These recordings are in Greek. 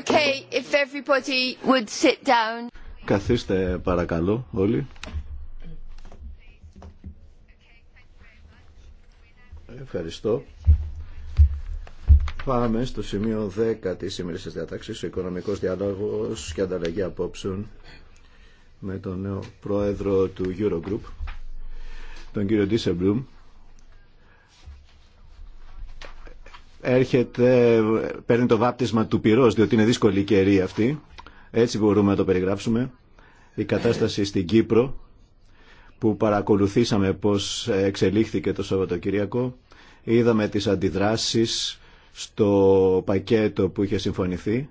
Okay, if everybody would sit down. Καθίστε παρακαλώ όλοι. Ευχαριστώ. Πάμε στο σημείο 10 της σήμερα της διατάξης, ο οικονομικός διάλογος και ανταλλαγή απόψεων με τον νέο πρόεδρο του Eurogroup, τον κύριο Ντίσεμπλουμ. έρχεται, παίρνει το βάπτισμα του πυρός, διότι είναι δύσκολη η καιρή αυτή. Έτσι μπορούμε να το περιγράψουμε. Η κατάσταση στην Κύπρο, που παρακολουθήσαμε πώς εξελίχθηκε το Σαββατοκυριακό, είδαμε τις αντιδράσεις στο πακέτο που είχε συμφωνηθεί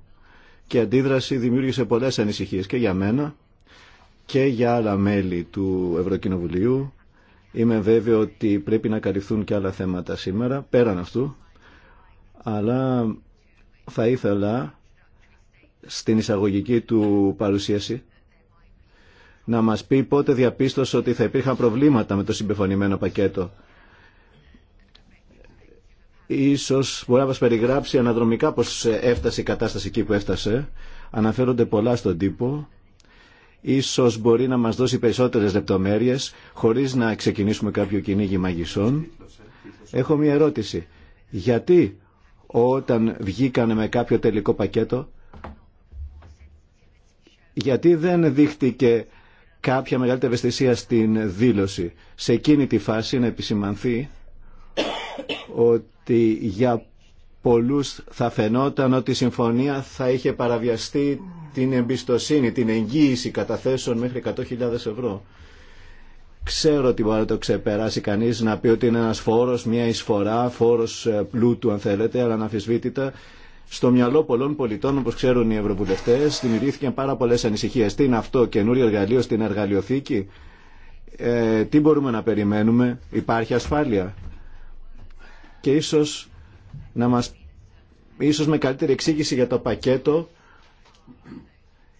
και η αντίδραση δημιούργησε πολλές ανησυχίες και για μένα και για άλλα μέλη του Ευρωκοινοβουλίου. Είμαι βέβαιο ότι πρέπει να καλυφθούν και άλλα θέματα σήμερα, πέραν αυτού αλλά θα ήθελα στην εισαγωγική του παρουσίαση να μας πει πότε διαπίστωσε ότι θα υπήρχαν προβλήματα με το συμπεφωνημένο πακέτο. Ίσως μπορεί να μας περιγράψει αναδρομικά πως έφτασε η κατάσταση εκεί που έφτασε. Αναφέρονται πολλά στον τύπο. Ίσως μπορεί να μας δώσει περισσότερες λεπτομέρειες χωρίς να ξεκινήσουμε κάποιο κυνήγι μαγισσών. Έχω μία ερώτηση. Γιατί όταν βγήκαν με κάποιο τελικό πακέτο γιατί δεν δείχτηκε κάποια μεγαλύτερη ευαισθησία στην δήλωση. Σε εκείνη τη φάση να επισημανθεί ότι για πολλούς θα φαινόταν ότι η συμφωνία θα είχε παραβιαστεί την εμπιστοσύνη, την εγγύηση καταθέσεων μέχρι 100.000 ευρώ. Ξέρω ότι μπορεί να το ξεπεράσει κανείς να πει ότι είναι ένας φόρος, μια εισφορά, φόρος ε, πλούτου αν θέλετε, αλλά αναφυσβήτητα στο μυαλό πολλών πολιτών, όπω ξέρουν οι Ευρωβουλευτέ, δημιουργήθηκαν πάρα πολλέ ανησυχίε. Τι είναι αυτό, καινούριο εργαλείο στην εργαλειοθήκη, ε, τι μπορούμε να περιμένουμε, υπάρχει ασφάλεια. Και ίσω να μα. Ίσως με καλύτερη εξήγηση για το πακέτο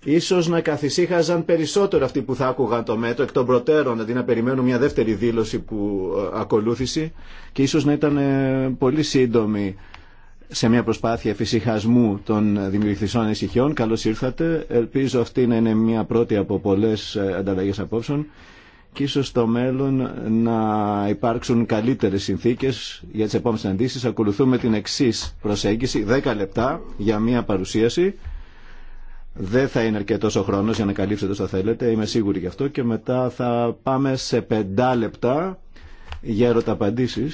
Ίσως να καθησύχαζαν περισσότερο αυτοί που θα άκουγαν το μέτρο εκ των προτέρων, αντί να περιμένουν μια δεύτερη δήλωση που ε, ακολούθησε και ίσως να ήταν ε, πολύ σύντομη σε μια προσπάθεια φυσυχασμού των δημιουργηθισών ανησυχιών. Καλώς ήρθατε. Ελπίζω αυτή να είναι μια πρώτη από πολλές ε, ανταλλαγές απόψεων και ίσως στο μέλλον να υπάρξουν καλύτερες συνθήκες για τις επόμενες συναντήσεις. Ακολουθούμε την εξή προσέγγιση. 10 λεπτά για μια παρουσίαση δεν θα είναι αρκετό ο χρόνο για να καλύψετε όσα θέλετε, είμαι σίγουρη γι' αυτό. Και μετά θα πάμε σε πεντά λεπτά για ερωταπαντήσει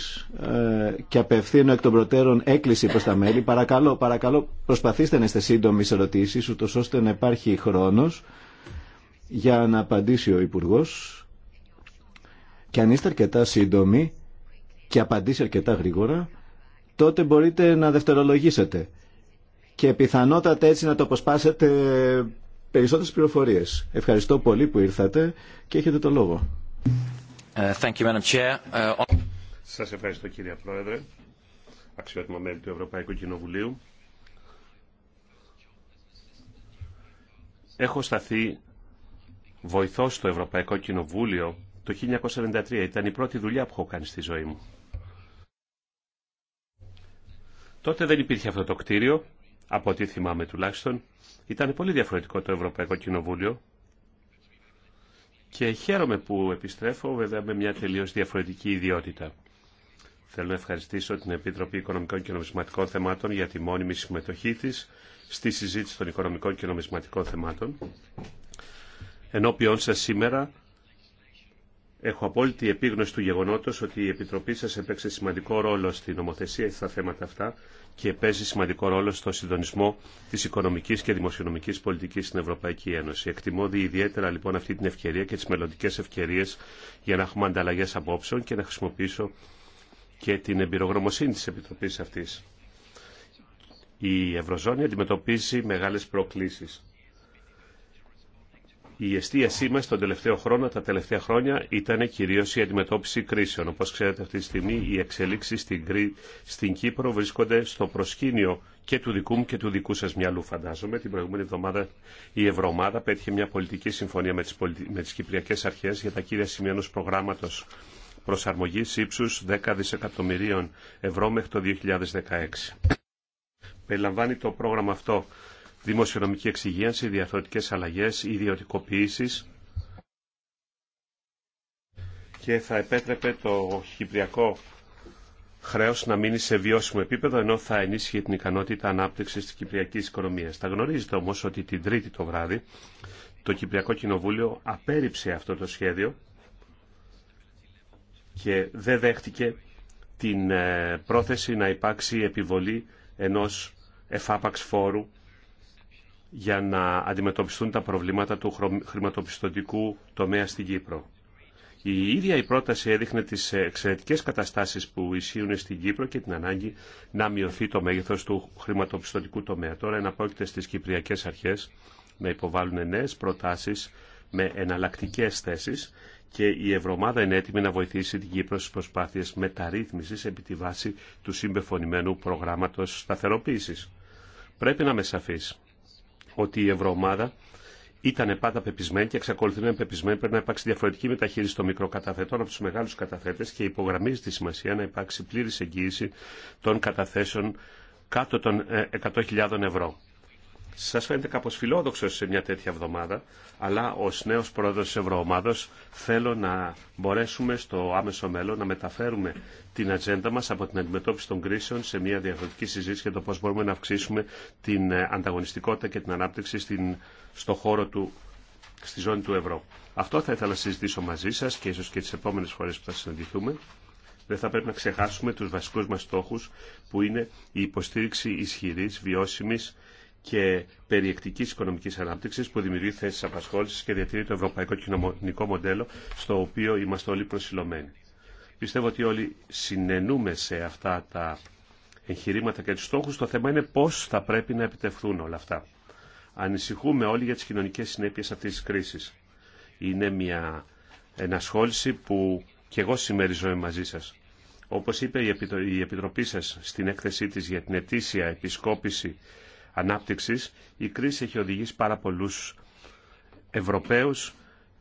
ε, και απευθύνω εκ των προτέρων έκκληση προ τα μέλη. Παρακαλώ, παρακαλώ, προσπαθήστε να είστε σύντομοι σε ερωτήσει, ούτω ώστε να υπάρχει χρόνο για να απαντήσει ο Υπουργό. Και αν είστε αρκετά σύντομοι και απαντήσει αρκετά γρήγορα, τότε μπορείτε να δευτερολογήσετε και πιθανότατα έτσι να το αποσπάσετε περισσότερες πληροφορίες. Ευχαριστώ πολύ που ήρθατε και έχετε το λόγο. Ε, thank you, Madam Chair. Ε, Σας ευχαριστώ κύριε Πρόεδρε, αξιότιμο μέλη του Ευρωπαϊκού Κοινοβουλίου. Έχω σταθεί βοηθός στο Ευρωπαϊκό Κοινοβούλιο το 1993. Ήταν η πρώτη δουλειά που έχω κάνει στη ζωή μου. Τότε δεν υπήρχε αυτό το κτίριο, από ό,τι θυμάμαι τουλάχιστον, ήταν πολύ διαφορετικό το Ευρωπαϊκό Κοινοβούλιο και χαίρομαι που επιστρέφω βέβαια με μια τελείως διαφορετική ιδιότητα. Θέλω να ευχαριστήσω την Επιτροπή Οικονομικών και Νομισματικών Θεμάτων για τη μόνιμη συμμετοχή της στη συζήτηση των οικονομικών και νομισματικών θεμάτων. Ενώπιον σας σήμερα Έχω απόλυτη επίγνωση του γεγονότος ότι η Επιτροπή σας έπαιξε σημαντικό ρόλο στη νομοθεσία στα θέματα αυτά και παίζει σημαντικό ρόλο στο συντονισμό της οικονομικής και δημοσιονομικής πολιτικής στην Ευρωπαϊκή Ένωση. Εκτιμώ ιδιαίτερα λοιπόν αυτή την ευκαιρία και τις μελλοντικέ ευκαιρίες για να έχουμε ανταλλαγέ απόψεων και να χρησιμοποιήσω και την εμπειρογνωμοσύνη της Επιτροπής αυτής. Η Ευρωζώνη αντιμετωπίζει μεγάλες προκλήσεις η εστίασή μα τον τελευταίο χρόνο, τα τελευταία χρόνια ήταν κυρίω η αντιμετώπιση κρίσεων. Όπω ξέρετε αυτή τη στιγμή οι εξελίξει στην, στην Κύπρο βρίσκονται στο προσκήνιο και του δικού μου και του δικού σα μυαλού φαντάζομαι. Την προηγούμενη εβδομάδα η Ευρωομάδα πέτυχε μια πολιτική συμφωνία με τι πολι... με για τα κύρια σημεία ενό προγράμματο προσαρμογή ύψου 10 δισεκατομμυρίων ευρώ μέχρι το 2016. Περιλαμβάνει το πρόγραμμα αυτό δημοσιονομική εξυγίανση, διαφορετικές αλλαγές, ιδιωτικοποίησεις και θα επέτρεπε το κυπριακό χρέος να μείνει σε βιώσιμο επίπεδο ενώ θα ενίσχυε την ικανότητα ανάπτυξης της κυπριακής οικονομίας. Θα γνωρίζετε όμως ότι την Τρίτη το βράδυ το Κυπριακό Κοινοβούλιο απέρριψε αυτό το σχέδιο και δεν δέχτηκε την ε, πρόθεση να υπάρξει επιβολή ενός εφάπαξ φόρου για να αντιμετωπιστούν τα προβλήματα του χρηματοπιστωτικού τομέα στην Κύπρο. Η ίδια η πρόταση έδειχνε τις εξαιρετικές καταστάσεις που ισχύουν στην Κύπρο και την ανάγκη να μειωθεί το μέγεθος του χρηματοπιστωτικού τομέα. Τώρα εναπόκειται στις κυπριακές αρχές να υποβάλουν νέες προτάσεις με εναλλακτικέ θέσεις και η Ευρωμάδα είναι έτοιμη να βοηθήσει την Κύπρο στις προσπάθειες μεταρρύθμισης επί τη βάση του συμπεφωνημένου προγράμματος σταθεροποίησης. Πρέπει να είμαι σαφής ότι η Ευρωομάδα ήταν πάντα πεπισμένη και εξακολουθεί να είναι πεπισμένη πρέπει να υπάρξει διαφορετική μεταχείριση των μικροκαταθετών από του μεγάλου καταθέτε και υπογραμμίζει τη σημασία να υπάρξει πλήρη εγγύηση των καταθέσεων κάτω των 100.000 ε, ευρώ. Σας φαίνεται κάπως φιλόδοξο σε μια τέτοια εβδομάδα, αλλά ως νέος πρόεδρος της Ευρωομάδος θέλω να μπορέσουμε στο άμεσο μέλλον να μεταφέρουμε την ατζέντα μας από την αντιμετώπιση των κρίσεων σε μια διαφορετική συζήτηση για το πώς μπορούμε να αυξήσουμε την ε, ανταγωνιστικότητα και την ανάπτυξη στην, στο χώρο του στη ζώνη του ευρώ. Αυτό θα ήθελα να συζητήσω μαζί σας και ίσως και τις επόμενες φορές που θα συναντηθούμε. Δεν θα πρέπει να ξεχάσουμε τους βασικούς μας στόχους που είναι η υποστήριξη ισχυρής, βιώσιμης και περιεκτική οικονομική ανάπτυξη που δημιουργεί θέσει απασχόληση και διατηρεί το ευρωπαϊκό κοινωνικό μοντέλο στο οποίο είμαστε όλοι προσιλωμένοι. Πιστεύω ότι όλοι συνενούμε σε αυτά τα εγχειρήματα και του στόχου. Το θέμα είναι πώ θα πρέπει να επιτευχθούν όλα αυτά. Ανησυχούμε όλοι για τι κοινωνικέ συνέπειε αυτή τη κρίση. Είναι μια ενασχόληση που και εγώ συμμεριζόμαι μαζί σα. Όπω είπε η Επιτροπή σα στην έκθεσή τη για την ετήσια επισκόπηση ανάπτυξης, η κρίση έχει οδηγήσει πάρα πολλούς Ευρωπαίους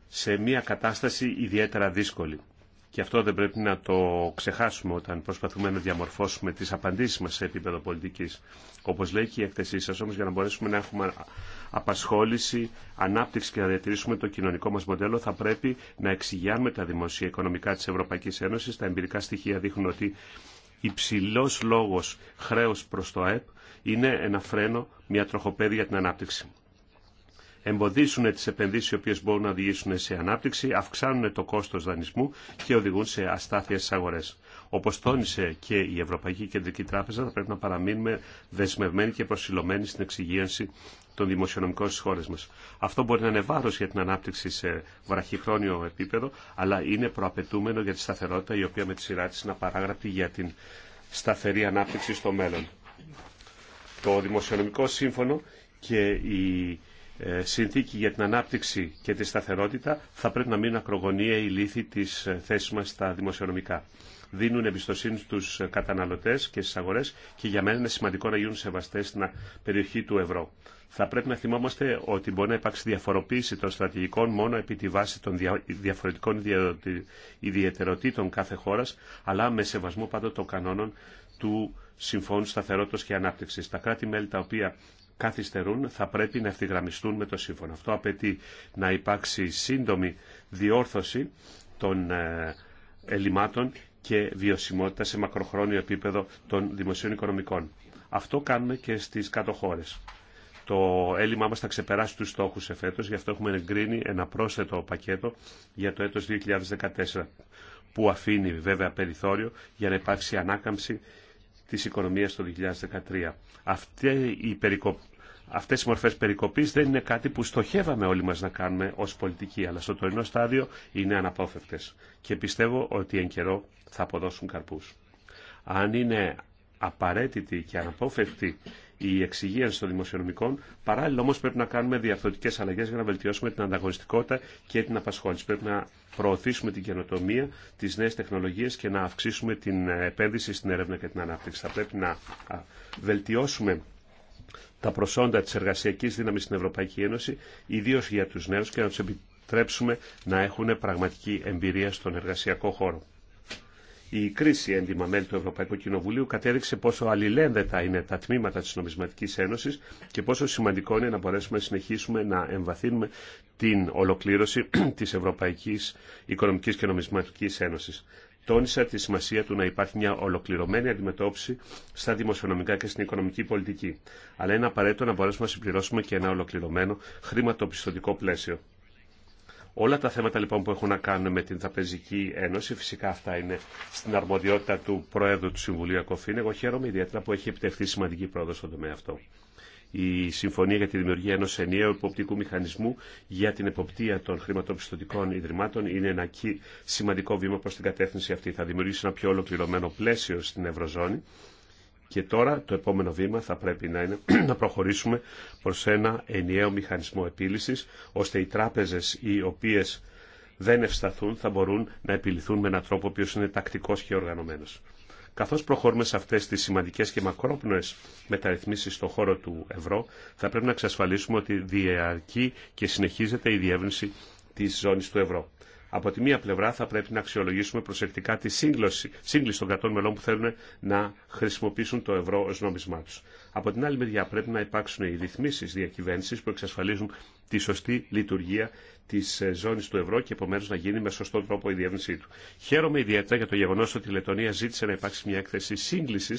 σε μια κατάσταση ιδιαίτερα δύσκολη. Και αυτό δεν πρέπει να το ξεχάσουμε όταν προσπαθούμε να διαμορφώσουμε τις απαντήσεις μας σε επίπεδο πολιτικής. Όπως λέει και η έκθεσή σας, όμως για να μπορέσουμε να έχουμε απασχόληση, ανάπτυξη και να διατηρήσουμε το κοινωνικό μας μοντέλο, θα πρέπει να εξηγιάνουμε τα δημοσία οικονομικά της Ευρωπαϊκής Ένωσης. Τα εμπειρικά στοιχεία δείχνουν ότι υψηλός λόγος χρέος προς το ΑΕΠ είναι ένα φρένο, μια τροχοπέδη για την ανάπτυξη. Εμποδίσουν τι επενδύσει οι οποίε μπορούν να οδηγήσουν σε ανάπτυξη, αυξάνουν το κόστο δανεισμού και οδηγούν σε αστάθειε αγορέ. Όπω τόνισε και η Ευρωπαϊκή Κεντρική Τράπεζα, θα πρέπει να παραμείνουμε δεσμευμένοι και προσιλωμένοι στην εξυγίανση των δημοσιονομικών στι χώρε μα. Αυτό μπορεί να είναι βάρο για την ανάπτυξη σε βραχυχρόνιο επίπεδο, αλλά είναι προαπαιτούμενο για τη σταθερότητα, η οποία με τη σειρά τη είναι απαράγραπτη για την σταθερή ανάπτυξη στο μέλλον το Δημοσιονομικό Σύμφωνο και η ε, συνθήκη για την ανάπτυξη και τη σταθερότητα θα πρέπει να μείνουν ακρογωνία η λύθη της ε, θέσης μας στα δημοσιονομικά. Δίνουν εμπιστοσύνη στους ε, καταναλωτές και στις αγορές και για μένα είναι σημαντικό να γίνουν σεβαστές στην περιοχή του ευρώ. Θα πρέπει να θυμόμαστε ότι μπορεί να υπάρξει διαφοροποίηση των στρατηγικών μόνο επί τη βάση των διαφορετικών ιδιαιτεροτήτων κάθε χώρα, αλλά με σεβασμό πάντα των κανόνων του Συμφώνου σταθερότητα και ανάπτυξη. Τα κράτη-μέλη τα οποία καθυστερούν θα πρέπει να ευθυγραμμιστούν με το σύμφωνο. Αυτό απαιτεί να υπάρξει σύντομη διόρθωση των ε, ελλημάτων και βιωσιμότητα σε μακροχρόνιο επίπεδο των δημοσίων οικονομικών. Αυτό κάνουμε και στι κάτω χώρε. Το έλλειμμά μα θα ξεπεράσει τους στόχους εφέτο, γι' αυτό έχουμε εγκρίνει ένα πρόσθετο πακέτο για το έτο 2014, που αφήνει βέβαια περιθώριο για να υπάρξει ανάκαμψη της οικονομίας το 2013. Αυτή η Αυτές οι μορφές περικοπής δεν είναι κάτι που στοχεύαμε όλοι μας να κάνουμε ως πολιτική, αλλά στο τωρινό στάδιο είναι αναπόφευκτες και πιστεύω ότι εν καιρό θα αποδώσουν καρπούς. Αν είναι απαραίτητη και αναπόφευκτη η εξυγίανση των δημοσιονομικών. Παράλληλα όμω πρέπει να κάνουμε διαρθρωτικέ αλλαγέ για να βελτιώσουμε την ανταγωνιστικότητα και την απασχόληση. Πρέπει να προωθήσουμε την καινοτομία, τι νέε τεχνολογίε και να αυξήσουμε την επένδυση στην έρευνα και την ανάπτυξη. Θα πρέπει να βελτιώσουμε τα προσόντα τη εργασιακή δύναμη στην Ευρωπαϊκή Ένωση, ιδίω για του νέου και να του επιτρέψουμε να έχουν πραγματική εμπειρία στον εργασιακό χώρο η κρίση έντιμα μέλη του Ευρωπαϊκού Κοινοβουλίου κατέδειξε πόσο αλληλένδετα είναι τα τμήματα της Νομισματικής Ένωσης και πόσο σημαντικό είναι να μπορέσουμε να συνεχίσουμε να εμβαθύνουμε την ολοκλήρωση της Ευρωπαϊκής Οικονομικής και Νομισματικής Ένωσης. Τόνισα τη σημασία του να υπάρχει μια ολοκληρωμένη αντιμετώπιση στα δημοσιονομικά και στην οικονομική πολιτική. Αλλά είναι απαραίτητο να μπορέσουμε να συμπληρώσουμε και ένα ολοκληρωμένο χρηματοπιστωτικό πλαίσιο. Όλα τα θέματα λοιπόν που έχουν να κάνουν με την Τραπεζική Ένωση, φυσικά αυτά είναι στην αρμοδιότητα του Προέδρου του Συμβουλίου Ακοφήν. Εγώ χαίρομαι ιδιαίτερα που έχει επιτευχθεί σημαντική πρόοδο στον τομέα αυτό. Η Συμφωνία για τη Δημιουργία ενό ενιαίου υποπτικού μηχανισμού για την εποπτεία των χρηματοπιστωτικών ιδρυμάτων είναι ένα σημαντικό βήμα προ την κατεύθυνση αυτή. Θα δημιουργήσει ένα πιο ολοκληρωμένο πλαίσιο στην Ευρωζώνη και τώρα το επόμενο βήμα θα πρέπει να είναι να προχωρήσουμε προς ένα ενιαίο μηχανισμό επίλυσης, ώστε οι τράπεζες οι οποίες δεν ευσταθούν θα μπορούν να επιληθούν με έναν τρόπο ο οποίος είναι τακτικός και οργανωμένος. Καθώς προχωρούμε σε αυτές τις σημαντικές και μακρόπνοες μεταρρυθμίσεις στον χώρο του ευρώ, θα πρέπει να εξασφαλίσουμε ότι διαρκεί και συνεχίζεται η διεύρυνση της ζώνης του ευρώ. Από τη μία πλευρά θα πρέπει να αξιολογήσουμε προσεκτικά τη σύγκλωση, σύγκληση των κρατών μελών που θέλουν να χρησιμοποιήσουν το ευρώ ως νόμισμά τους. Από την άλλη μεριά πρέπει να υπάρξουν οι ρυθμίσεις διακυβέρνησης που εξασφαλίζουν τη σωστή λειτουργία τη ε, ζώνη του ευρώ και επομένω να γίνει με σωστό τρόπο η διευνησή του. Χαίρομαι ιδιαίτερα για το γεγονό ότι η Λετωνία ζήτησε να υπάρξει μια έκθεση σύγκληση.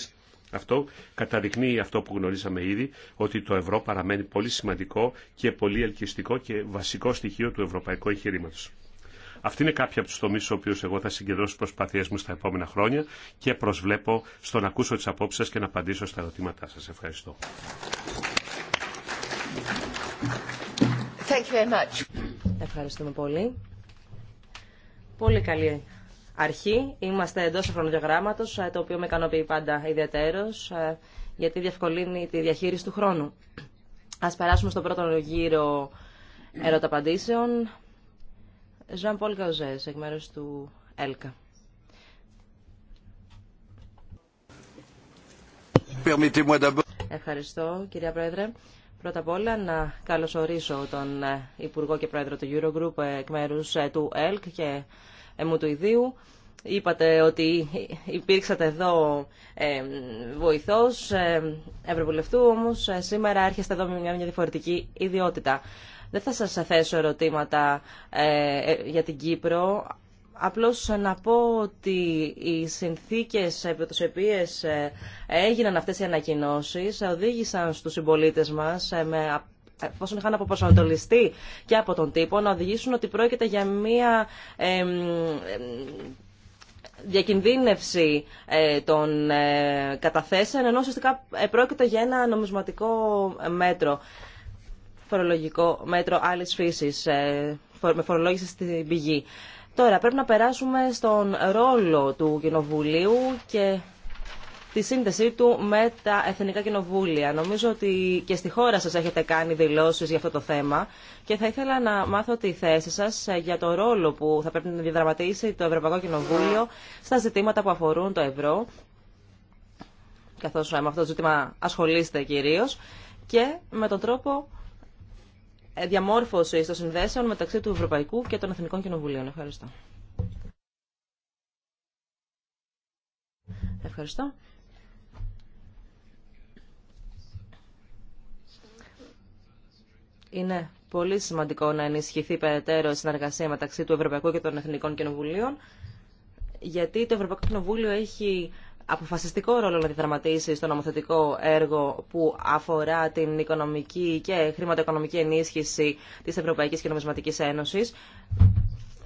Αυτό καταδεικνύει αυτό που γνωρίζαμε ήδη, ότι το ευρώ παραμένει πολύ σημαντικό και πολύ ελκυστικό και βασικό στοιχείο του ευρωπαϊκού εγχειρήματο. Αυτή είναι κάποια από του τομεί στου οποίου εγώ θα συγκεντρώσω τι προσπάθειέ μου στα επόμενα χρόνια και προσβλέπω στο να ακούσω τι απόψει σα και να απαντήσω στα ερωτήματά σα. Ευχαριστώ. Thank you very much. Ευχαριστούμε πολύ. Πολύ καλή αρχή. Είμαστε εντό χρονοδιαγράμματο, ε, το οποίο με ικανοποιεί πάντα ιδιαίτερω, ε, γιατί διευκολύνει τη διαχείριση του χρόνου. Α περάσουμε στον πρώτο γύρο ερώτα απαντήσεων. Ζαν Πολ Καουζές, εκ μέρους του ΕΛΚΑ. Ευχαριστώ, κυρία Πρόεδρε. Πρώτα απ' όλα να καλωσορίσω τον ε, Υπουργό και Πρόεδρο του Eurogroup ε, εκ μέρους ε, του ΕΛΚ και μου του Ιδίου. Είπατε ότι υπήρξατε εδώ ε, βοηθός ε, ευρωβουλευτού, όμως σήμερα έρχεστε εδώ με μια διαφορετική ιδιότητα. Δεν θα σας θέσω ερωτήματα ε, ε, για την Κύπρο. Απλώς να πω ότι οι συνθήκες από τις οποίες ε, έγιναν αυτές οι ανακοινώσεις οδήγησαν στους συμπολίτε μας με εφόσον είχαν αποπροσανατολιστεί και από τον τύπο, να οδηγήσουν ότι πρόκειται για μία διακινδύνευση των καταθέσεων, ενώ ουσιαστικά πρόκειται για ένα νομισματικό μέτρο φορολογικό μέτρο άλλης φύσης, ε, με φορολόγηση στην πηγή. Τώρα πρέπει να περάσουμε στον ρόλο του Κοινοβουλίου και τη σύνδεσή του με τα Εθνικά Κοινοβούλια. Νομίζω ότι και στη χώρα σας έχετε κάνει δηλώσεις για αυτό το θέμα και θα ήθελα να μάθω τη θέση σας ε, για το ρόλο που θα πρέπει να διαδραματίσει το Ευρωπαϊκό Κοινοβούλιο στα ζητήματα που αφορούν το ευρώ, καθώς ε, με αυτό το ζήτημα ασχολείστε κυρίως, και με τον τρόπο ε, διαμόρφωση των συνδέσεων μεταξύ του Ευρωπαϊκού και των Εθνικών Κοινοβουλίων. Ευχαριστώ. Ευχαριστώ. Είναι πολύ σημαντικό να ενισχυθεί περαιτέρω η συνεργασία μεταξύ του Ευρωπαϊκού και των Εθνικών Κοινοβουλίων, γιατί το Ευρωπαϊκό Κοινοβούλιο έχει αποφασιστικό ρόλο να διδραματίσει στο νομοθετικό έργο που αφορά την οικονομική και χρηματοοικονομική ενίσχυση της Ευρωπαϊκής και Νομισματικής Ένωσης,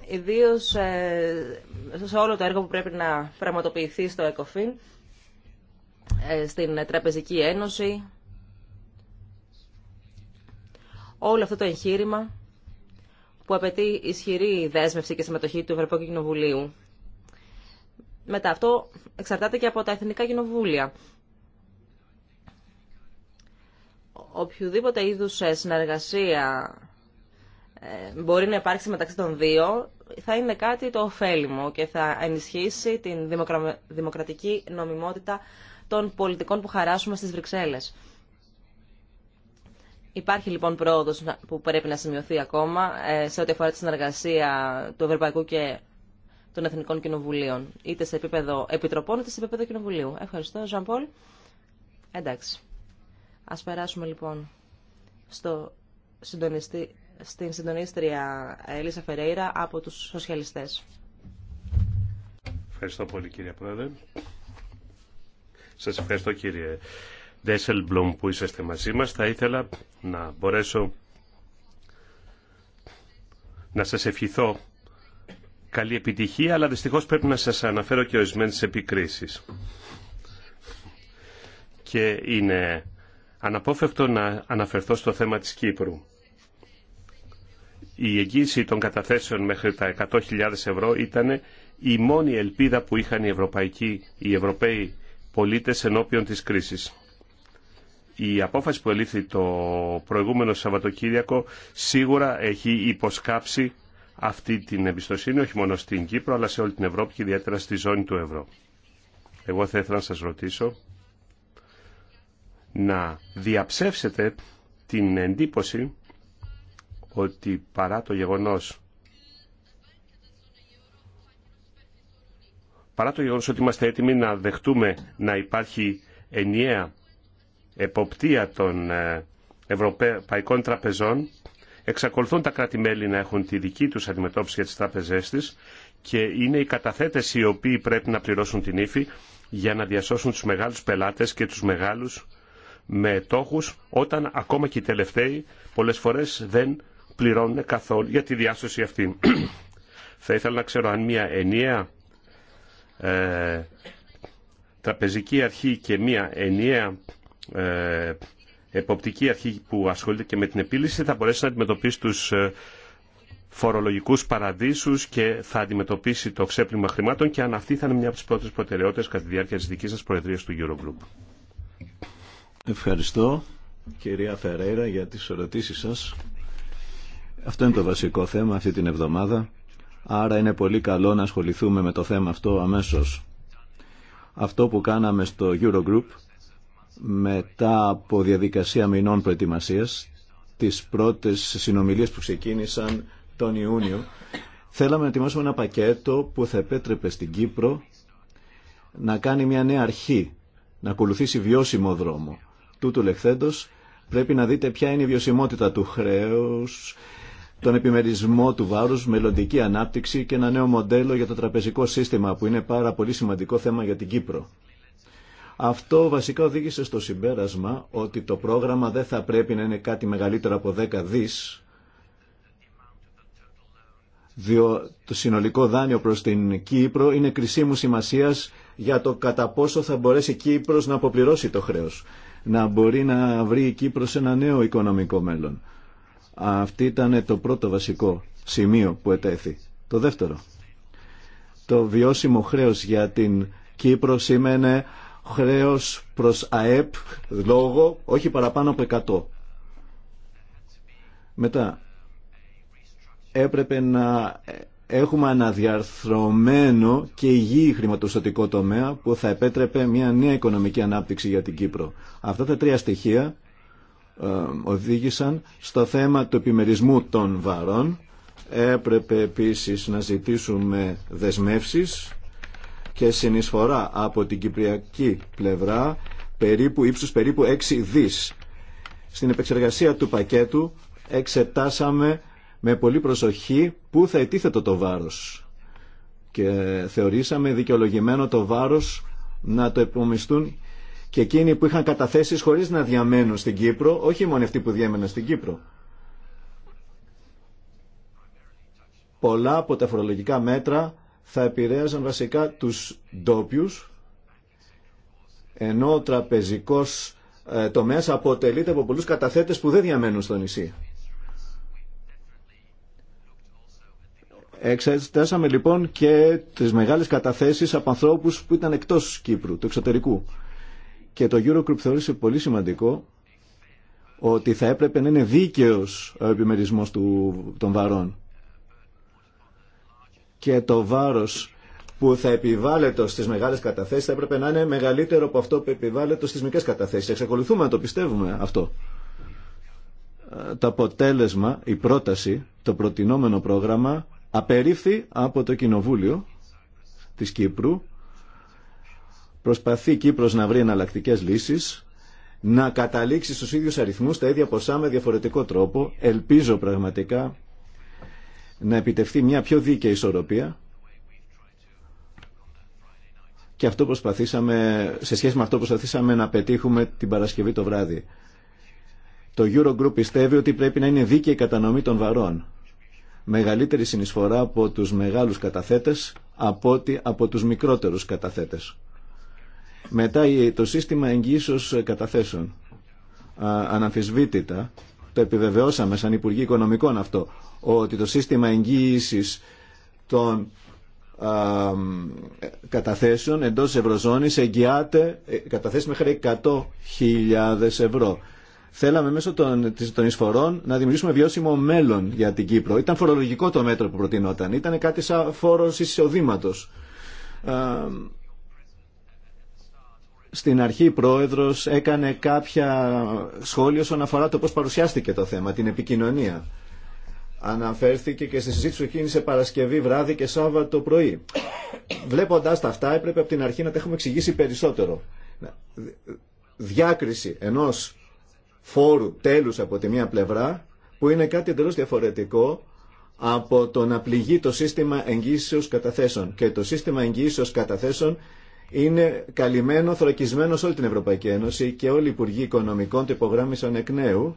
ιδίω ε, σε όλο το έργο που πρέπει να πραγματοποιηθεί στο ΕΚΟΦΗΝ, ε, στην Τραπεζική Ένωση, όλο αυτό το εγχείρημα που απαιτεί ισχυρή δέσμευση και συμμετοχή του Ευρωπαϊκού Κοινοβουλίου μετά αυτό εξαρτάται και από τα εθνικά κοινοβούλια. Οποιουδήποτε είδους ε, συνεργασία ε, μπορεί να υπάρξει μεταξύ των δύο, θα είναι κάτι το ωφέλιμο και θα ενισχύσει την δημοκρατική νομιμότητα των πολιτικών που χαράσουμε στις Βρυξέλλες. Υπάρχει λοιπόν πρόοδος που πρέπει να σημειωθεί ακόμα ε, σε ό,τι αφορά τη συνεργασία του Ευρωπαϊκού και των Εθνικών Κοινοβουλίων, είτε σε επίπεδο επιτροπών, είτε σε επίπεδο Κοινοβουλίου. Ευχαριστώ, Πολ Εντάξει. Ας περάσουμε λοιπόν στο συντονιστή, στην συντονίστρια Ελίσσα Φερέιρα από τους Σοσιαλιστέ. Ευχαριστώ πολύ κύριε Πρόεδρε. Σα ευχαριστώ κύριε Ντέσελμπλουμ που είσαστε μαζί μα. Θα ήθελα να μπορέσω να σας ευχηθώ καλή επιτυχία, αλλά δυστυχώς πρέπει να σας αναφέρω και ορισμένε επικρίσεις. Και είναι αναπόφευκτο να αναφερθώ στο θέμα της Κύπρου. Η εγγύηση των καταθέσεων μέχρι τα 100.000 ευρώ ήταν η μόνη ελπίδα που είχαν οι, Ευρωπαϊκοί, οι Ευρωπαίοι πολίτες ενώπιον της κρίσης. Η απόφαση που ελήφθη το προηγούμενο Σαββατοκύριακο σίγουρα έχει υποσκάψει αυτή την εμπιστοσύνη όχι μόνο στην Κύπρο αλλά σε όλη την Ευρώπη και ιδιαίτερα στη ζώνη του ευρώ. Εγώ θα ήθελα να σας ρωτήσω να διαψεύσετε την εντύπωση ότι παρά το γεγονός παρά το γεγονός ότι είμαστε έτοιμοι να δεχτούμε να υπάρχει ενιαία εποπτεία των ε, ευρωπαϊκών τραπεζών Εξακολουθούν τα κράτη-μέλη να έχουν τη δική τους αντιμετώπιση για τις τράπεζές της και είναι οι καταθέτες οι οποίοι πρέπει να πληρώσουν την ύφη για να διασώσουν τους μεγάλους πελάτες και τους μεγάλους μετόχους όταν ακόμα και οι τελευταίοι πολλές φορές δεν πληρώνουν καθόλου για τη διάσωση αυτή. Θα ήθελα να ξέρω αν μια ενιαία ε, τραπεζική αρχή και μια ενιαία ε, εποπτική αρχή που ασχολείται και με την επίλυση θα μπορέσει να αντιμετωπίσει τους ε, φορολογικούς παραδείσους και θα αντιμετωπίσει το ξέπλυμα χρημάτων και αν αυτή θα είναι μια από τις πρώτες προτεραιότητες κατά τη διάρκεια της δικής σας προεδρίας του Eurogroup. Ευχαριστώ κυρία Φερέιρα για τις ερωτήσεις σας. Αυτό είναι το βασικό θέμα αυτή την εβδομάδα. Άρα είναι πολύ καλό να ασχοληθούμε με το θέμα αυτό αμέσως. Αυτό που κάναμε στο Eurogroup μετά από διαδικασία μηνών προετοιμασίας, τις πρώτες συνομιλίες που ξεκίνησαν τον Ιούνιο, θέλαμε να ετοιμάσουμε ένα πακέτο που θα επέτρεπε στην Κύπρο να κάνει μια νέα αρχή, να ακολουθήσει βιώσιμο δρόμο. Τούτου λεχθέντος πρέπει να δείτε ποια είναι η βιωσιμότητα του χρέους, τον επιμερισμό του βάρους, μελλοντική ανάπτυξη και ένα νέο μοντέλο για το τραπεζικό σύστημα που είναι πάρα πολύ σημαντικό θέμα για την Κύπρο. Αυτό βασικά οδήγησε στο συμπέρασμα ότι το πρόγραμμα δεν θα πρέπει να είναι κάτι μεγαλύτερο από 10 δις, διότι το συνολικό δάνειο προς την Κύπρο είναι κρισίμου σημασίας για το κατά πόσο θα μπορέσει η Κύπρος να αποπληρώσει το χρέος. Να μπορεί να βρει η Κύπρος ένα νέο οικονομικό μέλλον. Αυτή ήταν το πρώτο βασικό σημείο που ετέθη. Το δεύτερο. Το βιώσιμο χρέος για την Κύπρο σημαίνει χρέος προς ΑΕΠ λόγο όχι παραπάνω από 100. Μετά έπρεπε να έχουμε αναδιαρθρωμένο και υγιή χρηματοστατικό τομέα που θα επέτρεπε μια νέα οικονομική ανάπτυξη για την Κύπρο. Αυτά τα τρία στοιχεία ε, οδήγησαν στο θέμα του επιμερισμού των βαρών. Έπρεπε επίσης να ζητήσουμε δεσμεύσεις και συνεισφορά από την κυπριακή πλευρά περίπου, ύψους περίπου 6 δις. Στην επεξεργασία του πακέτου εξετάσαμε με πολύ προσοχή πού θα ετίθετο το βάρος και θεωρήσαμε δικαιολογημένο το βάρος να το επομιστούν και εκείνοι που είχαν καταθέσεις χωρίς να διαμένουν στην Κύπρο, όχι μόνο αυτοί που διέμεναν στην Κύπρο. Πολλά από τα φορολογικά μέτρα θα επηρέαζαν βασικά τους ντόπιου, ενώ ο τραπεζικός ε, τομέας αποτελείται από πολλούς καταθέτες που δεν διαμένουν στο νησί. Εξετάσαμε λοιπόν και τις μεγάλες καταθέσεις από ανθρώπους που ήταν εκτός Κύπρου, του εξωτερικού. Και το Eurogroup θεώρησε πολύ σημαντικό ότι θα έπρεπε να είναι δίκαιος ο επιμερισμός του, των βαρών και το βάρος που θα επιβάλλεται στι μεγάλε καταθέσει θα έπρεπε να είναι μεγαλύτερο από αυτό που επιβάλλεται στι μικρέ καταθέσει. Εξακολουθούμε να το πιστεύουμε αυτό. Το αποτέλεσμα, η πρόταση, το προτινόμενο πρόγραμμα απερίφθη από το Κοινοβούλιο της Κύπρου. Προσπαθεί η Κύπρος να βρει εναλλακτικέ λύσεις, να καταλήξει στους ίδιους αριθμούς τα ίδια ποσά με διαφορετικό τρόπο. Ελπίζω πραγματικά να επιτευχθεί μια πιο δίκαιη ισορροπία και αυτό προσπαθήσαμε, σε σχέση με αυτό προσπαθήσαμε να πετύχουμε την Παρασκευή το βράδυ. Το Eurogroup πιστεύει ότι πρέπει να είναι δίκαιη η κατανομή των βαρών. Μεγαλύτερη συνεισφορά από τους μεγάλους καταθέτες από ότι από τους μικρότερους καταθέτες. Μετά το σύστημα εγγύησεως καταθέσεων. Αναμφισβήτητα το επιβεβαιώσαμε σαν Υπουργοί Οικονομικών αυτό, ότι το σύστημα εγγύησης των α, καταθέσεων εντός Ευρωζώνης εγγυάται ε, καταθέσεις μέχρι 100.000 ευρώ. Θέλαμε μέσω των, των εισφορών να δημιουργήσουμε βιώσιμο μέλλον για την Κύπρο. Ήταν φορολογικό το μέτρο που προτείνονταν. Ήταν κάτι σαν φόρος εισοδήματος στην αρχή η πρόεδρος έκανε κάποια σχόλια όσον αφορά το πώς παρουσιάστηκε το θέμα, την επικοινωνία. Αναφέρθηκε και στη συζήτηση που κίνησε Παρασκευή βράδυ και Σάββατο πρωί. Βλέποντας τα αυτά έπρεπε από την αρχή να τα έχουμε εξηγήσει περισσότερο. Διάκριση ενός φόρου τέλους από τη μία πλευρά που είναι κάτι εντελώ διαφορετικό από το να πληγεί το σύστημα εγγύησεως καταθέσεων. Και το σύστημα εγγύησεως καταθέσεων είναι καλυμμένο, θωρακισμένο σε όλη την Ευρωπαϊκή Ένωση και όλοι οι Υπουργοί Οικονομικών το υπογράμμισαν εκ νέου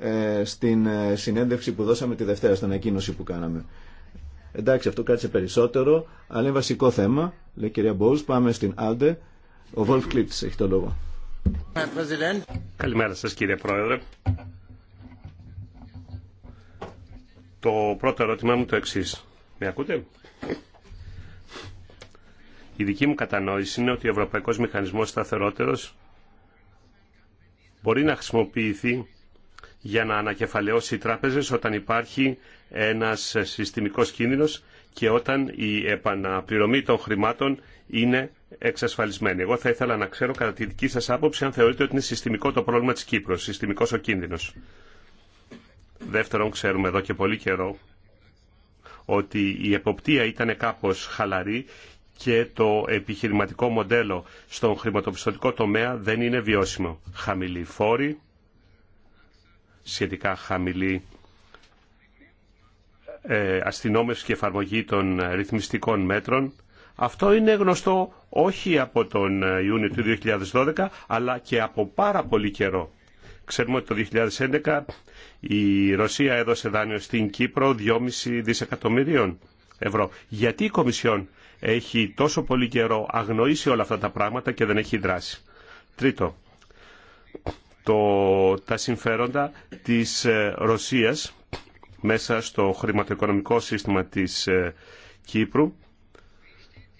ε, στην ε, συνέντευξη που δώσαμε τη Δευτέρα, στην ανακοίνωση που κάναμε. Εντάξει, αυτό κάτσε περισσότερο, αλλά είναι βασικό θέμα. Λέει κυρία Μπόλς, πάμε στην Άλντε. Ο Βολφ Κλίτς έχει το λόγο. Καλημέρα σας κύριε Πρόεδρε. Το πρώτο ερώτημά μου το εξής. Με ακούτε? Η δική μου κατανόηση είναι ότι ο Ευρωπαϊκός Μηχανισμός Σταθερότερος μπορεί να χρησιμοποιηθεί για να ανακεφαλαιώσει τράπεζες όταν υπάρχει ένας συστημικός κίνδυνος και όταν η επαναπληρωμή των χρημάτων είναι εξασφαλισμένη. Εγώ θα ήθελα να ξέρω κατά τη δική σας άποψη αν θεωρείτε ότι είναι συστημικό το πρόβλημα της Κύπρου, συστημικός ο κίνδυνος. Δεύτερον, ξέρουμε εδώ και πολύ καιρό ότι η εποπτεία ήταν κάπως χαλαρή και το επιχειρηματικό μοντέλο στον χρηματοπιστωτικό τομέα δεν είναι βιώσιμο. Χαμηλή φόρη, σχετικά χαμηλή ε, αστυνόμευση και εφαρμογή των ρυθμιστικών μέτρων. Αυτό είναι γνωστό όχι από τον Ιούνιο του 2012, αλλά και από πάρα πολύ καιρό. Ξέρουμε ότι το 2011 η Ρωσία έδωσε δάνειο στην Κύπρο 2,5 δισεκατομμυρίων ευρώ. Γιατί η Κομισιόν έχει τόσο πολύ καιρό αγνοήσει όλα αυτά τα πράγματα και δεν έχει δράσει. Τρίτο, το, τα συμφέροντα της ε, Ρωσίας μέσα στο χρηματοοικονομικό σύστημα της ε, Κύπρου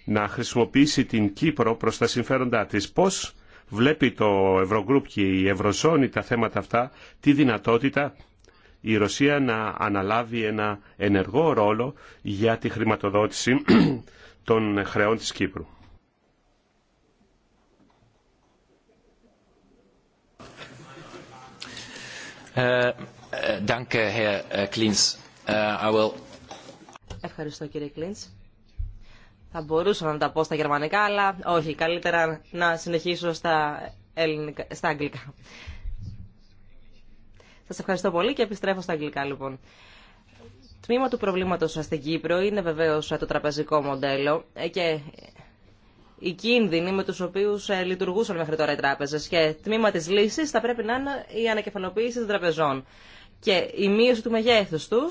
να χρησιμοποιήσει την Κύπρο προς τα συμφέροντά της. Πώς βλέπει το Ευρωγκρουπ και η Ευρωζώνη τα θέματα αυτά, τι δυνατότητα η Ρωσία να αναλάβει ένα ενεργό ρόλο για τη χρηματοδότηση των χρεών της Κύπρου. Ε, ε, ε, ευχαριστώ κύριε Κλίντς. Θα μπορούσα να τα πω στα γερμανικά, αλλά όχι, καλύτερα να συνεχίσω στα, ελληνικά, στα αγγλικά. Σας ευχαριστώ πολύ και επιστρέφω στα αγγλικά λοιπόν τμήμα του προβλήματος στην Κύπρο είναι βεβαίω το τραπεζικό μοντέλο ε, και οι κίνδυνοι με τους οποίους ε, λειτουργούσαν μέχρι τώρα οι τράπεζες και τμήμα της λύσης θα πρέπει να είναι η ανακεφαλοποίηση των τραπεζών και η μείωση του μεγέθου του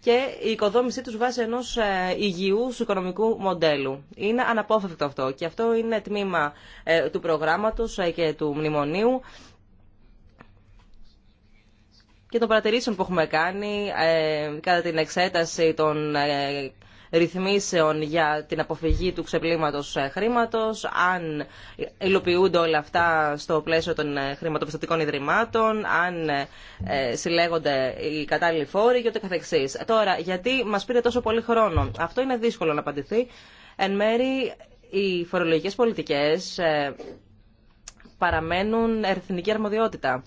και η οικοδόμησή του βάσει ενό ε, υγιούς οικονομικού μοντέλου. Είναι αναπόφευκτο αυτό και αυτό είναι τμήμα του προγράμματο και του μνημονίου και των παρατηρήσεων που έχουμε κάνει ε, κατά την εξέταση των ε, ρυθμίσεων για την αποφυγή του ξεπλήματος ε, χρήματος, αν υλοποιούνται όλα αυτά στο πλαίσιο των ε, χρηματοπιστωτικών ιδρυμάτων, αν συλλέγονται οι κατάλληλοι φόροι και ούτε καθεξής. Τώρα, γιατί μας πήρε τόσο πολύ χρόνο. Αυτό είναι δύσκολο να απαντηθεί. Εν μέρη, οι φορολογικές πολιτικές παραμένουν εθνική αρμοδιότητα.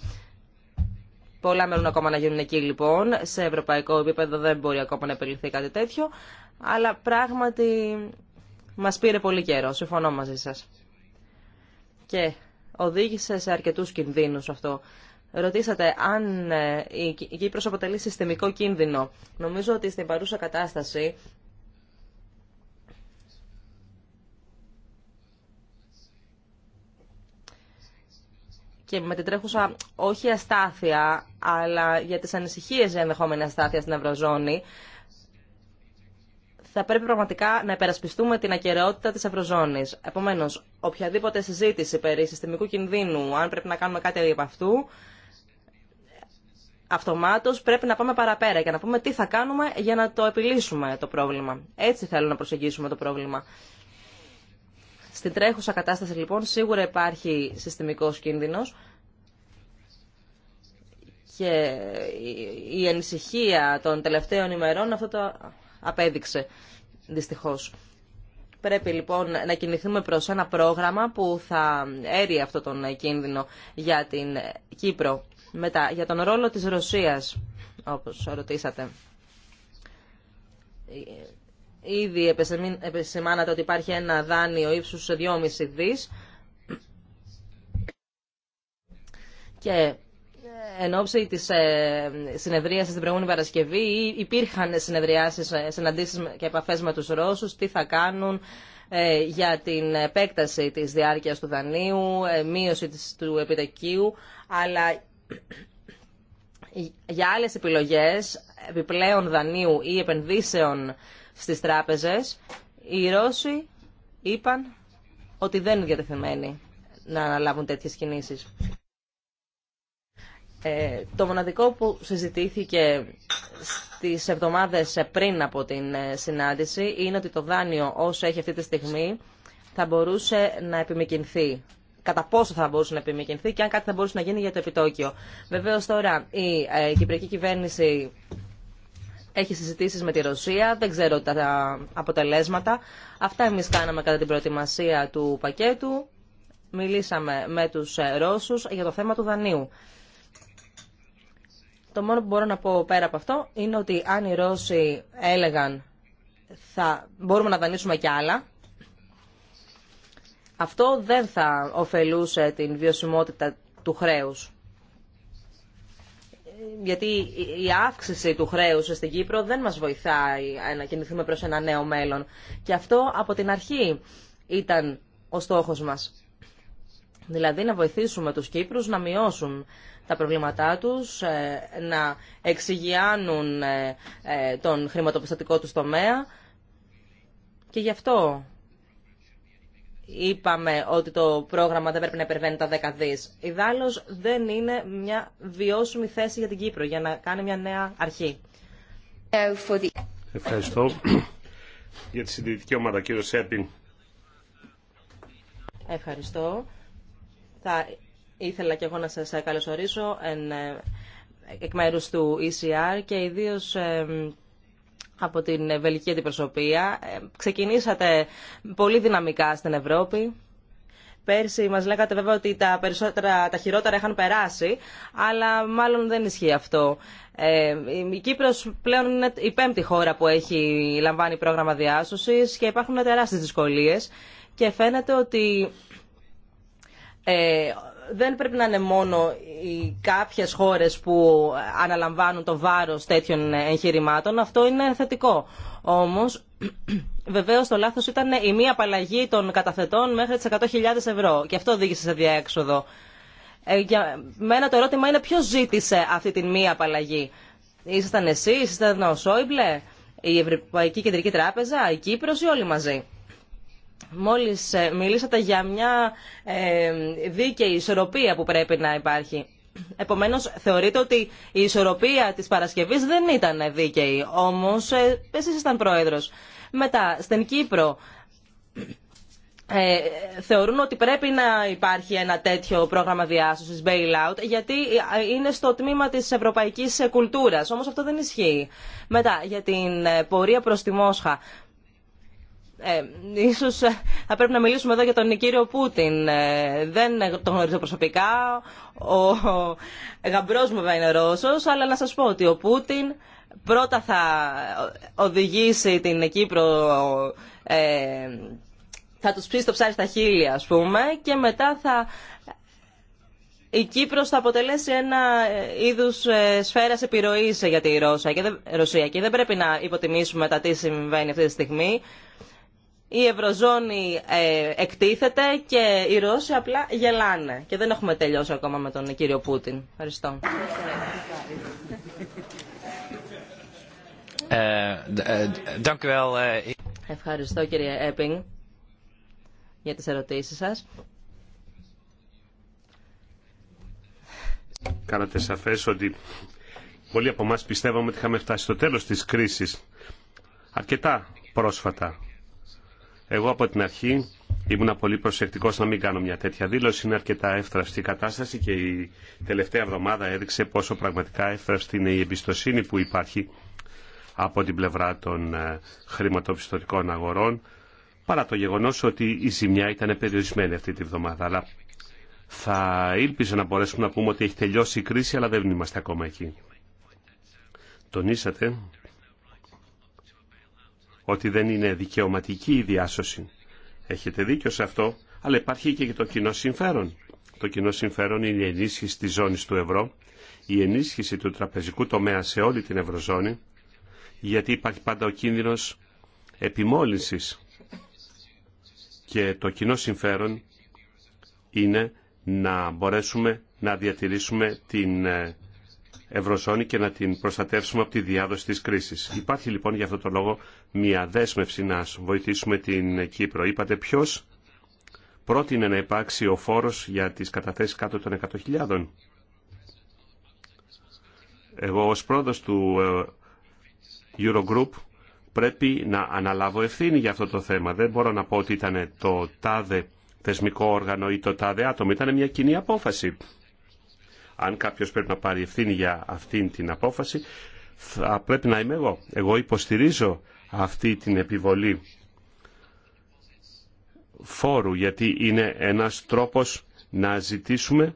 Πολλά μένουν ακόμα να γίνουν εκεί λοιπόν. Σε ευρωπαϊκό επίπεδο δεν μπορεί ακόμα να επιληθεί κάτι τέτοιο. Αλλά πράγματι μας πήρε πολύ καιρό. Συμφωνώ μαζί σας. Και οδήγησε σε αρκετού κινδύνους αυτό. Ρωτήσατε αν ε, η Κύπρος αποτελεί συστημικό κίνδυνο. Νομίζω ότι στην παρούσα κατάσταση και με την τρέχουσα όχι αστάθεια, αλλά για τις ανησυχίες για ενδεχόμενη αστάθεια στην Ευρωζώνη, θα πρέπει πραγματικά να υπερασπιστούμε την ακαιρεότητα της Ευρωζώνης. Επομένως, οποιαδήποτε συζήτηση περί συστημικού κινδύνου, αν πρέπει να κάνουμε κάτι από αυτού, αυτομάτως πρέπει να πάμε παραπέρα και να πούμε τι θα κάνουμε για να το επιλύσουμε το πρόβλημα. Έτσι θέλω να προσεγγίσουμε το πρόβλημα. Στην τρέχουσα κατάσταση λοιπόν σίγουρα υπάρχει συστημικός κίνδυνος και η ανησυχία των τελευταίων ημερών αυτό το απέδειξε δυστυχώς. Πρέπει λοιπόν να κινηθούμε προς ένα πρόγραμμα που θα έρει αυτό τον κίνδυνο για την Κύπρο. Μετά, για τον ρόλο της Ρωσίας, όπως ρωτήσατε. Ήδη επισημάνατε ότι υπάρχει ένα δάνειο ύψους 2,5 δις και εν ώψη της ε, συνεδρίασης την προηγούμενη Παρασκευή υπήρχαν συνεδριάσεις, ε, συναντήσεις και επαφές με τους Ρώσους, τι θα κάνουν ε, για την επέκταση της διάρκειας του δανείου, μείωση του επιτακίου, αλλά για άλλες επιλογές επιπλέον δανείου ή επενδύσεων στις τράπεζες, οι Ρώσοι είπαν ότι δεν είναι διατεθειμένοι να αναλάβουν τέτοιες κινήσεις. Ε, το μοναδικό που συζητήθηκε στις εβδομάδες πριν από την ε, συνάντηση είναι ότι το δάνειο όσο έχει αυτή τη στιγμή θα μπορούσε να επιμηκυνθεί. Κατά πόσο θα μπορούσε να επιμηκυνθεί και αν κάτι θα μπορούσε να γίνει για το επιτόκιο. Βεβαίω τώρα η ε, κυπριακή κυβέρνηση έχει συζητήσεις με τη Ρωσία, δεν ξέρω τα αποτελέσματα. Αυτά εμείς κάναμε κατά την προετοιμασία του πακέτου. Μιλήσαμε με τους ε, Ρώσους για το θέμα του δανείου. Το μόνο που μπορώ να πω πέρα από αυτό είναι ότι αν οι Ρώσοι έλεγαν θα μπορούμε να δανείσουμε κι άλλα, αυτό δεν θα ωφελούσε την βιωσιμότητα του χρέους γιατί η αύξηση του χρέους στην Κύπρο δεν μας βοηθάει να κινηθούμε προς ένα νέο μέλλον. Και αυτό από την αρχή ήταν ο στόχο μας. Δηλαδή να βοηθήσουμε τους Κύπρους να μειώσουν τα προβλήματά τους, ε, να εξηγιάνουν ε, ε, τον χρηματοπιστωτικό τους τομέα και γι' αυτό είπαμε ότι το πρόγραμμα δεν πρέπει να υπερβαίνει τα 10 δις. Δάλλος δεν είναι μια βιώσιμη θέση για την Κύπρο, για να κάνει μια νέα αρχή. Ευχαριστώ για τη συντηρητική ομάδα, κύριο Σέπιν. Ευχαριστώ. Θα ήθελα και εγώ να σας καλωσορίσω εν, ε, εκ μέρους του ECR και ιδίως... Ε, από την Βελική Αντιπροσωπεία. Ε, ξεκινήσατε πολύ δυναμικά στην Ευρώπη. Πέρσι μας λέγατε βέβαια ότι τα, περισσότερα, τα χειρότερα είχαν περάσει, αλλά μάλλον δεν ισχύει αυτό. Ε, η Κύπρος πλέον είναι η πέμπτη χώρα που έχει λαμβάνει πρόγραμμα διάσωσης και υπάρχουν τεράστιες δυσκολίες και φαίνεται ότι ε, δεν πρέπει να είναι μόνο οι κάποιες χώρες που αναλαμβάνουν το βάρος τέτοιων εγχειρημάτων. Αυτό είναι θετικό. Όμως, βεβαίως το λάθος ήταν η μία απαλλαγή των καταθετών μέχρι τις 100.000 ευρώ. Και αυτό οδήγησε σε διέξοδο. Ε, για μένα το ερώτημα είναι ποιο ζήτησε αυτή τη μία απαλλαγή. Ήσασταν εσείς, ήσασταν ο Σόιμπλε, η Ευρωπαϊκή Κεντρική Τράπεζα, η Κύπρος ή όλοι μαζί. Μόλις ε, μιλήσατε για μια ε, δίκαιη ισορροπία που πρέπει να υπάρχει. Επομένως, θεωρείτε ότι η ισορροπία της Παρασκευής δεν ήταν δίκαιη. Όμως, ε, εσείς ήταν πρόεδρος. Μετά, στην Κύπρο, θεωρούν ότι πρέπει να υπάρχει ένα τέτοιο πρόγραμμα διάσωσης, bailout, γιατί είναι στο τμήμα της ευρωπαϊκής κουλτούρας. Όμως αυτό δεν ισχύει. Μετά, για την πορεία προς τη Μόσχα ε, ίσως ε, θα πρέπει να μιλήσουμε εδώ για τον κύριο Πούτιν. Ε, δεν τον γνωρίζω προσωπικά. Ο, ο γαμπρός μου βέβαια είναι Ρώσος, αλλά να σας πω ότι ο Πούτιν πρώτα θα οδηγήσει την Κύπρο... Ε, θα τους ψήσει το ψάρι στα χείλη, ας πούμε, και μετά θα... Η Κύπρος θα αποτελέσει ένα είδους σφαίρας επιρροή για τη Ρώσια Ρωσία και δεν πρέπει να υποτιμήσουμε τα τι συμβαίνει αυτή τη στιγμή η Ευρωζώνη ε, εκτίθεται και οι Ρώσοι απλά γελάνε. Και δεν έχουμε τελειώσει ακόμα με τον κύριο Πούτιν. Ευχαριστώ. Ε, ε, Ευχαριστώ κύριε Έπινγκ για τις ερωτήσεις σας. Κάνατε σαφές ότι πολλοί από εμά πιστεύαμε ότι είχαμε φτάσει στο τέλος της κρίσης αρκετά πρόσφατα εγώ από την αρχή ήμουν πολύ προσεκτικό να μην κάνω μια τέτοια δήλωση. Είναι αρκετά εύθραυστη η κατάσταση και η τελευταία εβδομάδα έδειξε πόσο πραγματικά εύθραυστη είναι η εμπιστοσύνη που υπάρχει από την πλευρά των ε, χρηματοπιστωτικών αγορών παρά το γεγονός ότι η ζημιά ήταν περιορισμένη αυτή τη βδομάδα. Αλλά θα ήλπιζα να μπορέσουμε να πούμε ότι έχει τελειώσει η κρίση αλλά δεν είμαστε ακόμα εκεί. Τονίσατε ότι δεν είναι δικαιωματική η διάσωση. Έχετε δίκιο σε αυτό, αλλά υπάρχει και το κοινό συμφέρον. Το κοινό συμφέρον είναι η ενίσχυση της ζώνης του ευρώ, η ενίσχυση του τραπεζικού τομέα σε όλη την ευρωζώνη, γιατί υπάρχει πάντα ο κίνδυνος επιμόλυνσης. Και το κοινό συμφέρον είναι να μπορέσουμε να διατηρήσουμε την ε, Ευρωζώνη και να την προστατεύσουμε από τη διάδοση της κρίσης. Υπάρχει λοιπόν για αυτό το λόγο μια δέσμευση να βοηθήσουμε την Κύπρο. Είπατε ποιο πρότεινε να υπάρξει ο φόρος για τις καταθέσεις κάτω των 100.000. Εγώ ως πρόεδρος του ε, Eurogroup πρέπει να αναλάβω ευθύνη για αυτό το θέμα. Δεν μπορώ να πω ότι ήταν το τάδε θεσμικό όργανο ή το τάδε άτομο. Ήταν μια κοινή απόφαση αν κάποιος πρέπει να πάρει ευθύνη για αυτήν την απόφαση, θα πρέπει να είμαι εγώ. Εγώ υποστηρίζω αυτή την επιβολή φόρου, γιατί είναι ένας τρόπος να ζητήσουμε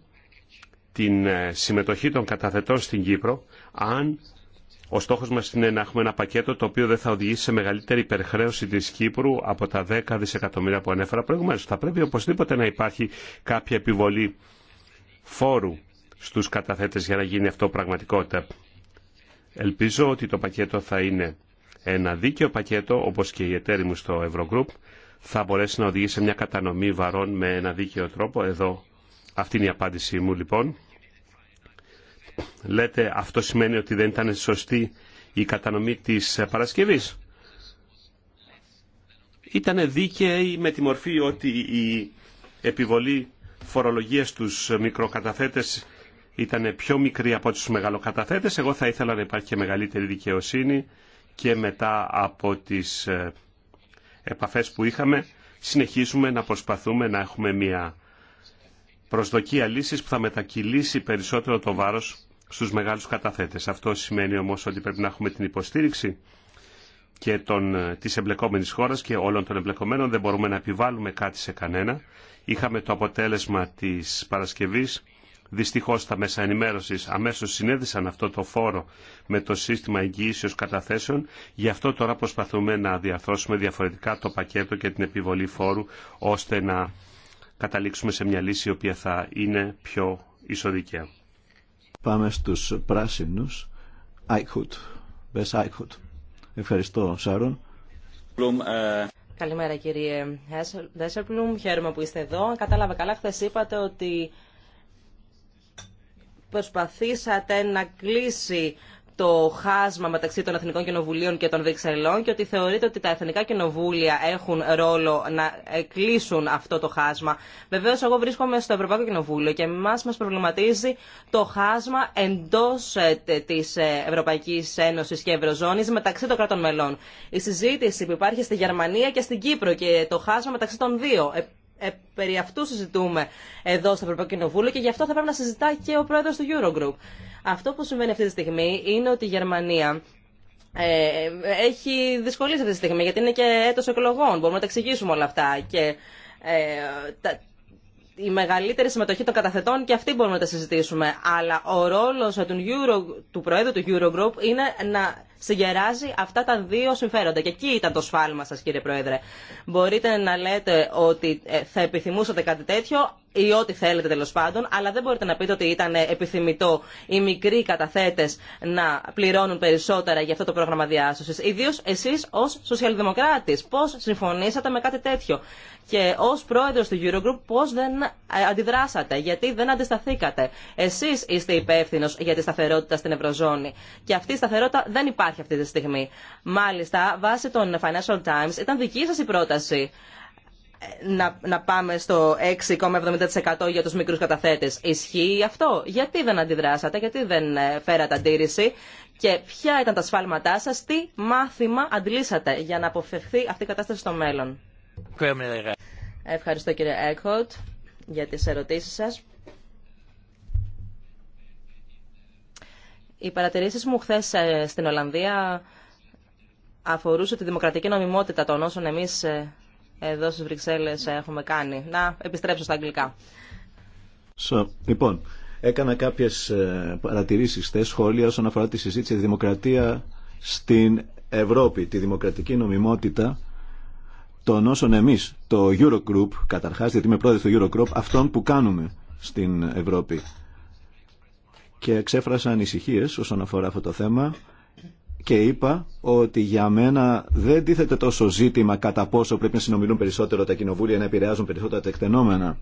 την ε, συμμετοχή των καταθετών στην Κύπρο, αν ο στόχος μας είναι να έχουμε ένα πακέτο το οποίο δεν θα οδηγήσει σε μεγαλύτερη υπερχρέωση της Κύπρου από τα 10 δισεκατομμύρια που ανέφερα προηγουμένως. Θα πρέπει οπωσδήποτε να υπάρχει κάποια επιβολή φόρου στους καταθέτες για να γίνει αυτό πραγματικότητα. Ελπίζω ότι το πακέτο θα είναι ένα δίκαιο πακέτο, όπως και η εταίροι μου στο Eurogroup, θα μπορέσει να οδηγήσει σε μια κατανομή βαρών με ένα δίκαιο τρόπο. Εδώ αυτή είναι η απάντησή μου λοιπόν. Λέτε αυτό σημαίνει ότι δεν ήταν σωστή η κατανομή της Παρασκευής. Ήταν δίκαιη με τη μορφή ότι η επιβολή φορολογίας στους μικροκαταθέτες ήταν πιο μικρή από τους μεγαλοκαταθέτες. Εγώ θα ήθελα να υπάρχει και μεγαλύτερη δικαιοσύνη και μετά από τις ε, επαφές που είχαμε συνεχίσουμε να προσπαθούμε να έχουμε μια προσδοκία λύσης που θα μετακυλήσει περισσότερο το βάρος στους μεγάλους καταθέτες. Αυτό σημαίνει όμως ότι πρέπει να έχουμε την υποστήριξη και των, ε, της εμπλεκόμενης χώρας και όλων των εμπλεκομένων. Δεν μπορούμε να επιβάλλουμε κάτι σε κανένα. Είχαμε το αποτέλεσμα της Παρασκευής Δυστυχώς τα μέσα ενημέρωσης αμέσως συνέδεσαν αυτό το φόρο με το σύστημα εγγυήσεως καταθέσεων. Γι' αυτό τώρα προσπαθούμε να διαρθώσουμε διαφορετικά το πακέτο και την επιβολή φόρου ώστε να καταλήξουμε σε μια λύση η οποία θα είναι πιο ισοδικαία. Πάμε στους πράσινους. Άικουτ. Μπες Άικουτ. Ευχαριστώ Σάρων. Καλημέρα κύριε Δέσσερπλουμ, χαίρομαι που είστε εδώ. Κατάλαβα καλά, χθε είπατε ότι προσπαθήσατε να κλείσει το χάσμα μεταξύ των Εθνικών Κοινοβουλίων και των Βρυξελών και ότι θεωρείτε ότι τα Εθνικά Κοινοβούλια έχουν ρόλο να ε, κλείσουν αυτό το χάσμα. Βεβαίω, εγώ βρίσκομαι στο Ευρωπαϊκό Κοινοβούλιο και εμά μα προβληματίζει το χάσμα εντό ε, τη ε, Ευρωπαϊκή Ένωση και Ευρωζώνη μεταξύ των κρατών μελών. Η συζήτηση που υπάρχει στη Γερμανία και στην Κύπρο και το χάσμα μεταξύ των δύο ε, περί αυτού συζητούμε εδώ στο Ευρωπαϊκό Κοινοβούλιο και γι' αυτό θα πρέπει να συζητά και ο πρόεδρος του Eurogroup. Αυτό που συμβαίνει αυτή τη στιγμή είναι ότι η Γερμανία ε, έχει δυσκολίε αυτή τη στιγμή γιατί είναι και έτος εκλογών. Μπορούμε να τα εξηγήσουμε όλα αυτά και ε, τα, η μεγαλύτερη συμμετοχή των καταθετών και αυτή μπορούμε να τα συζητήσουμε. Αλλά ο ρόλο του, του Προέδρου του Eurogroup είναι να συγκεράζει αυτά τα δύο συμφέροντα. Και εκεί ήταν το σφάλμα σας κύριε Πρόεδρε. Μπορείτε να λέτε ότι ε, θα επιθυμούσατε κάτι τέτοιο ή ό,τι θέλετε τέλο πάντων, αλλά δεν μπορείτε να πείτε ότι ήταν επιθυμητό οι μικροί καταθέτε να πληρώνουν περισσότερα για αυτό το πρόγραμμα διάσωση. Ιδίω εσεί ω σοσιαλδημοκράτη, πώ συμφωνήσατε με κάτι τέτοιο. Και ω πρόεδρο του Eurogroup, πώ δεν ε, αντιδράσατε, γιατί δεν αντισταθήκατε. Εσεί είστε υπεύθυνο για τη σταθερότητα στην Ευρωζώνη. Και αυτή η σταθερότητα δεν υπάρχει υπάρχει στιγμή. Μάλιστα, βάσει των Financial Times, ήταν δική σας η πρόταση ε, να, να πάμε στο 6,70% για τους μικρούς καταθέτες. Ισχύει αυτό. Γιατί δεν αντιδράσατε, γιατί δεν ε, φέρατε αντίρρηση και ποια ήταν τα σφάλματά σας, τι μάθημα αντλήσατε για να αποφευχθεί αυτή η κατάσταση στο μέλλον. Ευχαριστώ κύριε Έκχοτ για τις ερωτήσεις σας. Οι παρατηρήσει μου χθε ε, στην Ολλανδία αφορούσε τη δημοκρατική νομιμότητα των όσων εμείς ε, εδώ στις Βρυξέλλες ε, έχουμε κάνει. Να επιστρέψω στα αγγλικά. So, λοιπόν, έκανα κάποιε παρατηρήσει χθε σχόλια όσον αφορά τη συζήτηση τη δημοκρατία στην Ευρώπη, τη δημοκρατική νομιμότητα των όσων εμεί, το Eurogroup, καταρχά, γιατί είμαι πρόεδρο του Eurogroup, αυτών που κάνουμε στην Ευρώπη και εξέφρασα ανησυχίε όσον αφορά αυτό το θέμα και είπα ότι για μένα δεν τίθεται τόσο ζήτημα κατά πόσο πρέπει να συνομιλούν περισσότερο τα κοινοβούλια να επηρεάζουν περισσότερα τα εκτενόμενα.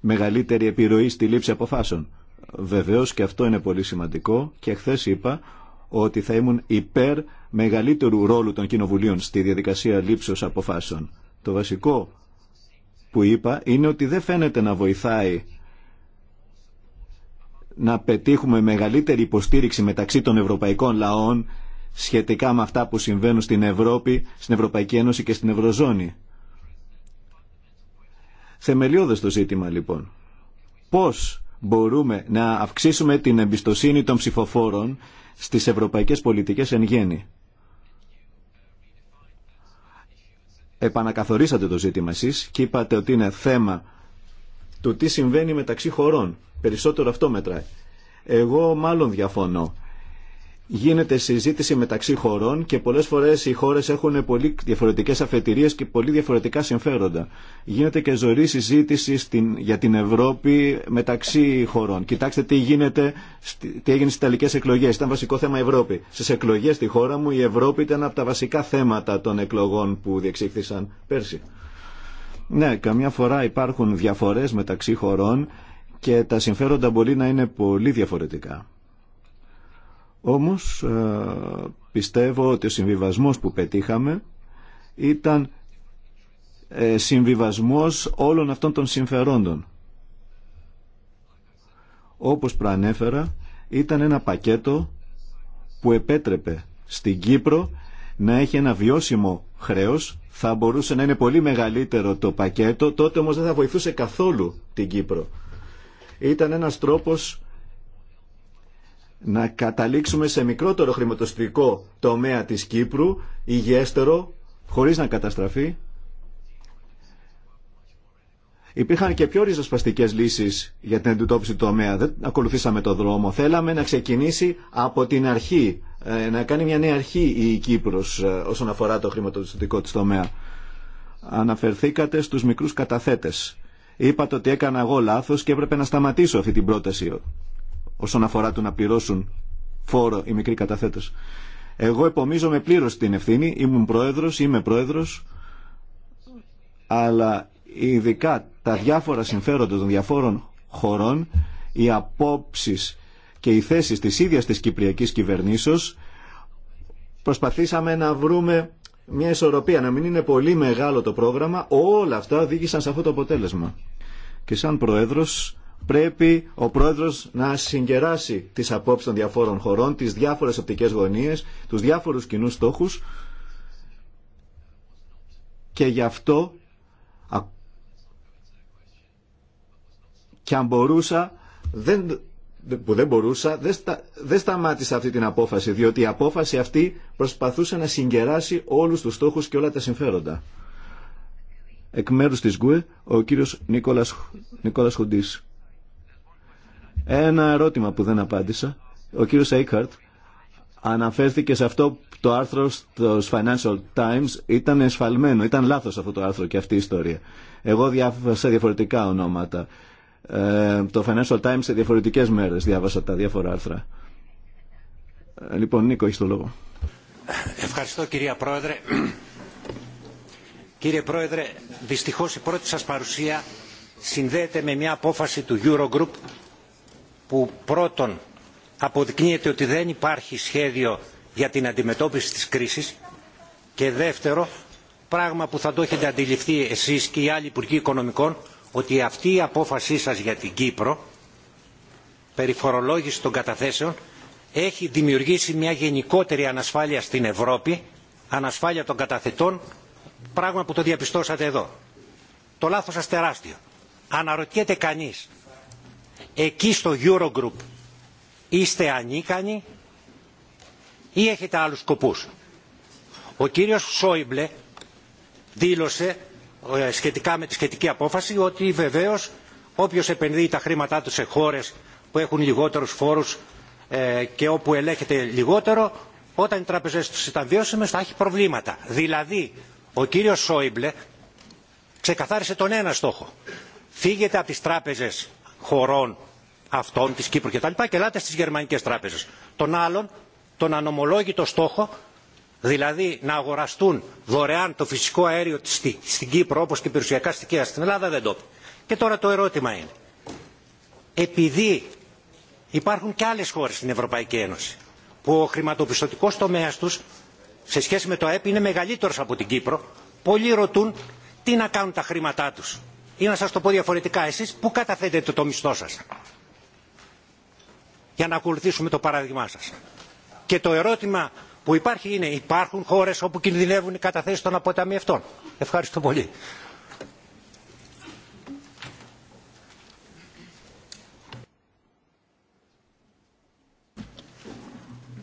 Μεγαλύτερη επιρροή στη λήψη αποφάσεων. Βεβαίω και αυτό είναι πολύ σημαντικό και χθε είπα ότι θα ήμουν υπέρ μεγαλύτερου ρόλου των κοινοβουλίων στη διαδικασία λήψεως αποφάσεων. Το βασικό που είπα είναι ότι δεν φαίνεται να βοηθάει να πετύχουμε μεγαλύτερη υποστήριξη μεταξύ των ευρωπαϊκών λαών σχετικά με αυτά που συμβαίνουν στην Ευρώπη, στην Ευρωπαϊκή Ένωση και στην Ευρωζώνη. Θεμελιώδες το ζήτημα λοιπόν. Πώς μπορούμε να αυξήσουμε την εμπιστοσύνη των ψηφοφόρων στις ευρωπαϊκές πολιτικές εν γέννη. Επανακαθορίσατε το ζήτημα εσείς και είπατε ότι είναι θέμα του τι συμβαίνει μεταξύ χωρών. Περισσότερο αυτό μετράει. Εγώ μάλλον διαφωνώ. Γίνεται συζήτηση μεταξύ χωρών και πολλές φορές οι χώρες έχουν πολύ διαφορετικές αφετηρίες και πολύ διαφορετικά συμφέροντα. Γίνεται και ζωή συζήτηση στην, για την Ευρώπη μεταξύ χωρών. Κοιτάξτε τι, γίνεται, τι έγινε στις Ιταλικές εκλογές. Ήταν βασικό θέμα Ευρώπη. Στις εκλογές στη χώρα μου η Ευρώπη ήταν από τα βασικά θέματα των εκλογών που διεξήχθησαν πέρσι. Ναι, καμιά φορά υπάρχουν διαφορές μεταξύ χωρών και τα συμφέροντα μπορεί να είναι πολύ διαφορετικά. Όμως ε, πιστεύω ότι ο συμβιβασμός που πετύχαμε ήταν ε, συμβιβασμός όλων αυτών των συμφερόντων. Όπως προανέφερα, ήταν ένα πακέτο που επέτρεπε στην Κύπρο να έχει ένα βιώσιμο χρέος θα μπορούσε να είναι πολύ μεγαλύτερο το πακέτο, τότε όμως δεν θα βοηθούσε καθόλου την Κύπρο. Ήταν ένας τρόπος να καταλήξουμε σε μικρότερο χρηματοστικό τομέα της Κύπρου, υγιέστερο, χωρίς να καταστραφεί. Υπήρχαν και πιο ριζοσπαστικέ λύσει για την αντιμετώπιση του τομέα. Δεν ακολουθήσαμε το δρόμο. Θέλαμε να ξεκινήσει από την αρχή ε, να κάνει μια νέα αρχή η Κύπρος ε, όσον αφορά το χρηματοδοτικό της τομέα. Αναφερθήκατε στους μικρούς καταθέτες. Είπατε ότι έκανα εγώ λάθος και έπρεπε να σταματήσω αυτή την πρόταση ε, όσον αφορά το να πληρώσουν φόρο οι μικροί καταθέτες. Εγώ επομίζομαι πλήρως την ευθύνη, ήμουν πρόεδρος, είμαι πρόεδρος, αλλά ειδικά τα διάφορα συμφέροντα των διαφόρων χωρών, οι απόψεις και οι θέσεις της ίδιας της Κυπριακής κυβερνήσεως προσπαθήσαμε να βρούμε μια ισορροπία, να μην είναι πολύ μεγάλο το πρόγραμμα, όλα αυτά οδήγησαν σε αυτό το αποτέλεσμα. Και σαν Πρόεδρος πρέπει ο Πρόεδρος να συγκεράσει τις απόψεις των διαφόρων χωρών, τις διάφορες οπτικές γωνίες, τους διάφορους κοινού στόχους και γι' αυτό και αν μπορούσα δεν που δεν μπορούσα, δεν, δεν σταμάτησα αυτή την απόφαση, διότι η απόφαση αυτή προσπαθούσε να συγκεράσει όλους τους στόχους και όλα τα συμφέροντα. Εκ μέρους της ΓΚΟΕ, ο κύριος Νίκολας, Νίκολας Χουντής. Ένα ερώτημα που δεν απάντησα. Ο κύριος Έικαρτ αναφέρθηκε σε αυτό το άρθρο στο Financial Times ήταν εσφαλμένο, ήταν λάθος αυτό το άρθρο και αυτή η ιστορία. Εγώ σε διαφορετικά ονόματα. Ε, το Financial Times σε διαφορετικές μέρες διάβασα τα διάφορα άρθρα. Ε, λοιπόν, Νίκο, έχεις το λόγο. Ευχαριστώ κυρία Πρόεδρε. Κύριε Πρόεδρε, δυστυχώς η πρώτη σας παρουσία συνδέεται με μια απόφαση του Eurogroup που πρώτον αποδεικνύεται ότι δεν υπάρχει σχέδιο για την αντιμετώπιση της κρίσης και δεύτερο, πράγμα που θα το έχετε αντιληφθεί εσείς και οι άλλοι Υπουργοί Οικονομικών, ότι αυτή η απόφασή σας για την Κύπρο περί φορολόγηση των καταθέσεων έχει δημιουργήσει μια γενικότερη ανασφάλεια στην Ευρώπη, ανασφάλεια των καταθετών, πράγμα που το διαπιστώσατε εδώ. Το λάθος σας τεράστιο. Αναρωτιέται κανείς, εκεί στο Eurogroup είστε ανίκανοι ή έχετε άλλους σκοπούς. Ο κύριος Σόιμπλε δήλωσε ε, σχετικά με τη σχετική απόφαση ότι βεβαίως όποιος επενδύει τα χρήματά του σε χώρες που έχουν λιγότερους φόρους ε, και όπου ελέγχεται λιγότερο όταν οι τράπεζές τους ήταν βιώσιμες θα έχει προβλήματα. Δηλαδή ο κύριος Σόιμπλε ξεκαθάρισε τον ένα στόχο. Φύγετε από τις τράπεζες χωρών αυτών της Κύπρου κτλ. Και, ελάτε στις γερμανικές τράπεζες. Τον άλλον, τον ανομολόγητο στόχο δηλαδή να αγοραστούν δωρεάν το φυσικό αέριο στην Κύπρο όπως και περιουσιακά στοιχεία στην Ελλάδα δεν το πει. Και τώρα το ερώτημα είναι, επειδή υπάρχουν και άλλες χώρες στην Ευρωπαϊκή Ένωση που ο χρηματοπιστωτικός τομέας τους σε σχέση με το ΑΕΠ είναι μεγαλύτερος από την Κύπρο, πολλοί ρωτούν τι να κάνουν τα χρήματά τους. Ή να σας το πω διαφορετικά, εσείς που καταθέτετε το μισθό σας για να ακολουθήσουμε το παράδειγμά σας. Και το ερώτημα που υπάρχει είναι υπάρχουν χώρε όπου κινδυνεύουν οι καταθέσεις των αποταμιευτών. Ευχαριστώ πολύ.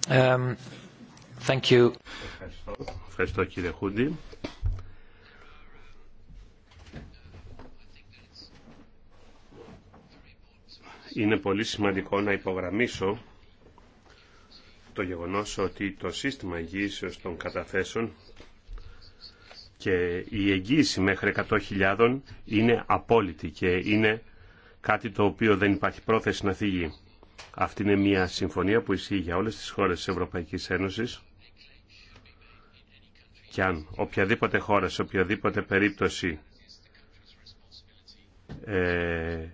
Ευχαριστώ. Um, Ευχαριστώ κύριε Χούντι. Είναι πολύ σημαντικό να υπογραμμίσω το γεγονός ότι το σύστημα εγγύησεως των καταθέσεων και η εγγύηση μέχρι 100.000 είναι απόλυτη και είναι κάτι το οποίο δεν υπάρχει πρόθεση να φυγεί. Αυτή είναι μια συμφωνία που ισχύει για όλες τις χώρες της Ευρωπαϊκής Ένωσης και αν οποιαδήποτε χώρα σε οποιαδήποτε περίπτωση ε,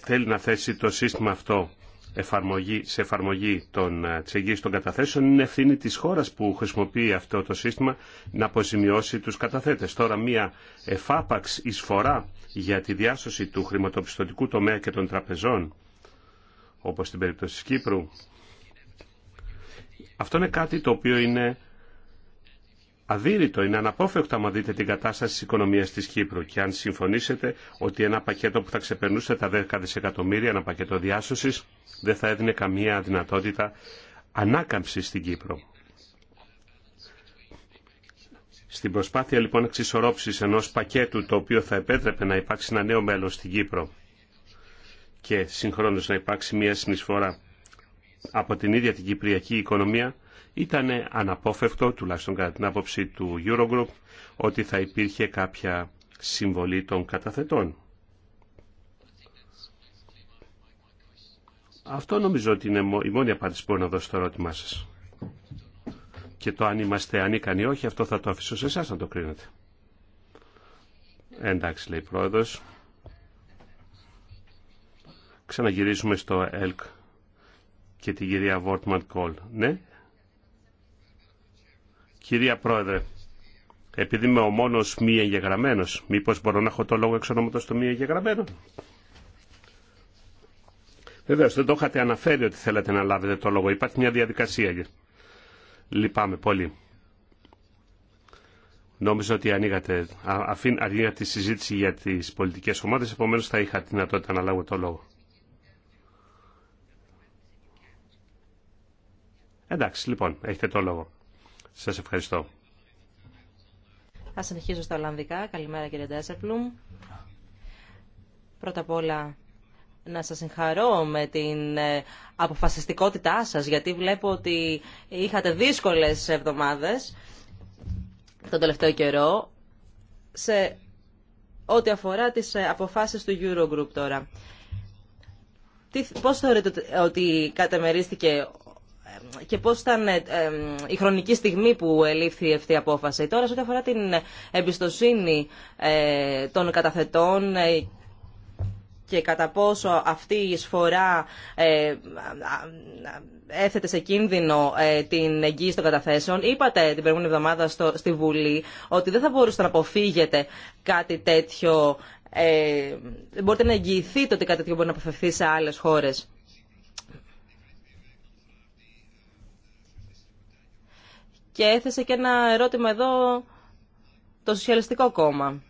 θέλει να θέσει το σύστημα αυτό εφαρμογή, σε εφαρμογή των, ε, της εγγύησης των καταθέσεων είναι ευθύνη της χώρας που χρησιμοποιεί αυτό το σύστημα να αποζημιώσει τους καταθέτες. Τώρα μια εφάπαξ εισφορά για τη διάσωση του χρηματοπιστωτικού τομέα και των τραπεζών όπως στην περίπτωση της Κύπρου αυτό είναι κάτι το οποίο είναι αδύρυτο, είναι αναπόφευκτο άμα δείτε την κατάσταση της οικονομίας της Κύπρου και αν συμφωνήσετε ότι ένα πακέτο που θα ξεπερνούσε τα 10 δισεκατομμύρια, ένα πακέτο διάσωσης, δεν θα έδινε καμία δυνατότητα ανάκαμψης στην Κύπρο. Στην προσπάθεια λοιπόν εξισορρόψης ενός πακέτου το οποίο θα επέτρεπε να υπάρξει ένα νέο μέλος στην Κύπρο και συγχρόνως να υπάρξει μια συνεισφορά από την ίδια την κυπριακή οικονομία ήταν αναπόφευκτο, τουλάχιστον κατά την άποψη του Eurogroup, ότι θα υπήρχε κάποια συμβολή των καταθετών. Αυτό νομίζω ότι είναι η μόνη απάντηση που μπορώ να δώσω στο ερώτημά σας. Και το αν είμαστε ανίκανοι ή όχι, αυτό θα το αφήσω σε εσά να το κρίνετε. Εντάξει, λέει η πρόεδρος. Ξαναγυρίζουμε στο ΕΛΚ και την κυρία Βόρτμαν Κόλ. Ναι, Κυρία Πρόεδρε, επειδή είμαι ο μόνος μη εγγεγραμμένος, μήπως μπορώ να έχω το λόγο εξ ονόματος του μη εγγεγραμμένου. Βεβαίω, δεν το είχατε αναφέρει ότι θέλατε να λάβετε το λόγο. Υπάρχει μια διαδικασία. Λυπάμαι πολύ. Νόμιζα ότι ανοίγατε, αφήν, τη συζήτηση για τις πολιτικές ομάδες, επομένως θα είχα τη δυνατότητα να λάβω το λόγο. Εντάξει, λοιπόν, έχετε το λόγο. Σας ευχαριστώ. Θα συνεχίσω στα Ολλανδικά. Καλημέρα κύριε Ντέσερπλουμ. Πρώτα απ' όλα να σας συγχαρώ με την ε, αποφασιστικότητά σας, γιατί βλέπω ότι είχατε δύσκολες εβδομάδες τον τελευταίο καιρό σε ό,τι αφορά τις ε, αποφάσεις του Eurogroup τώρα. Τι, πώς θεωρείτε ότι κατεμερίστηκε και πώς ήταν ε, ε, η χρονική στιγμή που ελήφθη αυτή η απόφαση. Τώρα, σε ό,τι αφορά την εμπιστοσύνη ε, των καταθετών και κατά πόσο αυτή η εισφορά έθετε σε κίνδυνο την εγγύηση των καταθέσεων. Είπατε την προηγούμενη εβδομάδα στη Βουλή ότι δεν θα μπορούσατε να αποφύγετε κάτι τέτοιο. Ε, μπορείτε να εγγυηθείτε ότι κάτι τέτοιο μπορεί να αποφευθεί σε άλλες χώρες. και έθεσε και ένα ερώτημα εδώ το Σοσιαλιστικό Κόμμα.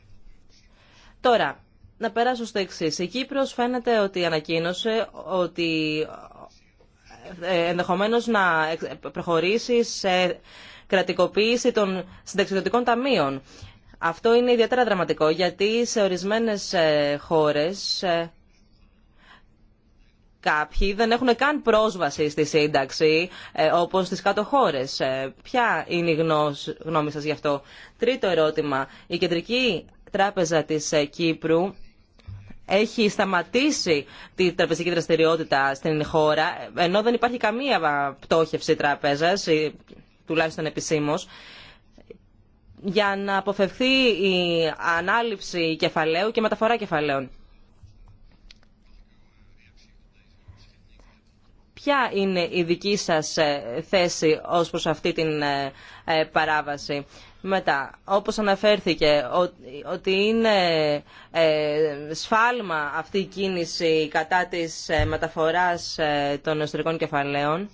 Τώρα, να περάσω στο εξή. Η Κύπρος φαίνεται ότι ανακοίνωσε ότι ε, ενδεχομένως να προχωρήσει σε κρατικοποίηση των συνταξιδοτικών ταμείων. Αυτό είναι ιδιαίτερα δραματικό γιατί σε ορισμένες ε, χώρες ε, κάποιοι δεν έχουν καν πρόσβαση στη σύνταξη, ε, όπως στις κάτω χώρες. Ε, ποια είναι η γνώμη σας γι' αυτό. Τρίτο ερώτημα. Η Κεντρική Τράπεζα της ε, Κύπρου έχει σταματήσει τη τραπεζική δραστηριότητα στην χώρα, ενώ δεν υπάρχει καμία πτώχευση τραπέζας, τουλάχιστον επισήμως για να αποφευθεί η ανάληψη κεφαλαίου και μεταφορά κεφαλαίων. Ποια είναι η δική σας ε, θέση ως προς αυτή την ε, ε, παράβαση. Μετά, όπως αναφέρθηκε, ότι είναι σφάλμα αυτή η κίνηση κατά της μεταφοράς των εσωτερικών κεφαλαίων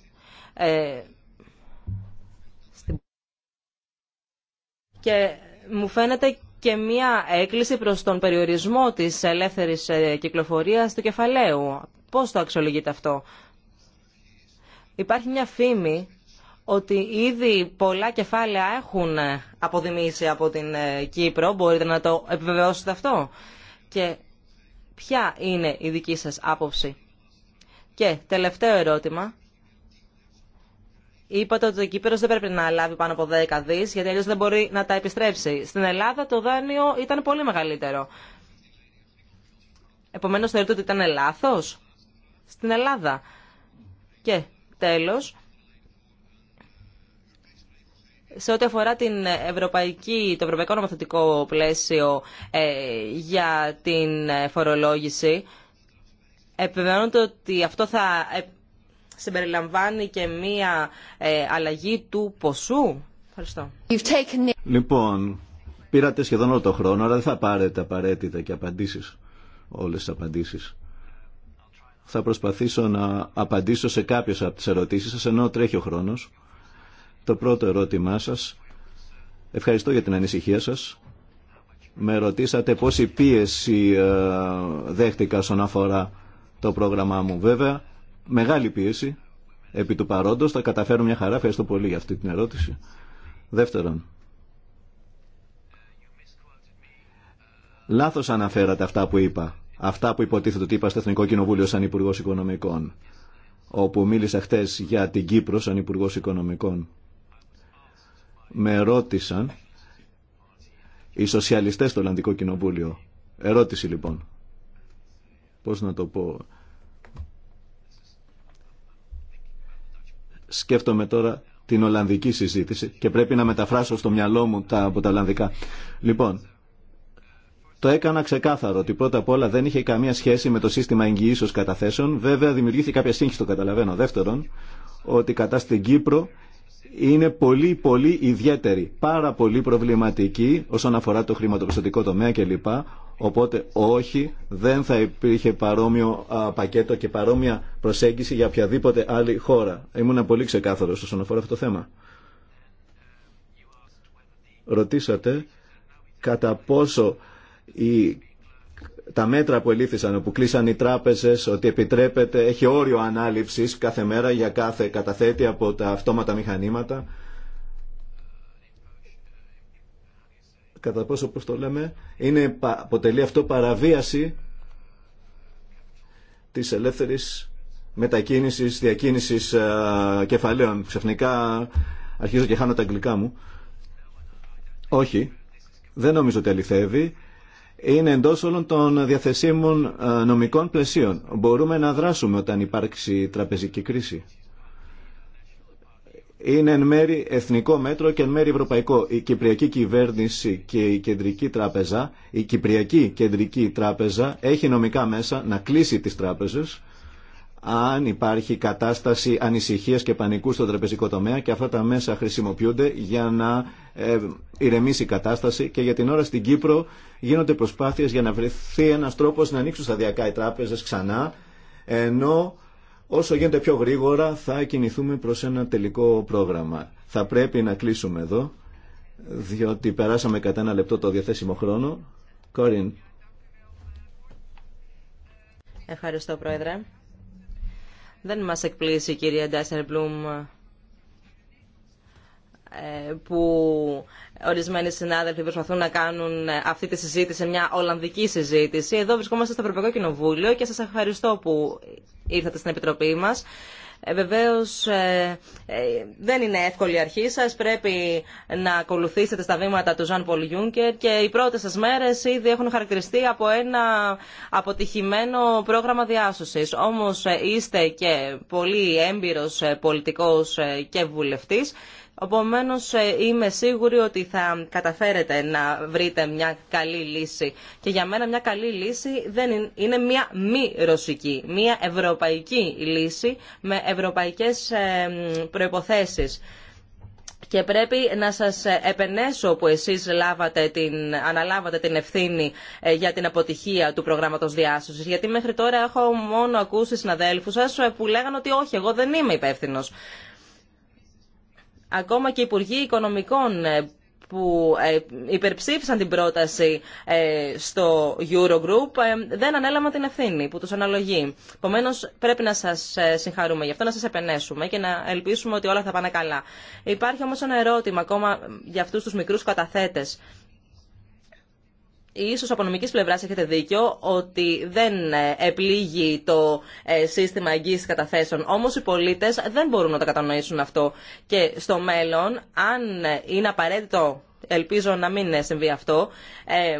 και μου φαίνεται και μία έκκληση προς τον περιορισμό της ελεύθερης κυκλοφορίας του κεφαλαίου. Πώς το αξιολογείτε αυτό. Υπάρχει μια φήμη ότι ήδη πολλά κεφάλαια έχουν αποδημήσει από την ε, Κύπρο. Μπορείτε να το επιβεβαιώσετε αυτό. Και ποια είναι η δική σας άποψη. Και τελευταίο ερώτημα. Είπατε ότι ο Κύπρος δεν πρέπει να λάβει πάνω από 10 δις, γιατί αλλιώς δεν μπορεί να τα επιστρέψει. Στην Ελλάδα το δάνειο ήταν πολύ μεγαλύτερο. Επομένως θεωρείτε ότι ήταν λάθος στην Ελλάδα. Και Τέλος, σε ό,τι αφορά την ευρωπαϊκή, το ευρωπαϊκό νομοθετικό πλαίσιο ε, για την ε, φορολόγηση, επιβεβαιώνεται ότι αυτό θα ε, συμπεριλαμβάνει και μία αλλαγή του ποσού. Ευχαριστώ. Λοιπόν, πήρατε σχεδόν όλο το χρόνο, αλλά δεν θα πάρετε απαραίτητα και απαντήσεις, όλες τις απαντήσεις. Θα προσπαθήσω να απαντήσω σε κάποιες από τις ερωτήσεις σας, ενώ τρέχει ο χρόνος. Το πρώτο ερώτημά σας. Ευχαριστώ για την ανησυχία σας. Με ρωτήσατε πόση πίεση ε, δέχτηκα όσον αφορά το πρόγραμμά μου. Βέβαια, μεγάλη πίεση επί του παρόντος. Θα καταφέρω μια χαρά. Ευχαριστώ πολύ για αυτή την ερώτηση. Δεύτερον, λάθος αναφέρατε αυτά που είπα αυτά που υποτίθεται ότι είπα στο Εθνικό Κοινοβούλιο σαν Υπουργό Οικονομικών, όπου μίλησα χτε για την Κύπρο σαν Υπουργό Οικονομικών. Με ρώτησαν οι σοσιαλιστές στο Ολλανδικό Κοινοβούλιο. Ερώτηση λοιπόν. Πώς να το πω. Σκέφτομαι τώρα την Ολλανδική συζήτηση και πρέπει να μεταφράσω στο μυαλό μου τα, από τα Ολλανδικά. Λοιπόν, το έκανα ξεκάθαρο ότι πρώτα απ' όλα δεν είχε καμία σχέση με το σύστημα εγγυήσεω καταθέσεων. Βέβαια, δημιουργήθηκε κάποια σύγχυση, το καταλαβαίνω. Δεύτερον, ότι η κατάσταση στην Κύπρο είναι πολύ, πολύ ιδιαίτερη. Πάρα πολύ προβληματική όσον αφορά το χρηματοπιστωτικό τομέα κλπ. Οπότε, όχι, δεν θα υπήρχε παρόμοιο πακέτο και παρόμοια προσέγγιση για οποιαδήποτε άλλη χώρα. Ήμουν πολύ ξεκάθαρο όσον αφορά αυτό το θέμα. Ρωτήσατε κατά πόσο η, τα μέτρα που ελήφθησαν, όπου κλείσαν οι τράπεζες, ότι επιτρέπεται, έχει όριο ανάληψης κάθε μέρα για κάθε καταθέτη από τα αυτόματα μηχανήματα. Κατά πόσο, όπως το λέμε, είναι, αποτελεί αυτό παραβίαση της ελεύθερης μετακίνησης, διακίνησης ε, κεφαλαίων. Ξαφνικά αρχίζω και χάνω τα αγγλικά μου. Όχι, δεν νομίζω ότι αληθεύει είναι εντό όλων των διαθεσίμων ε, νομικών πλαισίων. Μπορούμε να δράσουμε όταν υπάρξει τραπεζική κρίση. Είναι εν μέρη εθνικό μέτρο και εν μέρη ευρωπαϊκό. Η Κυπριακή Κυβέρνηση και η Κεντρική Τράπεζα, η Κυπριακή Κεντρική Τράπεζα έχει νομικά μέσα να κλείσει τις τράπεζες αν υπάρχει κατάσταση ανησυχίας και πανικού στον τραπεζικό τομέα και αυτά τα μέσα χρησιμοποιούνται για να ε, ηρεμήσει η κατάσταση και για την ώρα στην Κύπρο γίνονται προσπάθειες για να βρεθεί ένας τρόπος να ανοίξουν σταδιακά οι τράπεζες ξανά ενώ όσο γίνεται πιο γρήγορα θα κινηθούμε προς ένα τελικό πρόγραμμα. Θα πρέπει να κλείσουμε εδώ διότι περάσαμε κατά ένα λεπτό το διαθέσιμο χρόνο. Κόριν. Ευχαριστώ Πρόεδρε. Δεν μας εκπλήσει η κυρία Ντάσερ Μπλουμ ε, που ορισμένοι συνάδελφοι προσπαθούν να κάνουν ε, αυτή τη συζήτηση, μια Ολλανδική συζήτηση. Εδώ βρισκόμαστε στο Ευρωπαϊκό Κοινοβούλιο και σας ευχαριστώ που ήρθατε στην Επιτροπή μας. Ε, βεβαίως ε, ε, δεν είναι εύκολη η αρχή σας, πρέπει να ακολουθήσετε στα βήματα του Ζαν Πολ Γιούνκερ και οι πρώτες σας μέρες ήδη έχουν χαρακτηριστεί από ένα αποτυχημένο πρόγραμμα διάσωσης. Όμως ε, είστε και πολύ έμπειρος πολιτικός και βουλευτής Επομένω, ε, είμαι σίγουρη ότι θα καταφέρετε να βρείτε μια καλή λύση. Και για μένα μια καλή λύση δεν είναι, μια μη ρωσική, μια ευρωπαϊκή λύση με ευρωπαϊκές ε, προϋποθέσεις. Και πρέπει να σας επενέσω που εσείς λάβατε την, αναλάβατε την ευθύνη ε, για την αποτυχία του προγράμματος διάσωσης. Γιατί μέχρι τώρα έχω μόνο ακούσει συναδέλφους σας που λέγανε ότι όχι, εγώ δεν είμαι υπεύθυνο. Ακόμα και οι Υπουργοί Οικονομικών ε, που ε, υπερψήφισαν την πρόταση ε, στο Eurogroup δεν ανέλαβαν την ευθύνη που τους αναλογεί. Επομένω, πρέπει να σας συγχαρούμε γι' αυτό, να σας επενέσουμε και να ελπίσουμε ότι όλα θα πάνε καλά. Υπάρχει όμως ένα ερώτημα ακόμα για αυτούς τους μικρούς καταθέτες ίσως από νομικής πλευράς έχετε δίκιο ότι δεν ε, επλήγει το ε, σύστημα εγγύησης καταθέσεων. Όμως οι πολίτες δεν μπορούν να το κατανοήσουν αυτό. Και στο μέλλον, αν είναι απαραίτητο, ελπίζω να μην συμβεί αυτό, ε,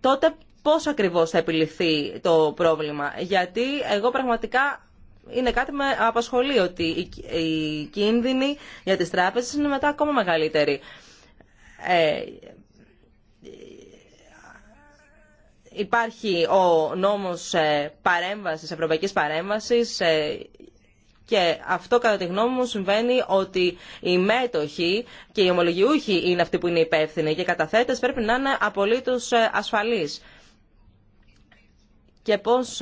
τότε πώς ακριβώς θα επιληθεί το πρόβλημα. Γιατί εγώ πραγματικά είναι κάτι με απασχολεί, ότι οι κίνδυνοι για τις τράπεζες είναι μετά ακόμα μεγαλύτεροι. Ε, υπάρχει ο νόμος ε, παρέμβασης, ευρωπαϊκής παρέμβασης ε, και αυτό κατά τη γνώμη μου συμβαίνει ότι οι μέτοχοι και οι ομολογιούχοι είναι αυτοί που είναι υπεύθυνοι και οι καταθέτες πρέπει να είναι απολύτως ε, ασφαλείς. Και πώς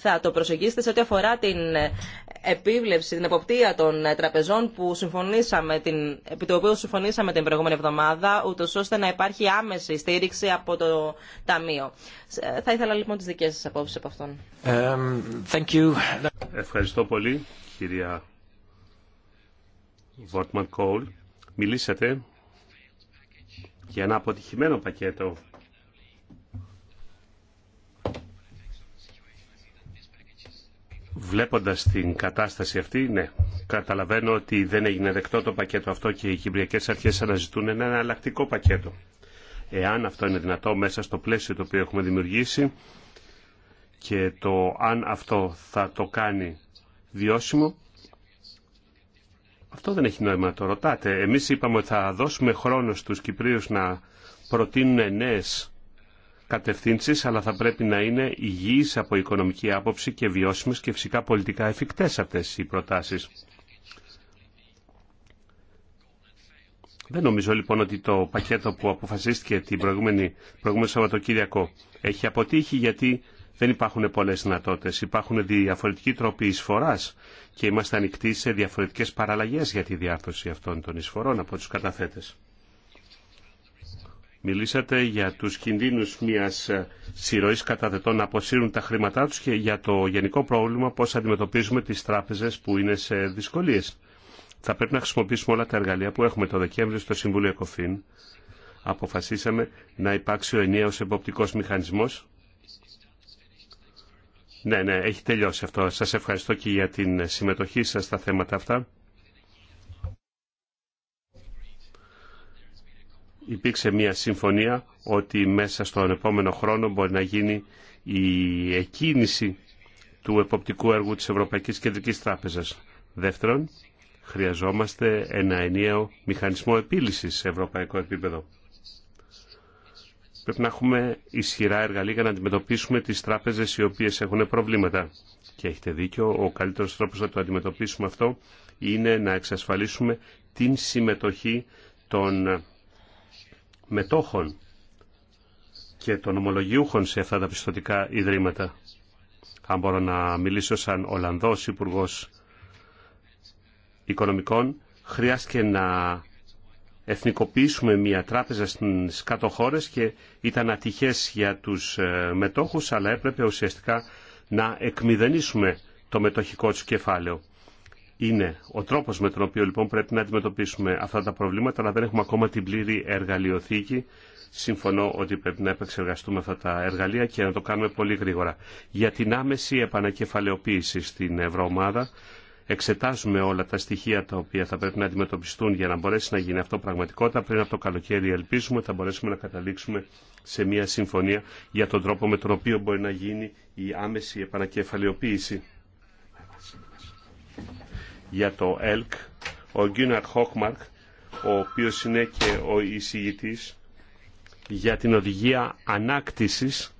θα το προσεγγίσετε σε ό,τι αφορά την επίβλεψη, την εποπτεία των ε, τραπεζών που συμφωνήσαμε την, επί το οποίο συμφωνήσαμε την προηγούμενη εβδομάδα, ούτω ώστε να υπάρχει άμεση στήριξη από το Ταμείο. Θα ήθελα λοιπόν τις δικέ σα απόψεις από αυτόν. thank you. Ευχαριστώ πολύ, κυρία Βόρτμαν Κόλ. Μιλήσατε για ένα αποτυχημένο πακέτο Βλέποντας την κατάσταση αυτή, ναι, καταλαβαίνω ότι δεν έγινε δεκτό το πακέτο αυτό και οι κυπριακές αρχές αναζητούν ένα εναλλακτικό πακέτο. Εάν αυτό είναι δυνατό μέσα στο πλαίσιο το οποίο έχουμε δημιουργήσει και το αν αυτό θα το κάνει βιώσιμο, αυτό δεν έχει νόημα να το ρωτάτε. Εμείς είπαμε ότι θα δώσουμε χρόνο στους Κυπρίους να προτείνουν νέες Κατευθύνσει, αλλά θα πρέπει να είναι υγιεί από οικονομική άποψη και βιώσιμε και φυσικά πολιτικά εφικτέ αυτέ οι προτάσει. Δεν νομίζω λοιπόν ότι το πακέτο που αποφασίστηκε την προηγούμενη, προηγούμενη Σαββατοκύριακο έχει αποτύχει γιατί δεν υπάρχουν πολλέ δυνατότητε. Υπάρχουν διαφορετικοί τρόποι εισφορά και είμαστε ανοιχτοί σε διαφορετικέ παραλλαγέ για τη διάρθρωση αυτών των εισφορών από του καταθέτε. Μιλήσατε για τους κινδύνους μιας συρροής καταθετών να αποσύρουν τα χρήματά τους και για το γενικό πρόβλημα πώς αντιμετωπίζουμε τις τράπεζες που είναι σε δυσκολίες. Θα πρέπει να χρησιμοποιήσουμε όλα τα εργαλεία που έχουμε το Δεκέμβριο στο Συμβούλιο Κοφίν. Αποφασίσαμε να υπάρξει ο ενιαίος εποπτικός μηχανισμός. Ναι, ναι, έχει τελειώσει αυτό. Σας ευχαριστώ και για την συμμετοχή σας στα θέματα αυτά. υπήρξε μια συμφωνία ότι μέσα στον επόμενο χρόνο μπορεί να γίνει η εκκίνηση του εποπτικού έργου της Ευρωπαϊκής Κεντρικής Τράπεζας. Δεύτερον, χρειαζόμαστε ένα ενιαίο μηχανισμό επίλυσης σε ευρωπαϊκό επίπεδο. Πρέπει να έχουμε ισχυρά εργαλεία για να αντιμετωπίσουμε τις τράπεζες οι οποίες έχουν προβλήματα. Και έχετε δίκιο, ο καλύτερος τρόπος να το αντιμετωπίσουμε αυτό είναι να εξασφαλίσουμε την συμμετοχή των μετόχων και των ομολογιούχων σε αυτά τα πιστοτικά ιδρύματα. Αν μπορώ να μιλήσω σαν Ολλανδός υπουργό Οικονομικών, χρειάστηκε να εθνικοποιήσουμε μια τράπεζα στις κάτω χώρες και ήταν ατυχές για τους ε, μετόχους, αλλά έπρεπε ουσιαστικά να εκμηδενήσουμε το μετοχικό του κεφάλαιο είναι ο τρόπος με τον οποίο λοιπόν πρέπει να αντιμετωπίσουμε αυτά τα προβλήματα, αλλά δεν έχουμε ακόμα την πλήρη εργαλειοθήκη. Συμφωνώ ότι πρέπει να επεξεργαστούμε αυτά τα εργαλεία και να το κάνουμε πολύ γρήγορα. Για την άμεση επανακεφαλαιοποίηση στην Ευρωομάδα, εξετάζουμε όλα τα στοιχεία τα οποία θα πρέπει να αντιμετωπιστούν για να μπορέσει να γίνει αυτό πραγματικότητα. Πριν από το καλοκαίρι ελπίζουμε θα μπορέσουμε να καταλήξουμε σε μια συμφωνία για τον τρόπο με τον οποίο μπορεί να γίνει η άμεση επανακεφαλαιοποίηση για το ΕΛΚ, ο Γκίναρ Χόκμαρκ, ο οποίος είναι και ο εισηγητής για την οδηγία ανάκτησης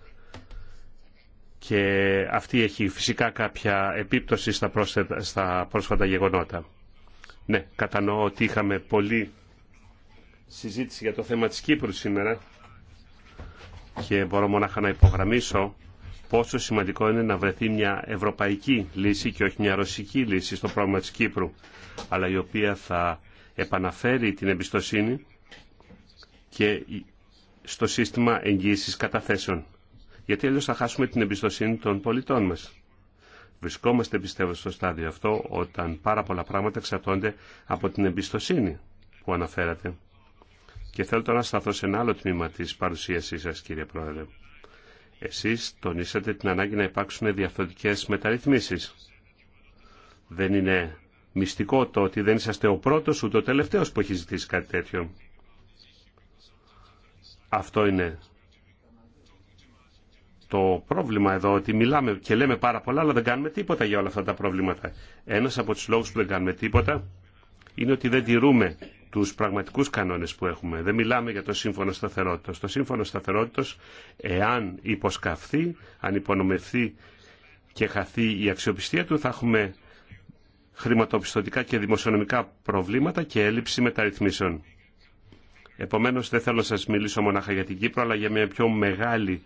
και αυτή έχει φυσικά κάποια επίπτωση στα, στα πρόσφατα γεγονότα. Ναι, κατανοώ ότι είχαμε πολλή συζήτηση για το θέμα της Κύπρου σήμερα και μπορώ μονάχα να υπογραμμίσω πόσο σημαντικό είναι να βρεθεί μια ευρωπαϊκή λύση και όχι μια ρωσική λύση στο πρόβλημα της Κύπρου, αλλά η οποία θα επαναφέρει την εμπιστοσύνη και στο σύστημα εγγύησης καταθέσεων. Γιατί αλλιώς θα χάσουμε την εμπιστοσύνη των πολιτών μας. Βρισκόμαστε πιστεύω στο στάδιο αυτό όταν πάρα πολλά πράγματα εξαρτώνται από την εμπιστοσύνη που αναφέρατε. Και θέλω τώρα να σταθώ σε ένα άλλο τμήμα της παρουσίασής σας κύριε Πρόεδρε. Εσείς τονίσατε την ανάγκη να υπάρξουν διαφορετικές μεταρρυθμίσεις. Δεν είναι μυστικό το ότι δεν είσαστε ο πρώτος ούτε ο τελευταίος που έχει ζητήσει κάτι τέτοιο. Αυτό είναι το πρόβλημα εδώ ότι μιλάμε και λέμε πάρα πολλά αλλά δεν κάνουμε τίποτα για όλα αυτά τα προβλήματα. Ένας από τους λόγους που δεν κάνουμε τίποτα είναι ότι δεν τηρούμε τους πραγματικούς κανόνες που έχουμε. Δεν μιλάμε για το σύμφωνο σταθερότητα. Το σύμφωνο σταθερότητα, εάν υποσκαφθεί, αν υπονομευθεί και χαθεί η αξιοπιστία του, θα έχουμε χρηματοπιστωτικά και δημοσιονομικά προβλήματα και έλλειψη μεταρρυθμίσεων. Επομένως, δεν θέλω να σας μιλήσω μονάχα για την Κύπρο, αλλά για μια πιο μεγάλη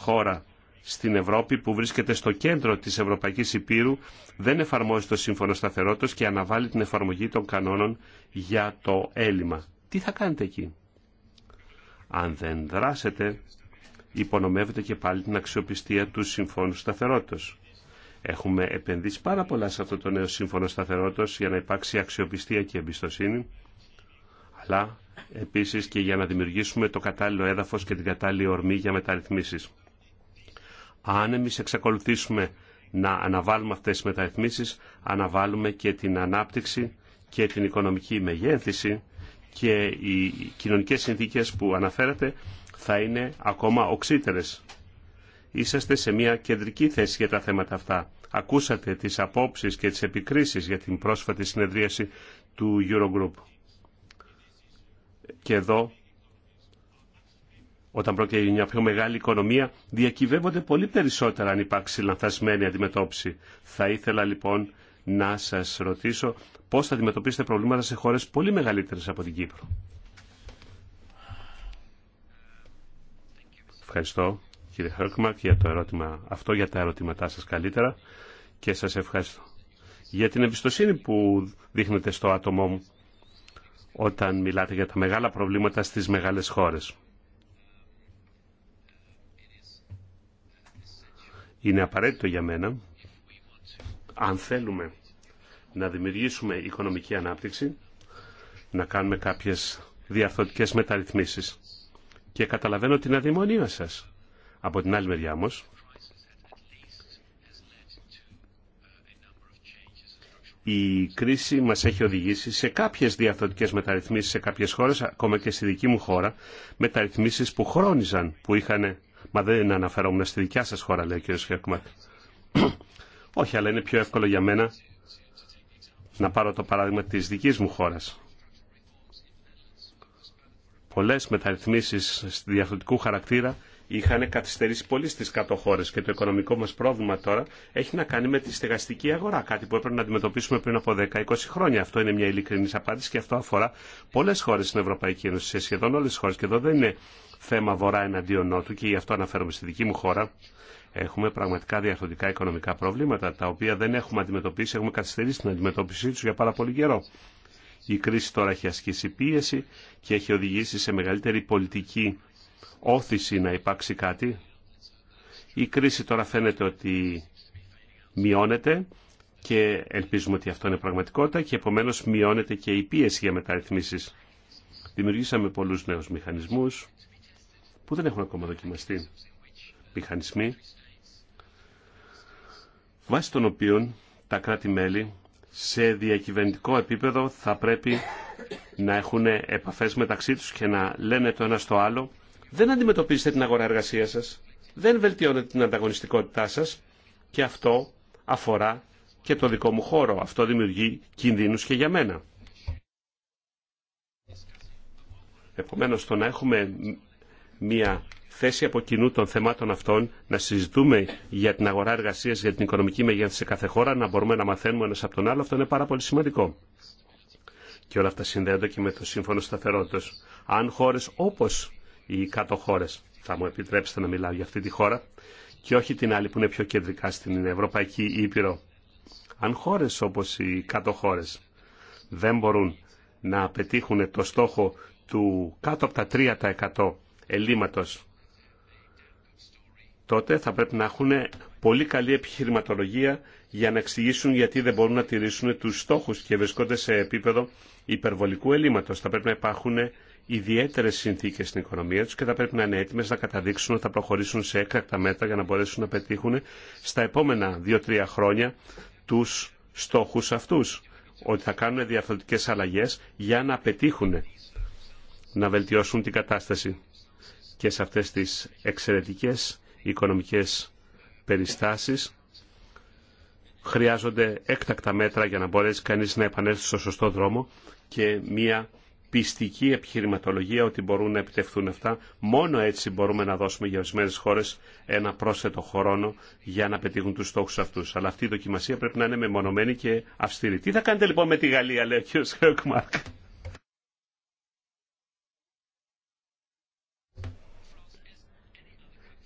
χώρα στην Ευρώπη που βρίσκεται στο κέντρο της Ευρωπαϊκής Υπήρου δεν εφαρμόζει το Σύμφωνο Σταθερότητας και αναβάλει την εφαρμογή των κανόνων για το έλλειμμα. Τι θα κάνετε εκεί. Αν δεν δράσετε, υπονομεύετε και πάλι την αξιοπιστία του Συμφώνου Σταθερότητας. Έχουμε επενδύσει πάρα πολλά σε αυτό το νέο Σύμφωνο Σταθερότητας για να υπάρξει αξιοπιστία και εμπιστοσύνη, αλλά επίσης και για να δημιουργήσουμε το κατάλληλο έδαφος και την κατάλληλη ορμή για μεταρρυθμίσεις. Αν εμείς εξακολουθήσουμε να αναβάλουμε αυτές τις μεταρρυθμίσεις, αναβάλουμε και την ανάπτυξη και την οικονομική μεγέθυνση και οι κοινωνικές συνθήκες που αναφέρατε θα είναι ακόμα οξύτερες. Είσαστε σε μια κεντρική θέση για τα θέματα αυτά. Ακούσατε τις απόψεις και τις επικρίσεις για την πρόσφατη συνεδρίαση του Eurogroup. Και εδώ όταν πρόκειται για μια πιο μεγάλη οικονομία, διακυβεύονται πολύ περισσότερα αν υπάρξει λανθασμένη αντιμετώπιση. Θα ήθελα λοιπόν να σας ρωτήσω πώς θα αντιμετωπίσετε προβλήματα σε χώρες πολύ μεγαλύτερες από την Κύπρο. Ευχαριστώ κύριε Χέρκμαρκ για το ερώτημα αυτό, για τα ερωτήματά σας καλύτερα και σας ευχαριστώ για την εμπιστοσύνη που δείχνετε στο άτομό μου όταν μιλάτε για τα μεγάλα προβλήματα στις μεγάλες χώρες. είναι απαραίτητο για μένα, αν θέλουμε να δημιουργήσουμε οικονομική ανάπτυξη, να κάνουμε κάποιες διαρθρωτικές μεταρρυθμίσεις. Και καταλαβαίνω την αδειμονία σας. Από την άλλη μεριά όμως, η κρίση μας έχει οδηγήσει σε κάποιες διαρθρωτικές μεταρρυθμίσεις σε κάποιες χώρες, ακόμα και στη δική μου χώρα, μεταρρυθμίσεις που χρόνιζαν, που είχαν Μα δεν αναφερόμουν στη δικιά σας χώρα, λέει ο κ. Χέκμαρ. Όχι, αλλά είναι πιο εύκολο για μένα να πάρω το παράδειγμα της δικής μου χώρας. Πολλές μεταρρυθμίσεις διαφορετικού χαρακτήρα είχαν καθυστερήσει πολύ στις κάτω χώρες και το οικονομικό μας πρόβλημα τώρα έχει να κάνει με τη στεγαστική αγορά, κάτι που έπρεπε να αντιμετωπίσουμε πριν από 10-20 χρόνια. Αυτό είναι μια ειλικρινής απάντηση και αυτό αφορά πολλές χώρες στην Ευρωπαϊκή Ένωση, σε σχεδόν όλες τις χώρες και εδώ δεν είναι θέμα βορρά εναντίον νότου και γι' αυτό αναφέρομαι στη δική μου χώρα. Έχουμε πραγματικά διαρθρωτικά οικονομικά προβλήματα τα οποία δεν έχουμε αντιμετωπίσει, έχουμε καθυστερήσει την αντιμετώπιση του για πάρα πολύ καιρό. Η κρίση τώρα έχει ασκήσει πίεση και έχει οδηγήσει σε μεγαλύτερη πολιτική όθηση να υπάρξει κάτι. Η κρίση τώρα φαίνεται ότι μειώνεται και ελπίζουμε ότι αυτό είναι πραγματικότητα και επομένως μειώνεται και η πίεση για μεταρρυθμίσεις. Δημιουργήσαμε πολλούς νέους μηχανισμούς, που δεν έχουν ακόμα δοκιμαστεί. Μηχανισμοί βάσει των οποίων τα κράτη-μέλη σε διακυβερνητικό επίπεδο θα πρέπει να έχουν επαφές μεταξύ τους και να λένε το ένα στο άλλο δεν αντιμετωπίζετε την αγορά εργασία σας, δεν βελτιώνετε την ανταγωνιστικότητά σας και αυτό αφορά και το δικό μου χώρο. Αυτό δημιουργεί κινδύνους και για μένα. Επομένως, το να έχουμε μια θέση από κοινού των θεμάτων αυτών, να συζητούμε για την αγορά εργασία, για την οικονομική μεγέθυνση σε κάθε χώρα, να μπορούμε να μαθαίνουμε ένα από τον άλλο, αυτό είναι πάρα πολύ σημαντικό. Και όλα αυτά συνδέονται και με το Σύμφωνο Σταθερότητα. Αν χώρε όπω οι κάτω χώρε, θα μου επιτρέψετε να μιλάω για αυτή τη χώρα, και όχι την άλλη που είναι πιο κεντρικά στην Ευρωπαϊκή Ήπειρο, αν χώρε όπω οι κάτω χώρε δεν μπορούν να πετύχουν το στόχο του κάτω από τα ελλείμματος. Τότε θα πρέπει να έχουν πολύ καλή επιχειρηματολογία για να εξηγήσουν γιατί δεν μπορούν να τηρήσουν τους στόχους και βρισκόνται σε επίπεδο υπερβολικού ελλείμματος. Θα πρέπει να υπάρχουν ιδιαίτερες συνθήκες στην οικονομία τους και θα πρέπει να είναι έτοιμες να καταδείξουν ότι θα προχωρήσουν σε έκτακτα μέτρα για να μπορέσουν να πετύχουν στα επόμενα 2-3 χρόνια τους στόχους αυτούς. Ότι θα κάνουν διαφορετικές αλλαγές για να πετύχουν να βελτιώσουν την κατάσταση και σε αυτές τις εξαιρετικές οικονομικές περιστάσεις χρειάζονται έκτακτα μέτρα για να μπορέσει κανείς να επανέλθει στο σωστό δρόμο και μια πιστική επιχειρηματολογία ότι μπορούν να επιτευχθούν αυτά. Μόνο έτσι μπορούμε να δώσουμε για ορισμένε χώρε ένα πρόσθετο χρόνο για να πετύχουν του στόχου αυτού. Αλλά αυτή η δοκιμασία πρέπει να είναι μεμονωμένη και αυστηρή. Τι θα κάνετε λοιπόν με τη Γαλλία, λέει ο κ.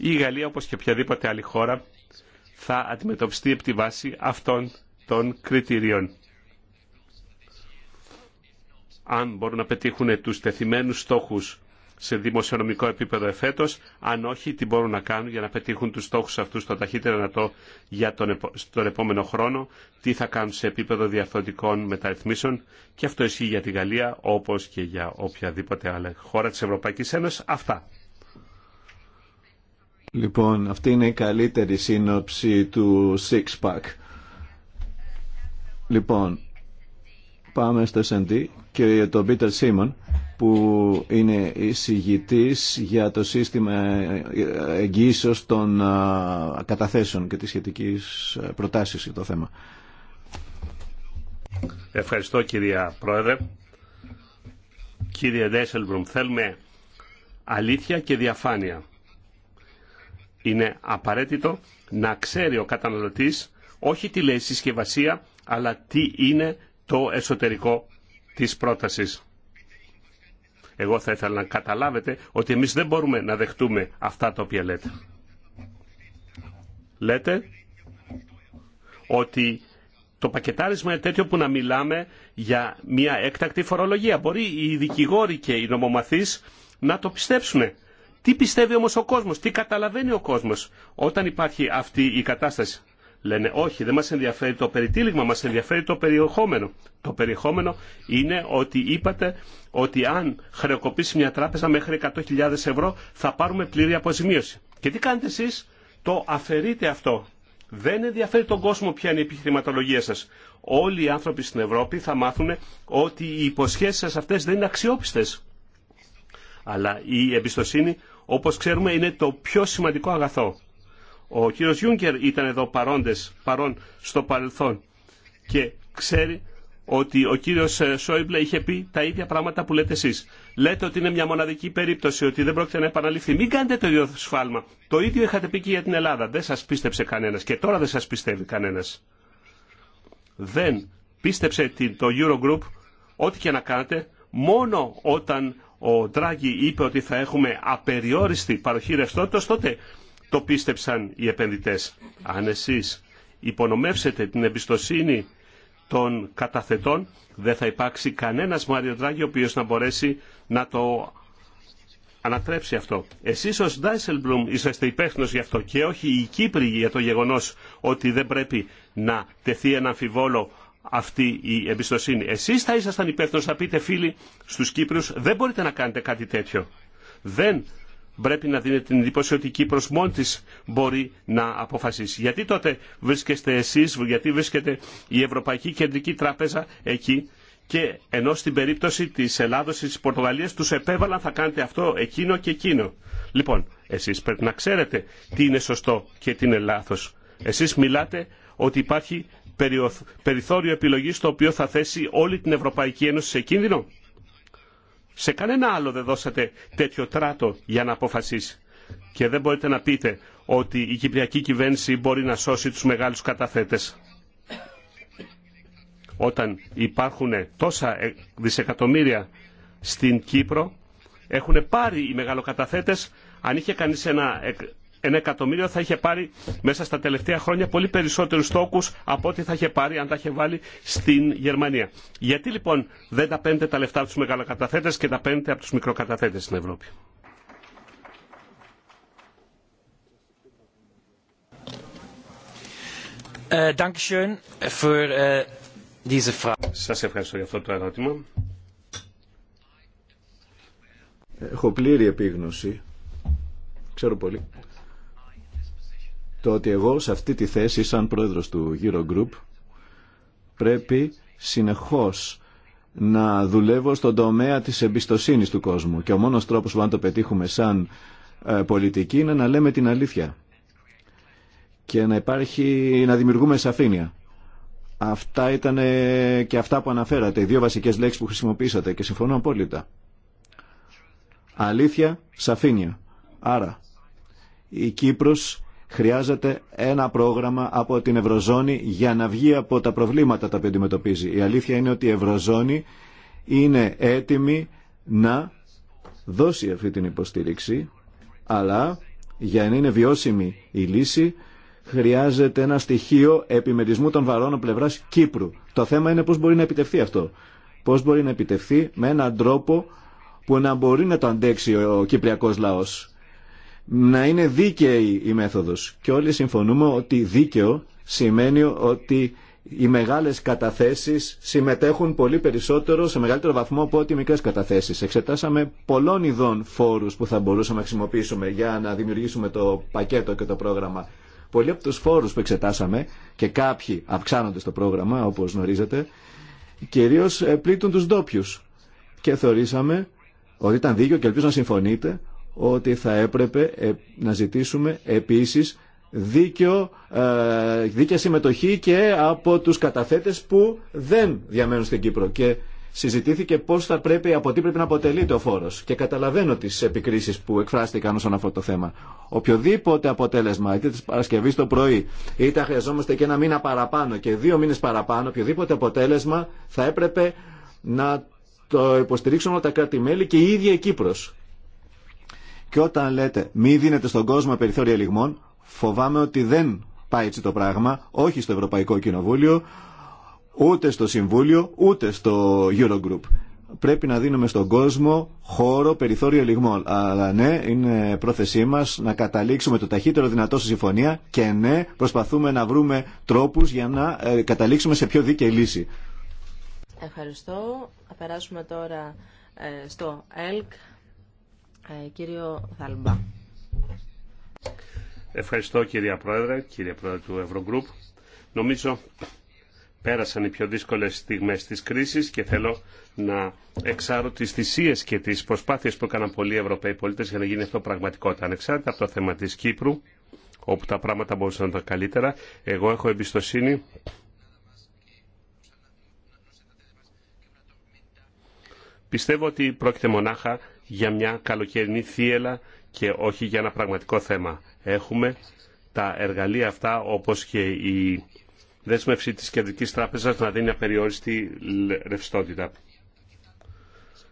η Γαλλία όπως και οποιαδήποτε άλλη χώρα θα αντιμετωπιστεί επί τη βάση αυτών των κριτηρίων. Αν μπορούν να πετύχουν τους τεθειμένους στόχους σε δημοσιονομικό επίπεδο εφέτος, αν όχι τι μπορούν να κάνουν για να πετύχουν τους στόχους αυτούς το ταχύτερο να για τον, τον επόμενο χρόνο, τι θα κάνουν σε επίπεδο διαφθορτικών μεταρρυθμίσεων και αυτό ισχύει για τη Γαλλία όπως και για οποιαδήποτε άλλη χώρα της Ευρωπαϊκής Ένωσης. Αυτά. Λοιπόν, αυτή είναι η καλύτερη σύνοψη του Six Pack. Λοιπόν, πάμε στο S&D και τον Peter Σίμον που είναι εισηγητής για το σύστημα εγγύησεως των καταθέσεων και της σχετικής ε, προτάσεις για το θέμα. Ευχαριστώ κυρία Πρόεδρε. Κύριε Ντέσελμπρουμ, θέλουμε αλήθεια και διαφάνεια είναι απαραίτητο να ξέρει ο καταναλωτής όχι τι λέει η συσκευασία, αλλά τι είναι το εσωτερικό της πρότασης. Εγώ θα ήθελα να καταλάβετε ότι εμείς δεν μπορούμε να δεχτούμε αυτά τα οποία λέτε. Λέτε ότι το πακετάρισμα είναι τέτοιο που να μιλάμε για μια έκτακτη φορολογία. Μπορεί οι δικηγόροι και οι νομομαθείς να το πιστέψουν. Τι πιστεύει όμως ο κόσμος, τι καταλαβαίνει ο κόσμος όταν υπάρχει αυτή η κατάσταση. Λένε όχι, δεν μας ενδιαφέρει το περιτύλιγμα, μας ενδιαφέρει το περιεχόμενο. Το περιεχόμενο είναι ότι είπατε ότι αν χρεοκοπήσει μια τράπεζα μέχρι 100.000 ευρώ θα πάρουμε πλήρη αποζημίωση. Και τι κάνετε εσείς, το αφαιρείτε αυτό. Δεν ενδιαφέρει τον κόσμο ποια είναι η επιχειρηματολογία σας. Όλοι οι άνθρωποι στην Ευρώπη θα μάθουν ότι οι υποσχέσεις σας αυτές δεν είναι αξιόπιστες. Αλλά η εμπιστοσύνη όπως ξέρουμε είναι το πιο σημαντικό αγαθό. Ο κύριος Γιούγκερ ήταν εδώ παρόντες, παρόν στο παρελθόν και ξέρει ότι ο κύριος ε, Σόιμπλε είχε πει τα ίδια πράγματα που λέτε εσείς. Λέτε ότι είναι μια μοναδική περίπτωση, ότι δεν πρόκειται να επαναληφθεί. Μην κάνετε το ίδιο σφάλμα. Το ίδιο είχατε πει και για την Ελλάδα. Δεν σας πίστεψε κανένας και τώρα δεν σας πιστεύει κανένας. Δεν πίστεψε το Eurogroup ό,τι και να κάνετε μόνο όταν ο Ντράγκη είπε ότι θα έχουμε απεριόριστη παροχή ρευστότητα, τότε το πίστεψαν οι επενδυτέ. Αν εσεί υπονομεύσετε την εμπιστοσύνη των καταθετών, δεν θα υπάρξει κανένας Μάριο Ντράγκη ο οποίο να μπορέσει να το ανατρέψει αυτό. Εσείς ως Ντάισελμπλουμ είσαστε υπεύθυνο γι' αυτό και όχι οι Κύπροι για το γεγονός ότι δεν πρέπει να τεθεί ένα αμφιβόλο αυτή η εμπιστοσύνη. Εσεί θα ήσασταν υπεύθυνο, να πείτε φίλοι στου Κύπριους δεν μπορείτε να κάνετε κάτι τέτοιο. Δεν πρέπει να δίνετε την εντύπωση ότι η Κύπρο μόνη τη μπορεί να αποφασίσει. Γιατί τότε βρίσκεστε εσεί, γιατί βρίσκεται η Ευρωπαϊκή Κεντρική Τράπεζα εκεί και ενώ στην περίπτωση τη Ελλάδο ή της Πορτογαλίας τους επέβαλαν θα κάνετε αυτό, εκείνο και εκείνο. Λοιπόν, εσεί πρέπει να ξέρετε τι είναι σωστό και τι είναι λάθο. Εσεί μιλάτε ότι υπάρχει περιθώριο επιλογής το οποίο θα θέσει όλη την Ευρωπαϊκή Ένωση σε κίνδυνο. Σε κανένα άλλο δεν δώσατε τέτοιο τράτο για να αποφασίσει. Και δεν μπορείτε να πείτε ότι η Κυπριακή κυβέρνηση μπορεί να σώσει τους μεγάλους καταθέτες. Όταν υπάρχουν τόσα ε, δισεκατομμύρια στην Κύπρο, έχουν πάρει οι μεγαλοκαταθέτες αν είχε κανείς ένα ένα εκατομμύριο θα είχε πάρει μέσα στα τελευταία χρόνια πολύ περισσότερους τόκους από ό,τι θα είχε πάρει αν τα είχε βάλει στην Γερμανία. Γιατί λοιπόν δεν τα παίρνετε τα λεφτά από τους μεγαλοκαταθέτες και τα παίρνετε από τους μικροκαταθέτες στην Ευρώπη. Ε, ε, Σας ευχαριστώ για αυτό το ερώτημα. Έχω πλήρη επίγνωση. Ξέρω πολύ το ότι εγώ σε αυτή τη θέση σαν πρόεδρος του Eurogroup πρέπει συνεχώς να δουλεύω στον τομέα της εμπιστοσύνης του κόσμου και ο μόνος τρόπος που αν το πετύχουμε σαν ε, πολιτική είναι να λέμε την αλήθεια και να υπάρχει, να δημιουργούμε σαφήνεια. Αυτά ήταν και αυτά που αναφέρατε, οι δύο βασικές λέξεις που χρησιμοποίησατε και συμφωνώ απόλυτα. Αλήθεια, σαφήνεια. Άρα, η Κύπρος Χρειάζεται ένα πρόγραμμα από την Ευρωζώνη για να βγει από τα προβλήματα τα οποία αντιμετωπίζει. Η αλήθεια είναι ότι η Ευρωζώνη είναι έτοιμη να δώσει αυτή την υποστήριξη, αλλά για να είναι βιώσιμη η λύση χρειάζεται ένα στοιχείο επιμερισμού των βαρών πλευρά Κύπρου. Το θέμα είναι πώς μπορεί να επιτευχθεί αυτό. Πώς μπορεί να επιτευχθεί με έναν τρόπο που να μπορεί να το αντέξει ο κυπριακός λαός να είναι δίκαιη η μέθοδος. Και όλοι συμφωνούμε ότι δίκαιο σημαίνει ότι οι μεγάλες καταθέσεις συμμετέχουν πολύ περισσότερο σε μεγαλύτερο βαθμό από ότι οι μικρές καταθέσεις. Εξετάσαμε πολλών ειδών φόρους που θα μπορούσαμε να χρησιμοποιήσουμε για να δημιουργήσουμε το πακέτο και το πρόγραμμα. Πολλοί από τους φόρους που εξετάσαμε και κάποιοι αυξάνονται στο πρόγραμμα όπως γνωρίζετε κυρίως ε, πλήττουν τους ντόπιου. Και θεωρήσαμε ότι ήταν δίκιο και ελπίζω να συμφωνείτε ότι θα έπρεπε ε, να ζητήσουμε επίσης δίκαιο, ε, δίκαια συμμετοχή και από τους καταθέτες που δεν διαμένουν στην Κύπρο και συζητήθηκε πώς θα πρέπει, από τι πρέπει να αποτελείται ο φόρος και καταλαβαίνω τις επικρίσεις που εκφράστηκαν όσον αφορά το θέμα. Οποιοδήποτε αποτέλεσμα, είτε της Παρασκευής το πρωί, είτε χρειαζόμαστε και ένα μήνα παραπάνω και δύο μήνες παραπάνω, οποιοδήποτε αποτέλεσμα θα έπρεπε να το υποστηρίξουν όλα τα κράτη-μέλη και η ίδια η Κύπρος και όταν λέτε μη δίνετε στον κόσμο περιθώρια λιγμών, φοβάμαι ότι δεν πάει έτσι το πράγμα, όχι στο Ευρωπαϊκό Κοινοβούλιο, ούτε στο Συμβούλιο, ούτε στο Eurogroup. Πρέπει να δίνουμε στον κόσμο χώρο, περιθώριο λιγμών. Αλλά ναι, είναι πρόθεσή μα να καταλήξουμε το ταχύτερο δυνατό στη συμφωνία και ναι, προσπαθούμε να βρούμε τρόπου για να ε, καταλήξουμε σε πιο δίκαιη λύση. Ευχαριστώ. Θα περάσουμε τώρα ε, στο ΕΛΚ. Ε, κύριο Θαλμπά. Ευχαριστώ κύριε Πρόεδρε, κύριε Πρόεδρε του Ευρωγκρουπ. Νομίζω πέρασαν οι πιο δύσκολες στιγμές της κρίσης και θέλω να εξάρω τις θυσίε και τις προσπάθειες που έκαναν πολλοί Ευρωπαίοι πολίτες για να γίνει αυτό πραγματικότητα. Ανεξάρτητα από το θέμα της Κύπρου, όπου τα πράγματα μπορούσαν να τα καλύτερα, εγώ έχω εμπιστοσύνη Πιστεύω ότι πρόκειται μονάχα για μια καλοκαιρινή θύελα και όχι για ένα πραγματικό θέμα. Έχουμε τα εργαλεία αυτά όπως και η δέσμευση της Κεντρικής Τράπεζας να δίνει απεριόριστη ρευστότητα.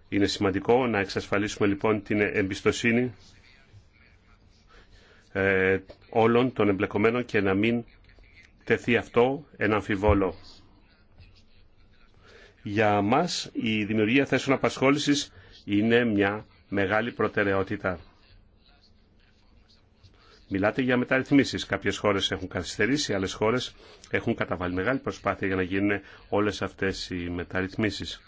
Είναι σημαντικό να εξασφαλίσουμε λοιπόν την εμπιστοσύνη ε, όλων των εμπλεκομένων και να μην τεθεί αυτό ένα αμφιβόλο. Για μας η δημιουργία θέσεων απασχόλησης είναι μια μεγάλη προτεραιότητα. Μιλάτε για μεταρρυθμίσεις. Κάποιες χώρες έχουν καθυστερήσει, άλλες χώρες έχουν καταβάλει μεγάλη προσπάθεια για να γίνουν όλες αυτές οι μεταρρυθμίσεις.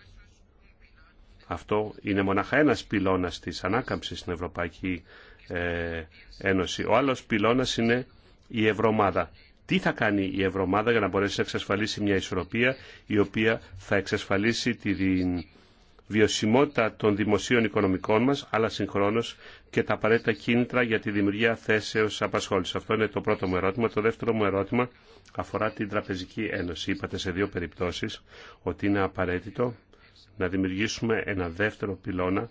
Αυτό είναι μονάχα ένας πυλώνας της ανάκαμψης στην Ευρωπαϊκή ε, Ένωση. Ο άλλος πυλώνας είναι η Ευρωμάδα. Τι θα κάνει η Ευρωμάδα για να μπορέσει να εξασφαλίσει μια ισορροπία η οποία θα εξασφαλίσει την βιωσιμότητα των δημοσίων οικονομικών μας, αλλά συγχρόνως και τα απαραίτητα κίνητρα για τη δημιουργία θέσεως απασχόλησης. Αυτό είναι το πρώτο μου ερώτημα. Το δεύτερο μου ερώτημα αφορά την Τραπεζική Ένωση. Είπατε σε δύο περιπτώσεις ότι είναι απαραίτητο να δημιουργήσουμε ένα δεύτερο πυλώνα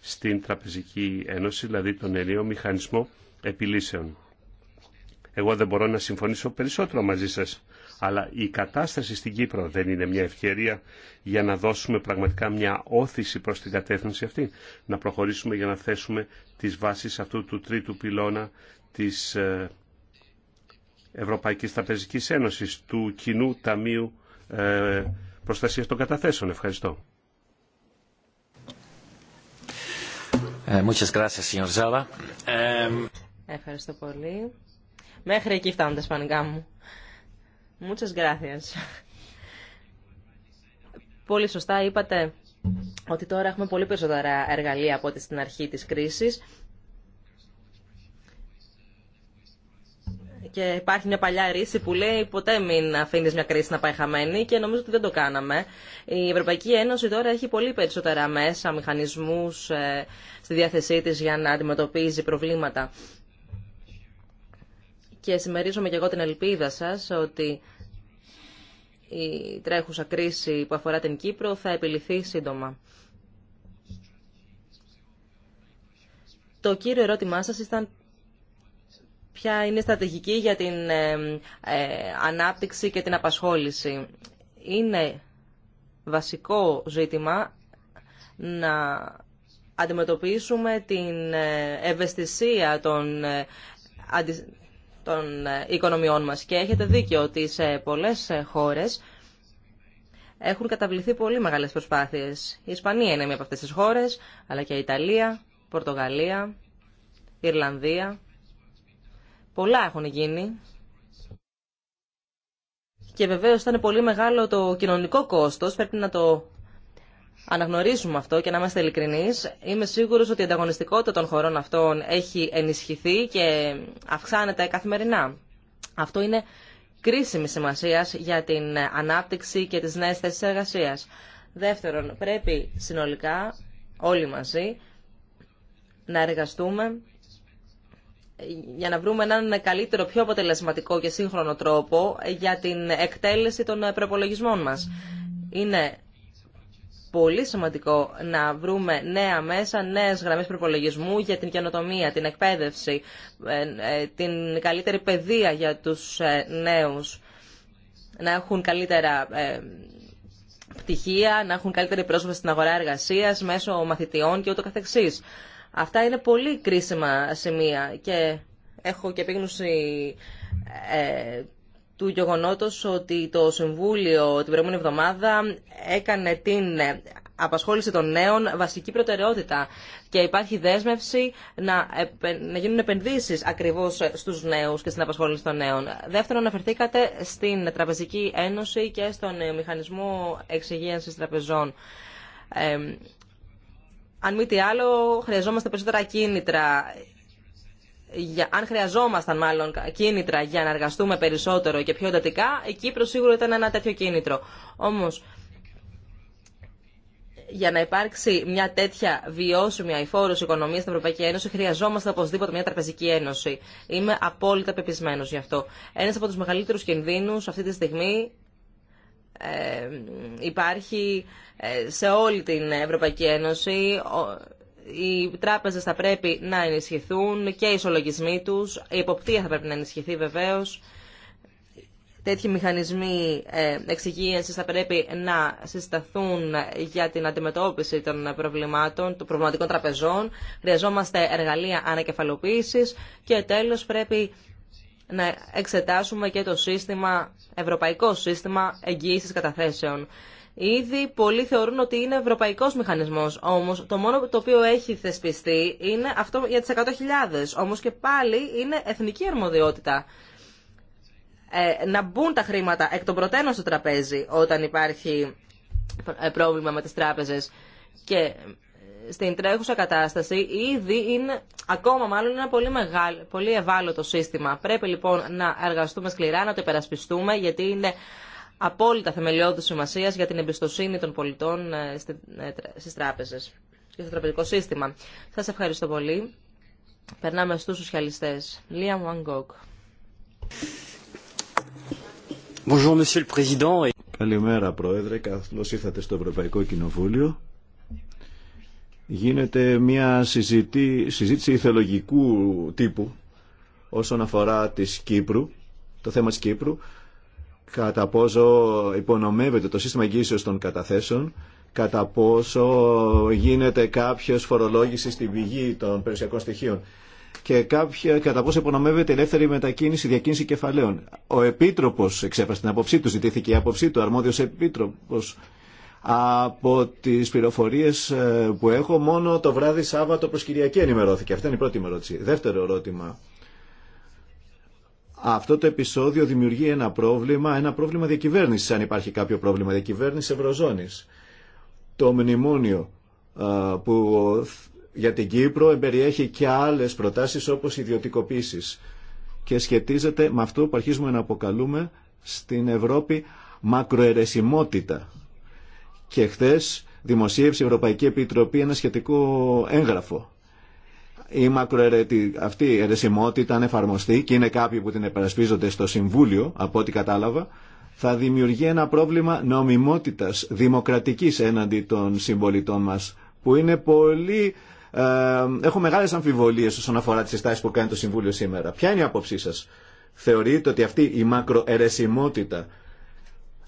στην Τραπεζική Ένωση, δηλαδή τον ενίο μηχανισμό επιλύσεων. Εγώ δεν μπορώ να συμφωνήσω περισσότερο μαζί σας αλλά η κατάσταση στην Κύπρο δεν είναι μια ευκαιρία για να δώσουμε πραγματικά μια όθηση προς την κατεύθυνση αυτή, να προχωρήσουμε για να θέσουμε τις βάσεις αυτού του τρίτου πυλώνα της ε, Ευρωπαϊκής Τραπεζικής Ένωσης, του Κοινού Ταμείου ε, Προστασίας των Καταθέσεων. Ευχαριστώ. Ε, Ευχαριστώ πολύ. Μέχρι εκεί φτάνουν τα σπανικά μου. Muchas gracias. Πολύ σωστά είπατε ότι τώρα έχουμε πολύ περισσότερα εργαλεία από ό,τι στην αρχή της κρίσης. Και υπάρχει μια παλιά ρίση που λέει ποτέ μην αφήνεις μια κρίση να πάει χαμένη και νομίζω ότι δεν το κάναμε. Η Ευρωπαϊκή Ένωση τώρα έχει πολύ περισσότερα μέσα, μηχανισμούς ε, στη διάθεσή της για να αντιμετωπίζει προβλήματα και συμμερίζομαι και εγώ την ελπίδα σας ότι η τρέχουσα κρίση που αφορά την Κύπρο θα επιληθεί σύντομα. Το κύριο ερώτημά σας ήταν ποια είναι η στρατηγική για την ε, ε, ανάπτυξη και την απασχόληση. Είναι βασικό ζήτημα να αντιμετωπίσουμε την ε, ευαισθησία των των ε, οικονομιών μας. Και έχετε δίκιο ότι σε πολλές ε, χώρες έχουν καταβληθεί πολύ μεγάλες προσπάθειες. Η Ισπανία είναι μία από αυτές τις χώρες, αλλά και η Ιταλία, Πορτογαλία, Ιρλανδία. Πολλά έχουν γίνει. Και βεβαίως ήταν πολύ μεγάλο το κοινωνικό κόστος, πρέπει να το αναγνωρίζουμε αυτό και να είμαστε ειλικρινεί, είμαι σίγουρο ότι η ανταγωνιστικότητα των χωρών αυτών έχει ενισχυθεί και αυξάνεται καθημερινά. Αυτό είναι κρίσιμη σημασία για την ανάπτυξη και τι νέε θέσει εργασία. Δεύτερον, πρέπει συνολικά όλοι μαζί να εργαστούμε για να βρούμε έναν καλύτερο, πιο αποτελεσματικό και σύγχρονο τρόπο για την εκτέλεση των προπολογισμών μας. Είναι πολύ σημαντικό να βρούμε νέα μέσα, νέες γραμμές προπολογισμού για την καινοτομία, την εκπαίδευση, ε, ε, την καλύτερη παιδεία για τους ε, νέους, να έχουν καλύτερα πτυχία, να έχουν καλύτερη πρόσβαση στην αγορά εργασίας μέσω μαθητιών και ούτω καθεξής. Αυτά είναι πολύ κρίσιμα σημεία και έχω και επίγνωση του γεγονότος ότι το Συμβούλιο την προηγούμενη εβδομάδα έκανε την απασχόληση των νέων βασική προτεραιότητα και υπάρχει δέσμευση να, να γίνουν επενδύσεις ακριβώς στους νέους και στην απασχόληση των νέων. Δεύτερον, αναφερθήκατε στην Τραπεζική Ένωση και στον Μηχανισμό Εξυγίανσης Τραπεζών. αν μη τι άλλο, χρειαζόμαστε περισσότερα κίνητρα για, αν χρειαζόμασταν μάλλον κίνητρα για να εργαστούμε περισσότερο και πιο εντατικά, η Κύπρος σίγουρα ήταν ένα τέτοιο κίνητρο. Όμως, για να υπάρξει μια τέτοια βιώσιμη αηφόρο οικονομία στην Ευρωπαϊκή Ένωση, χρειαζόμαστε οπωσδήποτε μια τραπεζική ένωση. Είμαι απόλυτα πεπισμένο γι' αυτό. Ένα από του μεγαλύτερου κινδύνου αυτή τη στιγμή ε, υπάρχει ε, σε όλη την Ευρωπαϊκή Ένωση οι τράπεζες θα πρέπει να ενισχυθούν και οι ισολογισμοί τους, η υποπτία θα πρέπει να ενισχυθεί βεβαίως. Τέτοιοι μηχανισμοί ε, εξυγίανσης θα πρέπει να συσταθούν για την αντιμετώπιση των προβλημάτων, των προβληματικών τραπεζών. Χρειαζόμαστε εργαλεία ανακεφαλοποίησης και τέλος πρέπει να εξετάσουμε και το σύστημα, ευρωπαϊκό σύστημα εγγύησης καταθέσεων. Ήδη πολλοί θεωρούν ότι είναι ευρωπαϊκό μηχανισμό. Όμω το μόνο το οποίο έχει θεσπιστεί είναι αυτό για τι 100.000. Όμω και πάλι είναι εθνική αρμοδιότητα. Ε, να μπουν τα χρήματα εκ των προτένων στο τραπέζι όταν υπάρχει ε, πρόβλημα με τις τράπεζες και ε, στην τρέχουσα κατάσταση ήδη είναι ακόμα μάλλον ένα πολύ, μεγάλο, πολύ ευάλωτο σύστημα. Πρέπει λοιπόν να εργαστούμε σκληρά, να το υπερασπιστούμε γιατί είναι απόλυτα θεμελιώδη σημασία για την εμπιστοσύνη των πολιτών ε, ε, στις Τράπεζε και στο τραπεζικό σύστημα. Σας ευχαριστώ πολύ. Περνάμε στους σοσιαλιστέ. Λία Μουαγκόκ. Καλημέρα Πρόεδρε, καθώ ήρθατε στο Ευρωπαϊκό Κοινοβούλιο. Γίνεται μια συζητή, συζήτηση ηθελογικού τύπου όσον αφορά της Κύπρου, το θέμα της Κύπρου κατά πόσο υπονομεύεται το σύστημα εγγύσεως των καταθέσεων, κατά πόσο γίνεται κάποιο φορολόγηση στην πηγή των περιουσιακών στοιχείων και κάποια, κατά πόσο υπονομεύεται η ελεύθερη μετακίνηση, διακίνηση κεφαλαίων. Ο Επίτροπος εξέφρασε την άποψή του, ζητήθηκε η άποψή του, αρμόδιος Επίτροπος. Από τι πληροφορίε ε, που έχω, μόνο το βράδυ Σάββατο προς Κυριακή ενημερώθηκε. Αυτή είναι η πρώτη ερώτηση. Δεύτερο ερώτημα αυτό το επεισόδιο δημιουργεί ένα πρόβλημα, ένα πρόβλημα διακυβέρνησης, αν υπάρχει κάποιο πρόβλημα διακυβέρνηση Ευρωζώνης. Το μνημόνιο που για την Κύπρο εμπεριέχει και άλλες προτάσεις όπως ιδιωτικοποίησης και σχετίζεται με αυτό που αρχίζουμε να αποκαλούμε στην Ευρώπη μακροαιρεσιμότητα. Και χθε δημοσίευσε η Ευρωπαϊκή Επιτροπή ένα σχετικό έγγραφο η μακροαιρετη... αυτή η αν εφαρμοστεί και είναι κάποιοι που την επερασπίζονται στο Συμβούλιο από ό,τι κατάλαβα θα δημιουργεί ένα πρόβλημα νομιμότητας δημοκρατικής έναντι των συμπολιτών μας που είναι πολύ... Ε, έχω μεγάλες αμφιβολίες όσον αφορά τις συστάσεις που κάνει το Συμβούλιο σήμερα. Ποια είναι η άποψή σας. Θεωρείτε ότι αυτή η μακροαιρεσιμότητα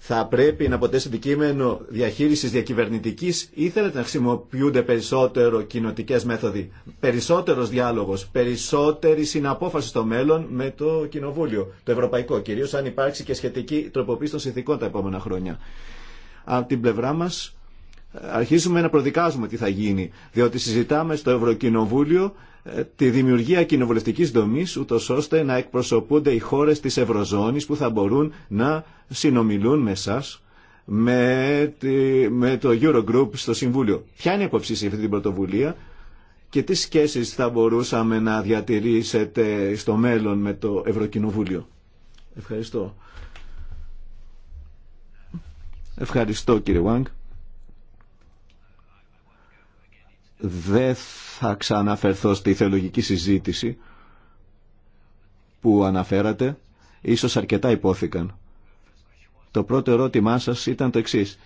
θα πρέπει να αποτελέσει αντικείμενο διαχείρισης διακυβερνητικής ή θέλετε να χρησιμοποιούνται περισσότερο κοινοτικέ μέθοδοι, περισσότερος διάλογος, περισσότερη συναπόφαση στο μέλλον με το Κοινοβούλιο, το Ευρωπαϊκό, κυρίως αν υπάρξει και σχετική τροποποίηση των συνθηκών τα επόμενα χρόνια. Από την πλευρά μας αρχίζουμε να προδικάζουμε τι θα γίνει, διότι συζητάμε στο Ευρωκοινοβούλιο ε, τη δημιουργία κοινοβουλευτικής δομής ούτως ώστε να εκπροσωπούνται οι χώρες της Ευρωζώνης που θα μπορούν να συνομιλούν με σας με, το Eurogroup στο Συμβούλιο. Ποια είναι η υποψή σε αυτή την πρωτοβουλία και τι σχέσεις θα μπορούσαμε να διατηρήσετε στο μέλλον με το Ευρωκοινοβούλιο. Ευχαριστώ. Ευχαριστώ κύριε Βάγκ. Δεν θα ξαναφερθώ στη θεολογική συζήτηση που αναφέρατε. Ίσως αρκετά υπόθηκαν. Το πρώτο ερώτημά σας ήταν το εξής.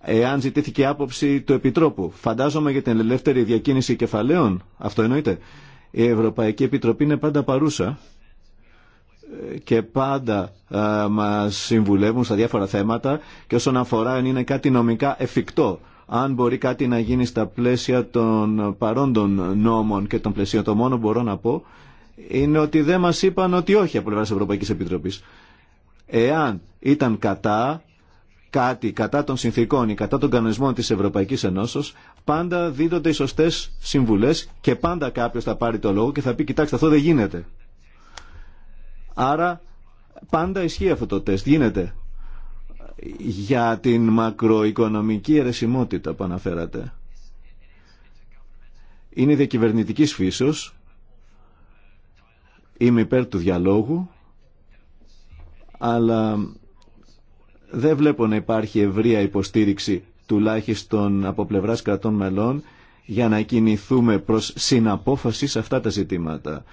Εάν ζητήθηκε άποψη του Επιτρόπου, φαντάζομαι για την ελεύθερη διακίνηση κεφαλαίων, αυτό εννοείται. Η Ευρωπαϊκή Επιτροπή είναι πάντα παρούσα και πάντα μας συμβουλεύουν στα διάφορα θέματα και όσον αφορά αν είναι κάτι νομικά εφικτό αν μπορεί κάτι να γίνει στα πλαίσια των παρόντων νόμων και των πλαισίων. Το μόνο μπορώ να πω είναι ότι δεν μας είπαν ότι όχι από πλευράς Ευρωπαϊκής Επιτροπής. Εάν ήταν κατά κάτι κατά των συνθήκων ή κατά των κανονισμών της Ευρωπαϊκής Ενώσεως, πάντα δίδονται οι σωστές συμβουλές και πάντα κάποιος θα πάρει το λόγο και θα πει «Κοιτάξτε, αυτό δεν γίνεται». Άρα πάντα ισχύει αυτό το τεστ, γίνεται για την μακροοικονομική αιρεσιμότητα που αναφέρατε. Είναι διακυβερνητικής φύσεως, είμαι υπέρ του διαλόγου, αλλά δεν βλέπω να υπάρχει ευρεία υποστήριξη τουλάχιστον από πλευράς κρατών μελών για να κινηθούμε προς συναπόφαση σε αυτά τα ζητήματα.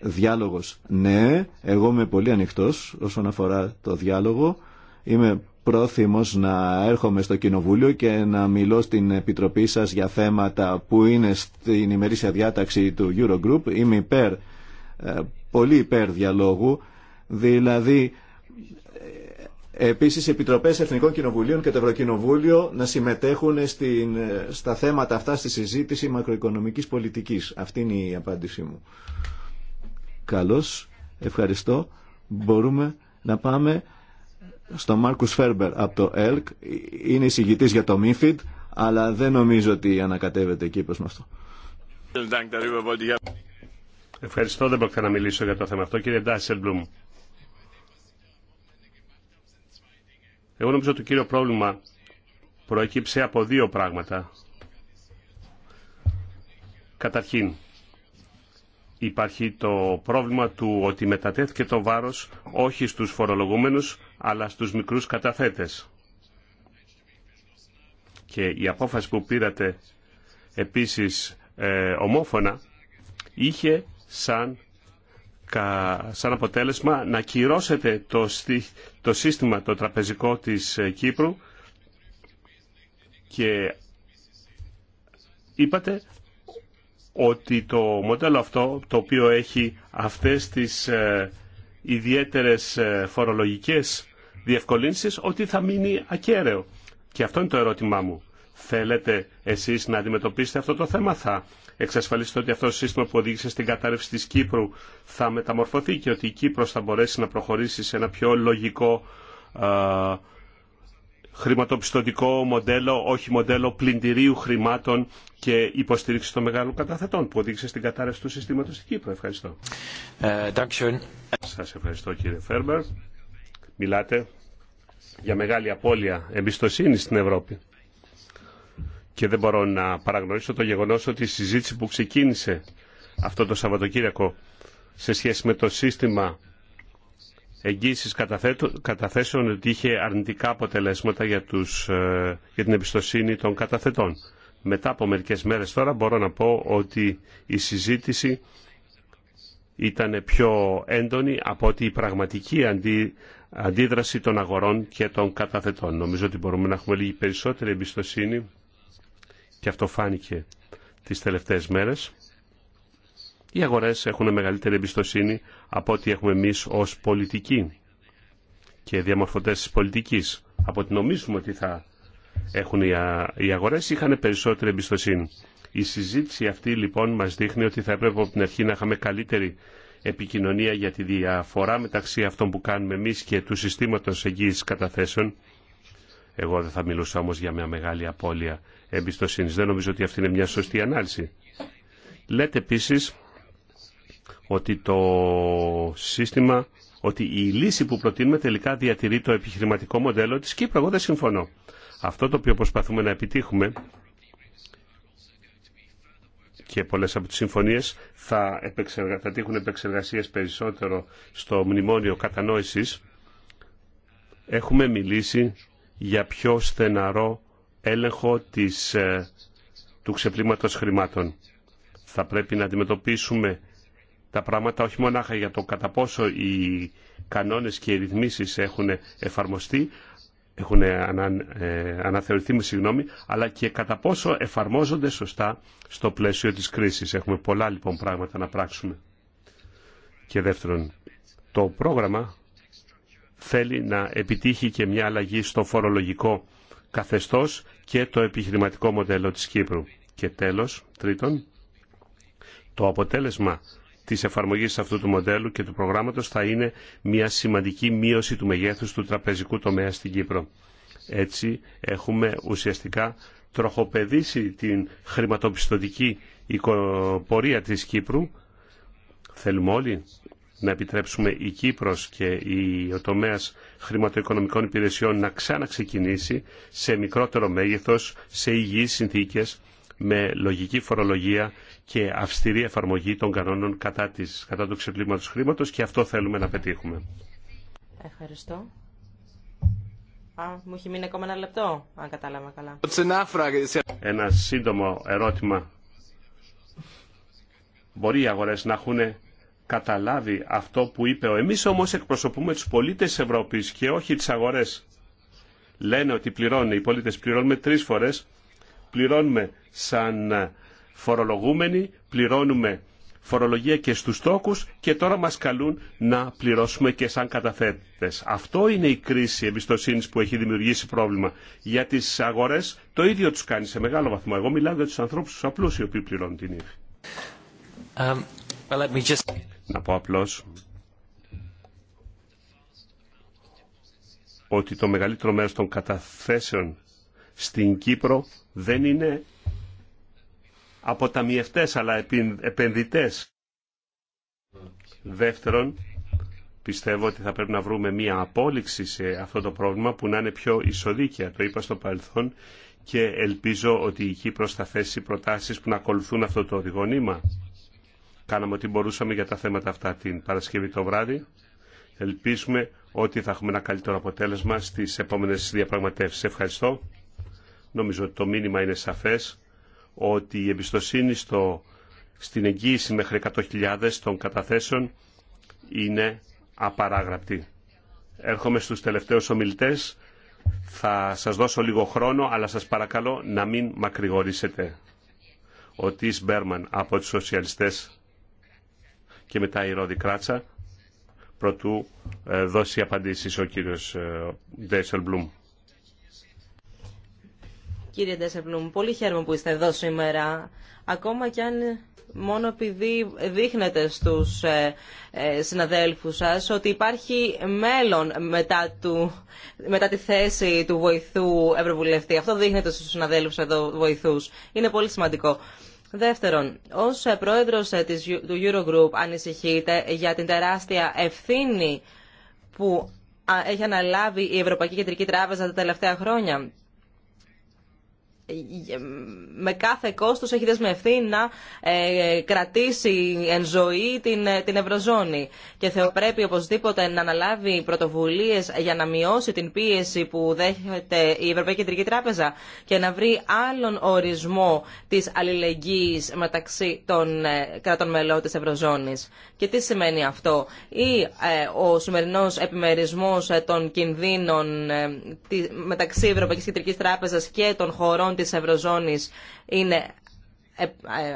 Διάλογος, ναι, εγώ είμαι πολύ ανοιχτός όσον αφορά το διάλογο, Είμαι πρόθυμος να έρχομαι στο Κοινοβούλιο και να μιλώ στην Επιτροπή σας για θέματα που είναι στην ημερήσια διάταξη του Eurogroup. Είμαι υπέρ, ε, πολύ υπέρ διαλόγου, δηλαδή ε, Επίσης, οι Επιτροπές Εθνικών Κοινοβουλίων και το Ευρωκοινοβούλιο να συμμετέχουν στην, ε, στα θέματα αυτά στη συζήτηση μακροοικονομικής πολιτικής. Αυτή είναι η απάντησή μου. Καλώς, ευχαριστώ. Μπορούμε να πάμε στο Μάρκους Φέρμπερ από το ΕΛΚ. Είναι εισηγητής για το ΜΥΦΙΤ, αλλά δεν νομίζω ότι ανακατεύεται εκεί προς με αυτό. Ευχαριστώ, δεν πρόκειται να μιλήσω για το θέμα αυτό. Κύριε Ντάσελμπλουμ, εγώ νομίζω ότι το κύριο πρόβλημα προέκυψε από δύο πράγματα. Καταρχήν, υπάρχει το πρόβλημα του ότι μετατέθηκε το βάρος όχι στους φορολογούμενους, αλλά στους μικρούς καταθέτες. Και η απόφαση που πήρατε επίσης ε, ομόφωνα είχε σαν, σαν αποτέλεσμα να κυρώσετε το, το σύστημα το τραπεζικό της ε, Κύπρου και είπατε ότι το μοντέλο αυτό το οποίο έχει αυτές τις ε, ιδιαίτερες ε, φορολογικές διευκολύνσεις ότι θα μείνει ακέραιο. Και αυτό είναι το ερώτημά μου. Θέλετε εσείς να αντιμετωπίσετε αυτό το θέμα, θα εξασφαλίσετε ότι αυτό το σύστημα που οδήγησε στην κατάρρευση της Κύπρου θα μεταμορφωθεί και ότι η Κύπρος θα μπορέσει να προχωρήσει σε ένα πιο λογικό ε, χρηματοπιστωτικό μοντέλο, όχι μοντέλο πλυντηρίου χρημάτων και υποστήριξη των μεγάλων καταθετών που οδήγησε στην κατάρρευση του συστήματος στην Κύπρο. Ευχαριστώ. Ε, Σας ευχαριστώ κύριε Φέρμπερ. Μιλάτε για μεγάλη απώλεια εμπιστοσύνη στην Ευρώπη. Και δεν μπορώ να παραγνωρίσω το γεγονός ότι η συζήτηση που ξεκίνησε αυτό το Σαββατοκύριακο σε σχέση με το σύστημα εγγύησης καταθέσεων ότι είχε αρνητικά αποτελέσματα για, τους, ε, για την εμπιστοσύνη των καταθετών. Μετά από μερικές μέρες τώρα μπορώ να πω ότι η συζήτηση ήταν πιο έντονη από ότι η πραγματική αντίδραση των αγορών και των καταθετών. Νομίζω ότι μπορούμε να έχουμε λίγη περισσότερη εμπιστοσύνη και αυτό φάνηκε τις τελευταίες μέρες οι αγορές έχουν μεγαλύτερη εμπιστοσύνη από ό,τι έχουμε εμείς ως πολιτικοί και διαμορφωτές της πολιτικής. Από ό,τι νομίζουμε ότι θα έχουν οι αγορές είχαν περισσότερη εμπιστοσύνη. Η συζήτηση αυτή λοιπόν μας δείχνει ότι θα έπρεπε από την αρχή να είχαμε καλύτερη επικοινωνία για τη διαφορά μεταξύ αυτών που κάνουμε εμείς και του συστήματος εγγύησης καταθέσεων. Εγώ δεν θα μιλούσα όμως για μια μεγάλη απώλεια εμπιστοσύνης. Δεν νομίζω ότι αυτή είναι μια σωστή ανάλυση. Λέτε επίσης ότι το σύστημα, ότι η λύση που προτείνουμε τελικά διατηρεί το επιχειρηματικό μοντέλο της Κύπρου. Εγώ δεν συμφωνώ. Αυτό το οποίο προσπαθούμε να επιτύχουμε και πολλές από τις συμφωνίες θα, επεξεργα... θα τύχουν επεξεργασίες περισσότερο στο μνημόνιο κατανόησης. Έχουμε μιλήσει για πιο στεναρό έλεγχο της, ε, του ξεπλήματος χρημάτων. Θα πρέπει να αντιμετωπίσουμε τα πράγματα όχι μονάχα για το κατά πόσο οι κανόνες και οι ρυθμίσεις έχουν εφαρμοστεί, έχουν ε, αναθεωρηθεί με συγγνώμη, αλλά και κατά πόσο εφαρμόζονται σωστά στο πλαίσιο της κρίσης. Έχουμε πολλά λοιπόν πράγματα να πράξουμε. Και δεύτερον, το πρόγραμμα θέλει να επιτύχει και μια αλλαγή στο φορολογικό καθεστώς και το επιχειρηματικό μοντέλο της Κύπρου. Και τέλος, τρίτον, το αποτέλεσμα τη εφαρμογή αυτού του μοντέλου και του προγράμματο θα είναι μια σημαντική μείωση του μεγέθους του τραπεζικού τομέα στην Κύπρο. Έτσι έχουμε ουσιαστικά τροχοπεδίσει την χρηματοπιστωτική πορεία της Κύπρου. Θέλουμε όλοι να επιτρέψουμε η Κύπρος και ο τομέας χρηματοοικονομικών υπηρεσιών να ξαναξεκινήσει σε μικρότερο μέγεθος, σε υγιείς συνθήκες, με λογική φορολογία, και αυστηρή εφαρμογή των κανόνων κατά, της, κατά του ξεπλήματος χρήματος και αυτό θέλουμε να πετύχουμε. Ευχαριστώ. Α, μου έχει μείνει ακόμα ένα λεπτό, αν κατάλαβα καλά. Ένα σύντομο ερώτημα. Μπορεί οι αγορές να έχουν καταλάβει αυτό που είπε ο εμείς όμως εκπροσωπούμε τους πολίτες της Ευρώπης και όχι τις αγορές. Λένε ότι πληρώνουν, οι πολίτες πληρώνουμε τρεις φορές, πληρώνουμε σαν φορολογούμενοι, πληρώνουμε φορολογία και στους τόκους και τώρα μας καλούν να πληρώσουμε και σαν καταθέτες. Αυτό είναι η κρίση εμπιστοσύνη που έχει δημιουργήσει πρόβλημα. Για τις αγορές το ίδιο τους κάνει σε μεγάλο βαθμό. Εγώ μιλάω για τους ανθρώπους τους απλούς οι οποίοι πληρώνουν την ύφη. Um, well, just... Να πω απλώς ότι το μεγαλύτερο μέρος των καταθέσεων στην Κύπρο δεν είναι αποταμιευτές αλλά επενδυτές. Δεύτερον, πιστεύω ότι θα πρέπει να βρούμε μία απόλυξη σε αυτό το πρόβλημα που να είναι πιο ισοδίκαια. Το είπα στο παρελθόν και ελπίζω ότι η Κύπρος θα θέσει προτάσεις που να ακολουθούν αυτό το οδηγονήμα. Κάναμε ό,τι μπορούσαμε για τα θέματα αυτά την Παρασκευή το βράδυ. Ελπίζουμε ότι θα έχουμε ένα καλύτερο αποτέλεσμα στις επόμενες διαπραγματεύσεις. Ευχαριστώ. Νομίζω ότι το μήνυμα είναι σαφές ότι η εμπιστοσύνη στο, στην εγγύηση μέχρι 100.000 των καταθέσεων είναι απαράγραπτη. Έρχομαι στους τελευταίους ομιλητές. Θα σας δώσω λίγο χρόνο, αλλά σας παρακαλώ να μην μακρηγορήσετε. Ο Τις Μπέρμαν από τους σοσιαλιστές και μετά η Ρόδη Κράτσα, προτού ε, δώσει απαντήσεις ο κύριος ε, Ντέισελ Κύριε Ντέσεπλουμ, πολύ χαίρομαι που είστε εδώ σήμερα. Ακόμα κι αν μόνο επειδή δείχνετε στους ε, ε, συναδέλφους σας ότι υπάρχει μέλλον μετά, του, μετά τη θέση του βοηθού Ευρωβουλευτή. Αυτό δείχνετε στους συναδέλφους εδώ βοηθούς. Είναι πολύ σημαντικό. Δεύτερον, ως ε, πρόεδρος της, του Eurogroup ανησυχείτε για την τεράστια ευθύνη που έχει αναλάβει η Ευρωπαϊκή Κεντρική Τράπεζα τα τελευταία χρόνια με κάθε κόστος έχει δεσμευθεί να ε, κρατήσει εν ζωή την, ε, την Ευρωζώνη. Και θα πρέπει οπωσδήποτε να αναλάβει πρωτοβουλίες για να μειώσει την πίεση που δέχεται η Ευρωπαϊκή Κεντρική Τράπεζα και να βρει άλλον ορισμό της αλληλεγγύης μεταξύ των ε, κρατών μελών της Ευρωζώνης. Και τι σημαίνει αυτό. Ή ο σημερινός επιμερισμός των κινδύνων μεταξύ Ευρωπαϊκής Κεντρικής Τράπεζας και των χωρών της Ευρωζώνης είναι ε, ε,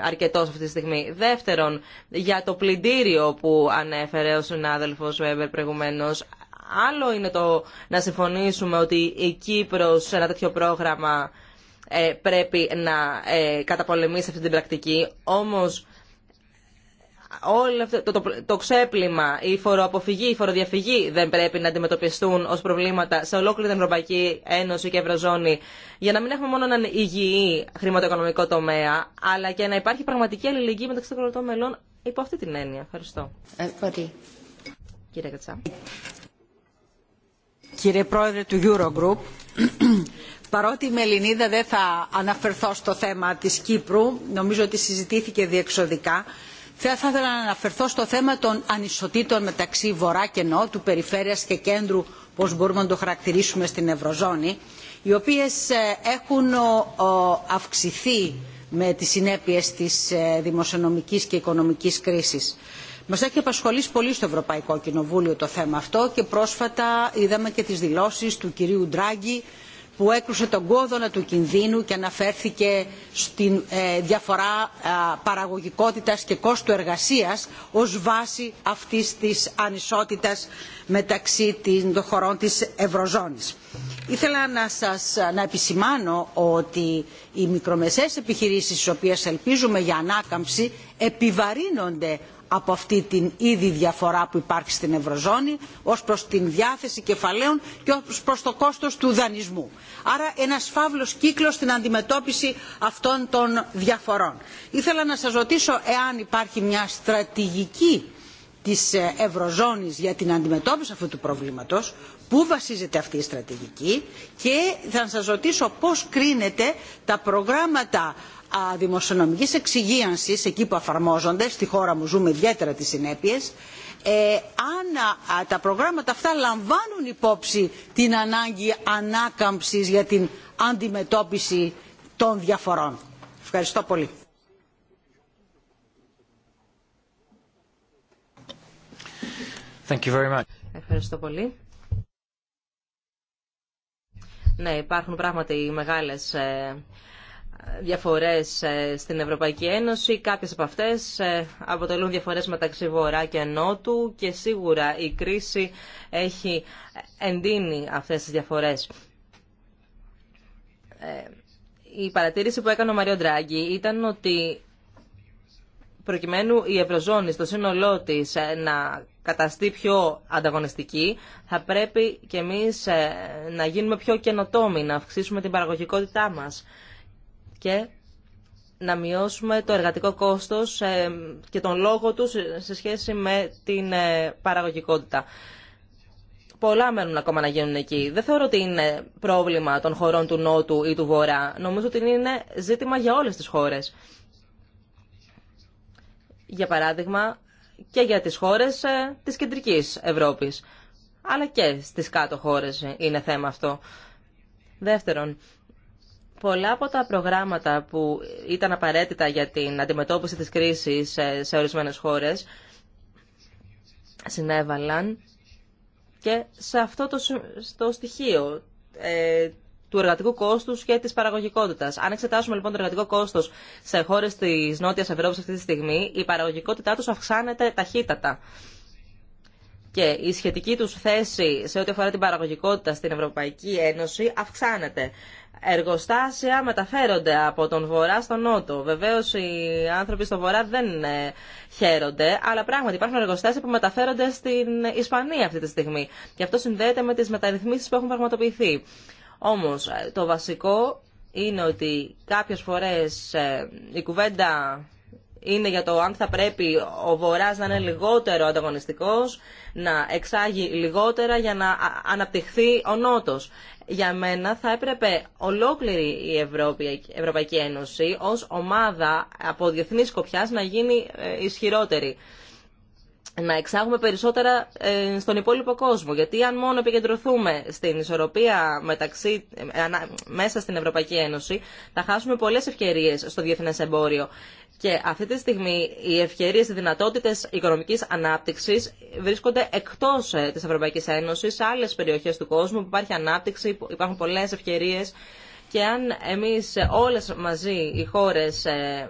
αρκετό αυτή τη στιγμή. Δεύτερον, για το πλυντήριο που ανέφερε ο συνάδελφος Βέμπερ προηγουμένως, άλλο είναι το να συμφωνήσουμε ότι η Κύπρο σε ένα τέτοιο πρόγραμμα ε, πρέπει να καταπολεμήσει αυτή την πρακτική, όμως όλο αυτό το, το, το ξέπλυμα, η φοροαποφυγή, η φοροδιαφυγή δεν πρέπει να αντιμετωπιστούν ως προβλήματα σε ολόκληρη την Ευρωπαϊκή Ένωση και Ευρωζώνη για να μην έχουμε μόνο έναν υγιή χρηματοοικονομικό τομέα αλλά και να υπάρχει πραγματική αλληλεγγύη μεταξύ των κρατών μελών υπό αυτή την έννοια. Ευχαριστώ. Κύριε Κατσά. Κύριε Πρόεδρε του Eurogroup, παρότι με Ελληνίδα δεν θα αναφερθώ στο θέμα της Κύπρου, νομίζω ότι συζητήθηκε διεξοδικά θα ήθελα να αναφερθώ στο θέμα των ανισοτήτων μεταξύ βορρά και νότου, περιφέρειας και κέντρου, πώς μπορούμε να το χαρακτηρίσουμε στην Ευρωζώνη, οι οποίες ε, έχουν αυξηθεί με τις συνέπειες της ε, δημοσιονομικής και οικονομικής κρίσης. Μας έχει απασχολήσει πολύ στο Ευρωπαϊκό Κοινοβούλιο το θέμα αυτό και πρόσφατα είδαμε και τις δηλώσεις του κυρίου Ντράγκη που έκρουσε τον κόδωνα του κινδύνου και αναφέρθηκε στην ε, διαφορά παραγωγικότητας και κόστου εργασίας ως βάση αυτής της ανισότητας μεταξύ των χωρών της ευρωζώνης. Ήθελα να σας να επισημάνω ότι οι μικρομεσαίες επιχειρήσεις, τις οποίες ελπίζουμε για ανάκαμψη, επιβαρύνονται από αυτή την ήδη διαφορά που υπάρχει στην Ευρωζώνη ως προς την διάθεση κεφαλαίων και ως προς το κόστος του δανεισμού. Άρα ένας φαύλος κύκλος στην αντιμετώπιση αυτών των διαφορών. Ήθελα να σας ρωτήσω εάν υπάρχει μια στρατηγική της Ευρωζώνης για την αντιμετώπιση αυτού του προβλήματος, πού βασίζεται αυτή η στρατηγική και θα σας ρωτήσω πώς κρίνεται τα προγράμματα δημοσιονομικής εξυγίανσης εκεί που εφαρμόζονται στη χώρα μου ζούμε ιδιαίτερα τις συνέπειες ε, αν τα προγράμματα αυτά λαμβάνουν υπόψη την ανάγκη ανάκαμψης για την αντιμετώπιση των διαφορών. Ευχαριστώ πολύ. Thank you very Ευχαριστώ πολύ. Ναι, υπάρχουν πράγματι μεγάλες ε, διαφορές ε, στην Ευρωπαϊκή Ένωση. Κάποιες από αυτές ε, αποτελούν διαφορές μεταξύ Βορρά και Νότου και σίγουρα η κρίση έχει εντείνει αυτές τις διαφορές. Ε, η παρατήρηση που έκανε ο Μαριό Ντράγκη ήταν ότι προκειμένου η Ευρωζώνη στο σύνολό της να καταστεί πιο ανταγωνιστική, θα πρέπει και εμείς να γίνουμε πιο καινοτόμοι, να αυξήσουμε την παραγωγικότητά μας και να μειώσουμε το εργατικό κόστος ε, και τον λόγο του σε σχέση με την ε, παραγωγικότητα. Πολλά μένουν ακόμα να γίνουν εκεί. Δεν θεωρώ ότι είναι πρόβλημα των χωρών του Νότου ή του Βορρά. Νομίζω ότι είναι ζήτημα για όλες τις χώρες. Για παράδειγμα, και για τις χώρες ε, της κεντρικής Ευρώπης. Αλλά και στις κάτω χώρες είναι θέμα αυτό. Δεύτερον, πολλά από τα προγράμματα που ήταν απαραίτητα για την αντιμετώπιση της κρίσης σε ορισμένες χώρες συνέβαλαν και σε αυτό το, στοιχείο ε, του εργατικού κόστους και της παραγωγικότητας. Αν εξετάσουμε λοιπόν το εργατικό κόστος σε χώρες της Νότιας Ευρώπης αυτή τη στιγμή, η παραγωγικότητά τους αυξάνεται ταχύτατα. Και η σχετική τους θέση σε ό,τι αφορά την παραγωγικότητα στην Ευρωπαϊκή Ένωση αυξάνεται εργοστάσια μεταφέρονται από τον Βορρά στον Νότο. Βεβαίω οι άνθρωποι στον Βορρά δεν ε, χαίρονται, αλλά πράγματι υπάρχουν εργοστάσια που μεταφέρονται στην Ισπανία αυτή τη στιγμή. Και αυτό συνδέεται με τι μεταρρυθμίσει που έχουν πραγματοποιηθεί. Όμω ε, το βασικό είναι ότι κάποιε φορέ ε, η κουβέντα είναι για το αν θα πρέπει ο Βορρά να είναι λιγότερο ανταγωνιστικό, να εξάγει λιγότερα για να αναπτυχθεί ο Νότο για μένα θα έπρεπε ολόκληρη η, Ευρώπη, η Ευρωπαϊκή Ένωση ως ομάδα από διεθνή σκοπιάς να γίνει ε, ισχυρότερη. Να εξάγουμε περισσότερα ε, στον υπόλοιπο κόσμο. Γιατί αν μόνο επικεντρωθούμε στην ισορροπία μεταξύ, ε, μέσα στην Ευρωπαϊκή Ένωση, θα χάσουμε πολλές ευκαιρίες στο διεθνές εμπόριο. Και αυτή τη στιγμή οι ευκαιρίες, οι δυνατότητες οικονομικής ανάπτυξης βρίσκονται εκτός ε, της Ευρωπαϊκής Ένωσης, σε άλλες περιοχές του κόσμου που υπάρχει ανάπτυξη, υπάρχουν πολλές ευκαιρίες. Και αν εμείς ε, όλες μαζί οι χώρες ε,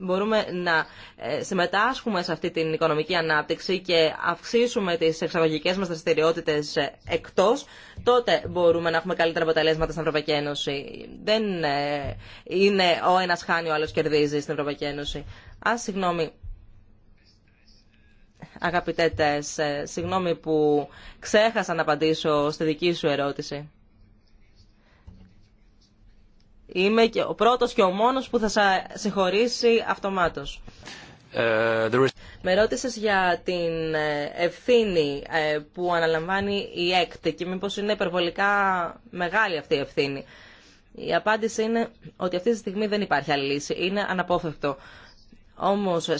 μπορούμε να ε, συμμετάσχουμε σε αυτή την οικονομική ανάπτυξη και αυξήσουμε τις εξαγωγικές μας δραστηριότητε ε, εκτός, τότε μπορούμε να έχουμε καλύτερα αποτελέσματα στην Ευρωπαϊκή Ένωση. Δεν ε, είναι ο ένας χάνει, ο άλλος κερδίζει στην Ευρωπαϊκή Ένωση. Α, συγγνώμη, αγαπητέ συγγνώμη που ξέχασα να απαντήσω στη δική σου ερώτηση. Είμαι και ο πρώτος και ο μόνος που θα σε συγχωρήσει αυτομάτως. Uh, Με ρώτησε για την ε, ευθύνη ε, που αναλαμβάνει η ΕΚΤ και μήπως είναι υπερβολικά μεγάλη αυτή η ευθύνη. Η απάντηση είναι ότι αυτή τη στιγμή δεν υπάρχει άλλη λύση. Είναι αναπόφευκτο. Όμως σε,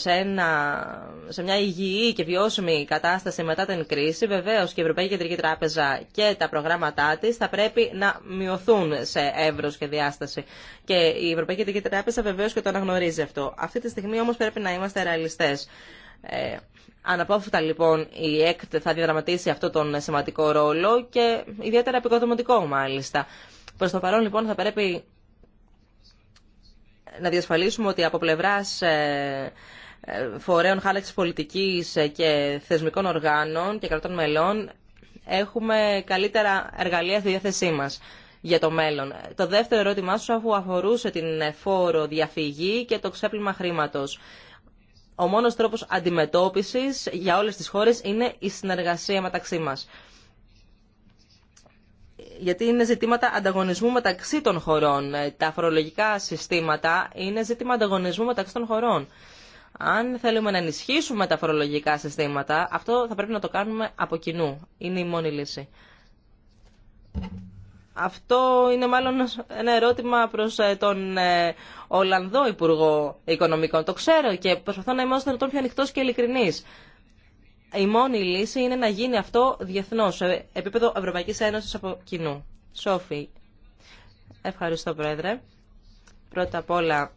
σε μια υγιή και βιώσιμη κατάσταση μετά την κρίση, βεβαίως και η Ευρωπαϊκή Κεντρική Τράπεζα και τα προγράμματά της θα πρέπει να μειωθούν σε εύρος και διάσταση. Και η Ευρωπαϊκή Κεντρική Τράπεζα βεβαίως και το αναγνωρίζει αυτό. Αυτή τη στιγμή όμως πρέπει να είμαστε ρεαλιστές. Ε, αναπόφευκτα λοιπόν η ΕΚΤ θα διαδραματίσει αυτό τον σημαντικό ρόλο και ιδιαίτερα επικοδομητικό μάλιστα. Προς το παρόν λοιπόν θα πρέπει να διασφαλίσουμε ότι από πλευράς ε, ε, φορέων χάλαξη πολιτική ε, και θεσμικών οργάνων και κρατών μελών έχουμε καλύτερα εργαλεία στη διάθεσή μα για το μέλλον. Το δεύτερο ερώτημά σου αφού αφορούσε την φόρο διαφυγή και το ξέπλυμα χρήματο. Ο μόνος τρόπος αντιμετώπισης για όλες τις χώρες είναι η συνεργασία μεταξύ μας γιατί είναι ζητήματα ανταγωνισμού μεταξύ των χωρών. Ε, τα φορολογικά συστήματα είναι ζήτημα ανταγωνισμού μεταξύ των χωρών. Αν θέλουμε να ενισχύσουμε τα φορολογικά συστήματα, αυτό θα πρέπει να το κάνουμε από κοινού. Είναι η μόνη λύση. Αυτό είναι μάλλον ένα ερώτημα προς ε, τον ε, Ολλανδό Υπουργό Οικονομικών. Το ξέρω και προσπαθώ να είμαι όσο πιο ανοιχτό και ειλικρινής η μόνη λύση είναι να γίνει αυτό διεθνώ, σε επίπεδο Ευρωπαϊκή Ένωση από κοινού. Σόφι. Ευχαριστώ, Πρόεδρε. Πρώτα απ' όλα,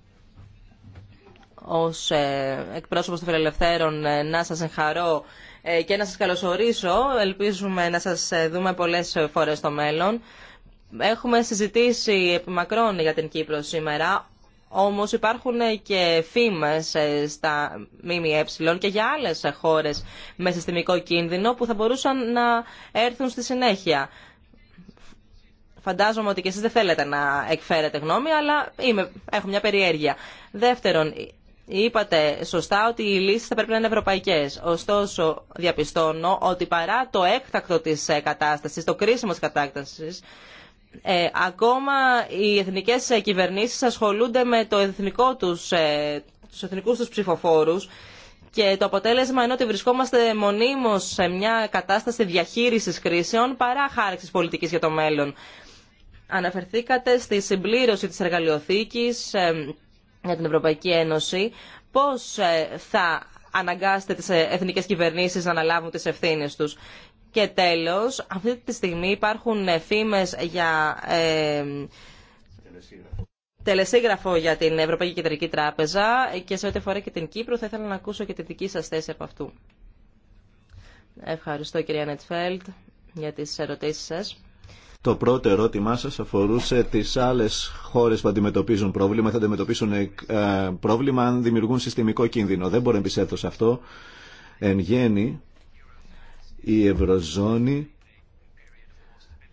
ως ε, εκπρόσωπος των Φιλελευθέρων, ε, να σας εγχαρώ ε, και να σας καλωσορίσω. Ελπίζουμε να σας δούμε πολλές φορές στο μέλλον. Έχουμε συζητήσει επί μακρόν για την Κύπρο σήμερα. Όμως υπάρχουν και φήμες ε, στα ΜΜΕ και για άλλες χώρες με συστημικό κίνδυνο που θα μπορούσαν να έρθουν στη συνέχεια. Φαντάζομαι ότι και εσείς δεν θέλετε να εκφέρετε γνώμη, αλλά είμαι, έχω μια περιέργεια. Δεύτερον, είπατε σωστά ότι οι λύσεις θα πρέπει να είναι ευρωπαϊκές. Ωστόσο, διαπιστώνω ότι παρά το έκτακτο της κατάστασης, το κρίσιμο της κατάστασης, ε, ακόμα οι εθνικές ε, κυβερνήσεις ασχολούνται με το εθνικό τους, ε, τους εθνικούς τους ψηφοφόρους και το αποτέλεσμα είναι ότι βρισκόμαστε μονίμως σε μια κατάσταση διαχείρισης κρίσεων παρά χάραξης πολιτικής για το μέλλον. Αναφερθήκατε στη συμπλήρωση της εργαλειοθήκης ε, για την Ευρωπαϊκή Ένωση. Πώς θα αναγκάσετε τις εθνικές κυβερνήσεις να αναλάβουν τις ευθύνες τους. Και τέλος, αυτή τη στιγμή υπάρχουν φήμες για ε, τελεσίγραφο για την Ευρωπαϊκή Κεντρική Τράπεζα και σε ό,τι αφορά και την Κύπρο θα ήθελα να ακούσω και τη δική σας θέση από αυτού. Ευχαριστώ κυρία Νετφέλτ για τις ερωτήσεις σας. Το πρώτο ερώτημά σας αφορούσε τις άλλες χώρες που αντιμετωπίζουν πρόβλημα. Θα αντιμετωπίσουν ε, πρόβλημα αν δημιουργούν συστημικό κίνδυνο. Δεν μπορώ να σε αυτό. Εν γέννη, η Ευρωζώνη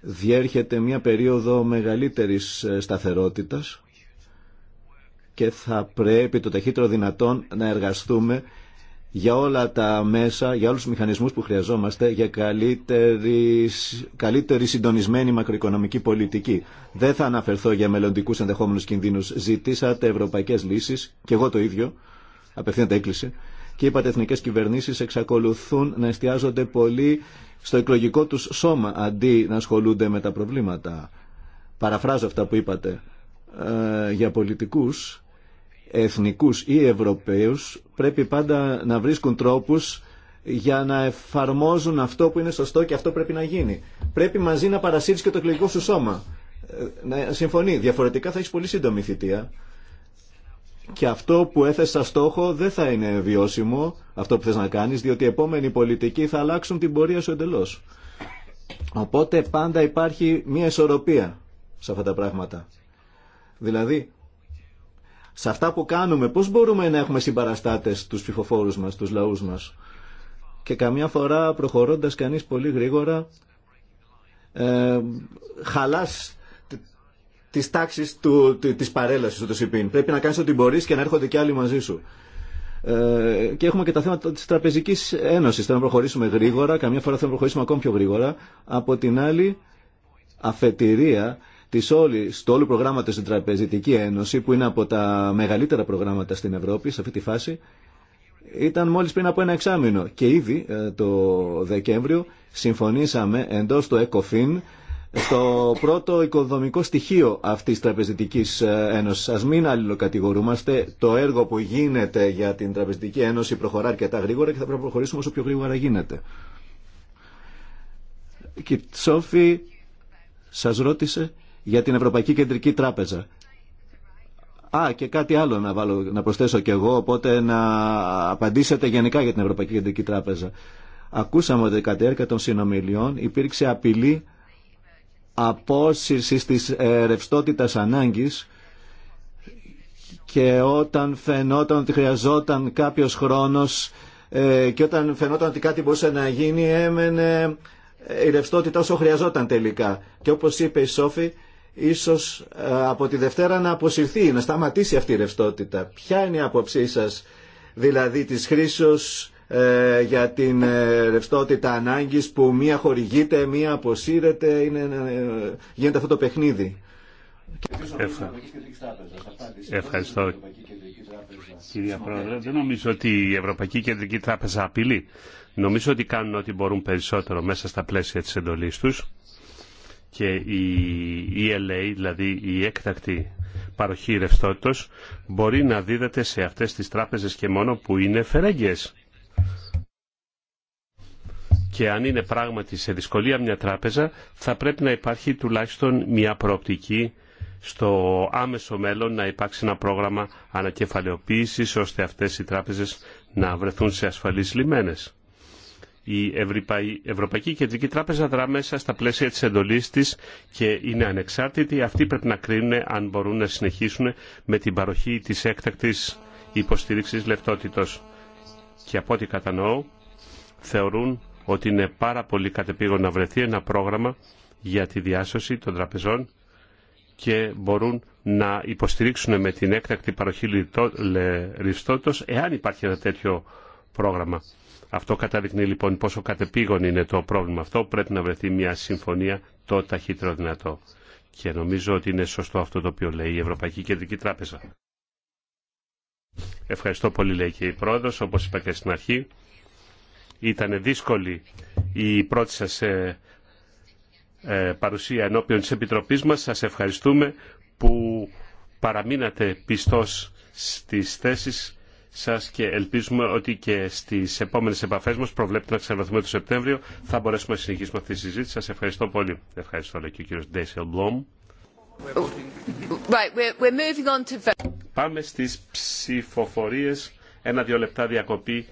διέρχεται μια περίοδο μεγαλύτερης ε, σταθερότητας και θα πρέπει το ταχύτερο δυνατόν να εργαστούμε για όλα τα μέσα, για όλους τους μηχανισμούς που χρειαζόμαστε για καλύτερη, καλύτερη συντονισμένη μακροοικονομική πολιτική. Δεν θα αναφερθώ για μελλοντικούς ενδεχόμενους κινδύνους. Ζητήσατε ευρωπαϊκές λύσεις και εγώ το ίδιο, απευθύνεται έκκληση και οι εθνικές κυβερνήσεις εξακολουθούν να εστιάζονται πολύ στο εκλογικό τους σώμα αντί να ασχολούνται με τα προβλήματα. Παραφράζω αυτά που είπατε. Ε, για πολιτικούς, εθνικούς ή ευρωπαίους πρέπει πάντα να βρίσκουν τρόπους για να εφαρμόζουν αυτό που είναι σωστό και αυτό πρέπει να γίνει. Πρέπει μαζί να παρασύρεις και το εκλογικό σου σώμα. Ε, να συμφωνεί. Διαφορετικά θα έχει πολύ σύντομη θητεία και αυτό που έθεσα στόχο δεν θα είναι βιώσιμο αυτό που θες να κάνεις διότι οι επόμενοι πολιτικοί θα αλλάξουν την πορεία σου εντελώς. Οπότε πάντα υπάρχει μια ισορροπία σε αυτά τα πράγματα. Δηλαδή, σε αυτά που κάνουμε, πώς μπορούμε να έχουμε συμπαραστάτες τους ψηφοφόρους μας, τους λαούς μας. Και καμιά φορά προχωρώντας κανείς πολύ γρήγορα, ε, χαλάς τη τάξη τη παρέλαση του ΣΥΠΗΝ. Πρέπει να κάνει ό,τι μπορεί και να έρχονται και άλλοι μαζί σου. Ε, και έχουμε και τα θέματα τη Τραπεζική Ένωση. Θέλουμε να προχωρήσουμε γρήγορα, καμιά φορά θέλουμε να προχωρήσουμε ακόμη πιο γρήγορα. Από την άλλη, αφετηρία της όλης, του όλου προγράμματο στην Τραπεζική Ένωση, που είναι από τα μεγαλύτερα προγράμματα στην Ευρώπη σε αυτή τη φάση, ήταν μόλι πριν από ένα εξάμεινο. Και ήδη ε, το Δεκέμβριο συμφωνήσαμε εντό του ΕΚΟΦΗΝ στο πρώτο οικοδομικό στοιχείο αυτή τη Τραπεζιτικής Ένωση. Α μην αλληλοκατηγορούμαστε. Το έργο που γίνεται για την Τραπεζική Ένωση προχωρά αρκετά γρήγορα και θα πρέπει να προχωρήσουμε όσο πιο γρήγορα γίνεται. Και Σόφη σα ρώτησε για την Ευρωπαϊκή Κεντρική Τράπεζα. Α, και κάτι άλλο να, βάλω, να προσθέσω κι εγώ, οπότε να απαντήσετε γενικά για την Ευρωπαϊκή Κεντρική Τράπεζα. Ακούσαμε ότι κατά έργα των συνομιλιών υπήρξε απειλή απόσυρσης της ε, ρευστότητας ανάγκης και όταν φαινόταν ότι χρειαζόταν κάποιος χρόνος ε, και όταν φαινόταν ότι κάτι μπορούσε να γίνει έμενε ε, η ρευστότητα όσο χρειαζόταν τελικά. Και όπως είπε η Σόφη, ίσως ε, από τη Δευτέρα να αποσυρθεί, να σταματήσει αυτή η ρευστότητα. Ποια είναι η άποψή σας δηλαδή της χρήσεως ε, για την ε, ρευστότητα ανάγκης που μία χορηγείται, μία αποσύρεται, ε, γίνεται αυτό το παιχνίδι. Ευχαριστώ. Κυρία Πρόεδρε, δεν νομίζω ότι η Ευρωπαϊκή Κεντρική Τράπεζα απειλεί. Νομίζω ότι κάνουν ό,τι μπορούν περισσότερο μέσα στα πλαίσια της εντολής τους και η ELA, δηλαδή η έκτακτη παροχή ρευστότητος, μπορεί να δίδεται σε αυτές τις τράπεζες και μόνο που είναι φερέγγες και αν είναι πράγματι σε δυσκολία μια τράπεζα θα πρέπει να υπάρχει τουλάχιστον μια προοπτική στο άμεσο μέλλον να υπάρξει ένα πρόγραμμα ανακεφαλαιοποίησης ώστε αυτές οι τράπεζες να βρεθούν σε ασφαλείς λιμένες. Η Ευρωπαϊκή Κεντρική Τράπεζα δρά μέσα στα πλαίσια της εντολής της και είναι ανεξάρτητη. Αυτοί πρέπει να κρίνουν αν μπορούν να συνεχίσουν με την παροχή της έκτακτης υποστήριξης λεπτότητος και από ό,τι κατανοώ θεωρούν ότι είναι πάρα πολύ κατεπήγον να βρεθεί ένα πρόγραμμα για τη διάσωση των τραπεζών και μπορούν να υποστηρίξουν με την έκτακτη παροχή ρηστότητος εάν υπάρχει ένα τέτοιο πρόγραμμα. Αυτό καταδεικνύει λοιπόν πόσο κατεπήγον είναι το πρόβλημα αυτό. Πρέπει να βρεθεί μια συμφωνία το ταχύτερο δυνατό. Και νομίζω ότι είναι σωστό αυτό το οποίο λέει η Ευρωπαϊκή Κεντρική Τράπεζα. Ευχαριστώ πολύ, λέει και η πρόεδρος, όπως είπα και στην αρχή. Ήταν δύσκολη η πρώτη σας ε, ε, παρουσία ενώπιον της Επιτροπής μας. Σας ευχαριστούμε που παραμείνατε πιστός στις θέσεις σας και ελπίζουμε ότι και στις επόμενες επαφές μας προβλέπετε να ξαναβρεθούμε το Σεπτέμβριο θα μπορέσουμε να συνεχίσουμε αυτή τη συζήτηση. Σας ευχαριστώ πολύ. Ευχαριστώ λέει και ο κύριος Ντέισελ Μπλόμ. Πάμε στις ψηφοφορίες. Ένα-δύο λεπτά διακοπή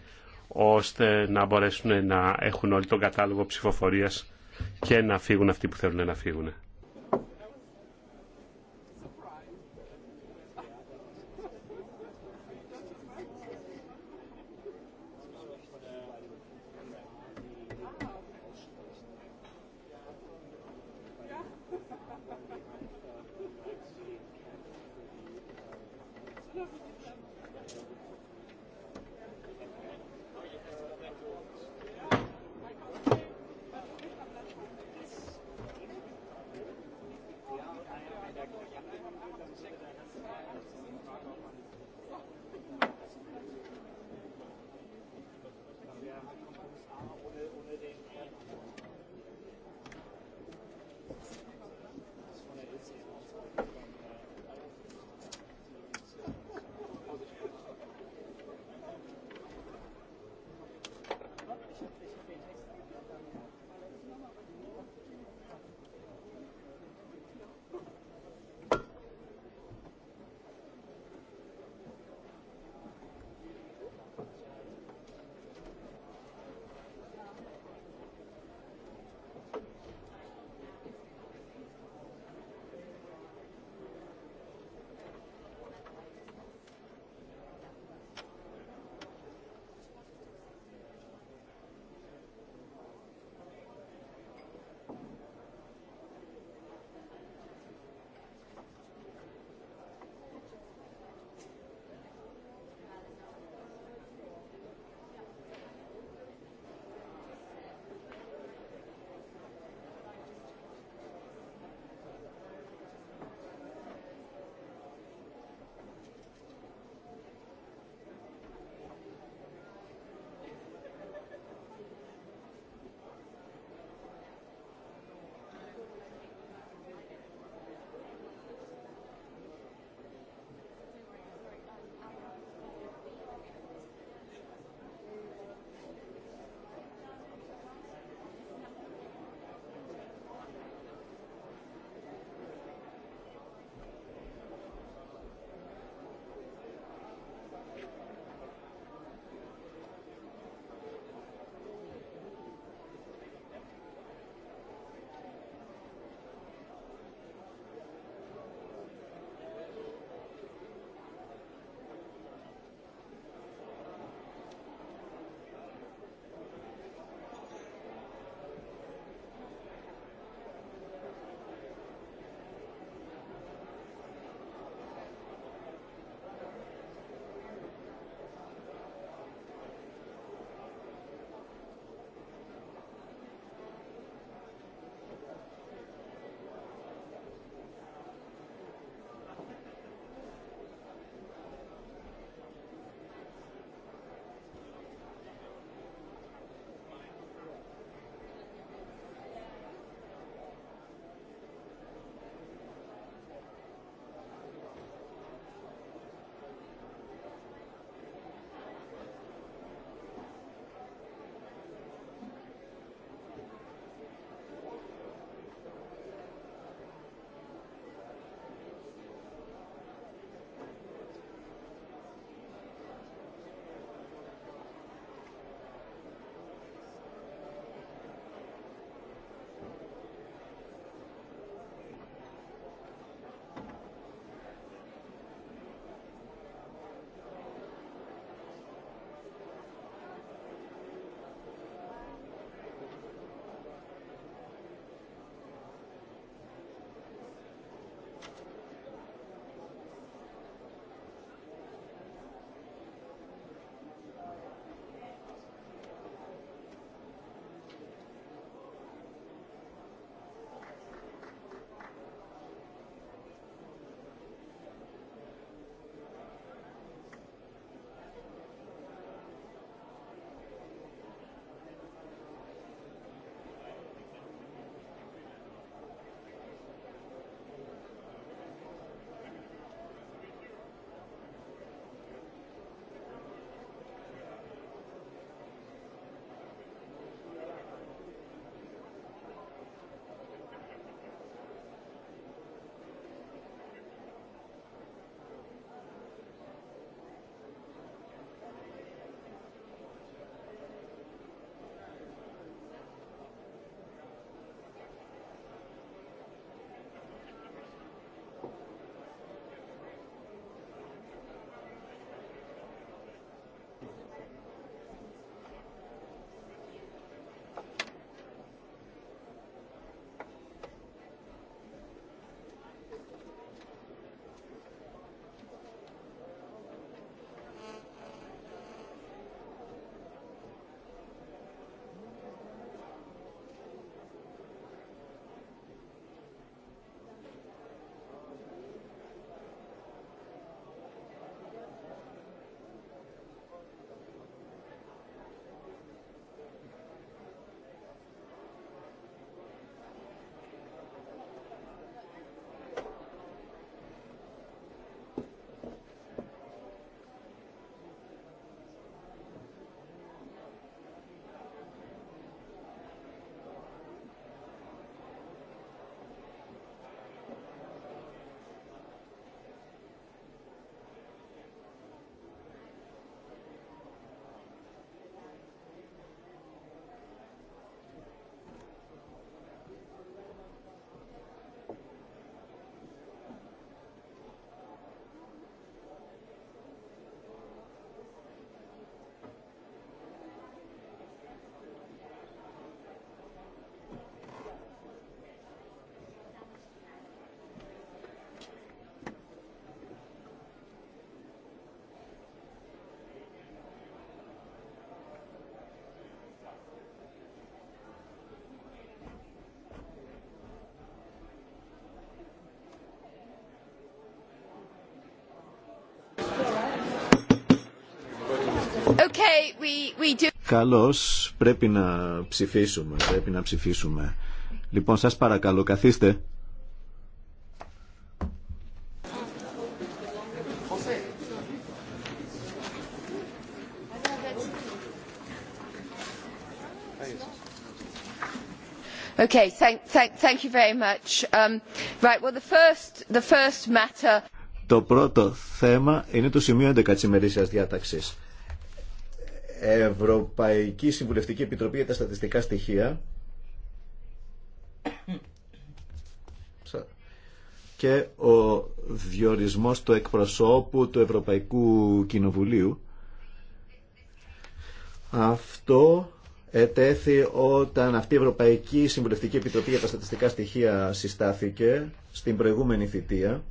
ώστε να μπορέσουν να έχουν όλοι τον κατάλογο ψηφοφορίας και να φύγουν αυτοί που θέλουν να φύγουν. Okay, we, we do... Καλώς, πρέπει να ψηφίσουμε, πρέπει να ψηφίσουμε. Λοιπόν, σας παρακαλώ, καθίστε. Okay, thank, thank, thank you very much. Um, right, well, the first, the first matter... Το πρώτο θέμα είναι το σημείο 11 της ημερήσιας διάταξης Ευρωπαϊκή Συμβουλευτική Επιτροπή για τα Στατιστικά Στοιχεία και ο διορισμός του εκπροσώπου του Ευρωπαϊκού Κοινοβουλίου. Αυτό ετέθη όταν αυτή η Ευρωπαϊκή Συμβουλευτική Επιτροπή για τα Στατιστικά Στοιχεία συστάθηκε στην προηγούμενη θητεία.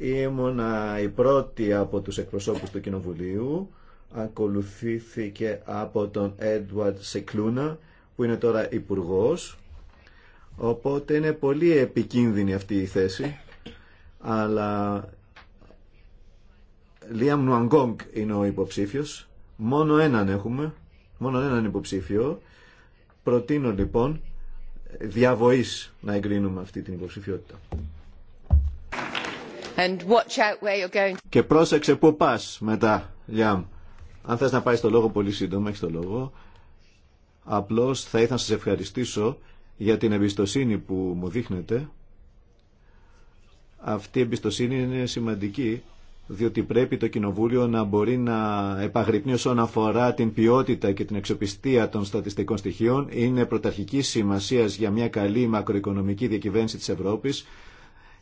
Ήμουνα η πρώτη από τους εκπροσώπους του Κοινοβουλίου ακολουθήθηκε από τον Έντουαρτ Σεκλούνα που είναι τώρα υπουργός οπότε είναι πολύ επικίνδυνη αυτή η θέση αλλά Λίαμ Νουαγκόγκ είναι ο υποψήφιο. μόνο έναν έχουμε μόνο έναν υποψήφιο προτείνω λοιπόν διαβοή να εγκρίνουμε αυτή την υποψηφιότητα And watch out where you're going. και πρόσεξε που πας μετά Λιάμ αν θες να πάει στο λόγο πολύ σύντομα, έχεις το λόγο. Απλώς θα ήθελα να σας ευχαριστήσω για την εμπιστοσύνη που μου δείχνετε. Αυτή η εμπιστοσύνη είναι σημαντική, διότι πρέπει το Κοινοβούλιο να μπορεί να επαγρυπνεί όσον αφορά την ποιότητα και την εξοπιστία των στατιστικών στοιχείων. Είναι πρωταρχική σημασία για μια καλή μακροοικονομική διακυβέρνηση της Ευρώπης.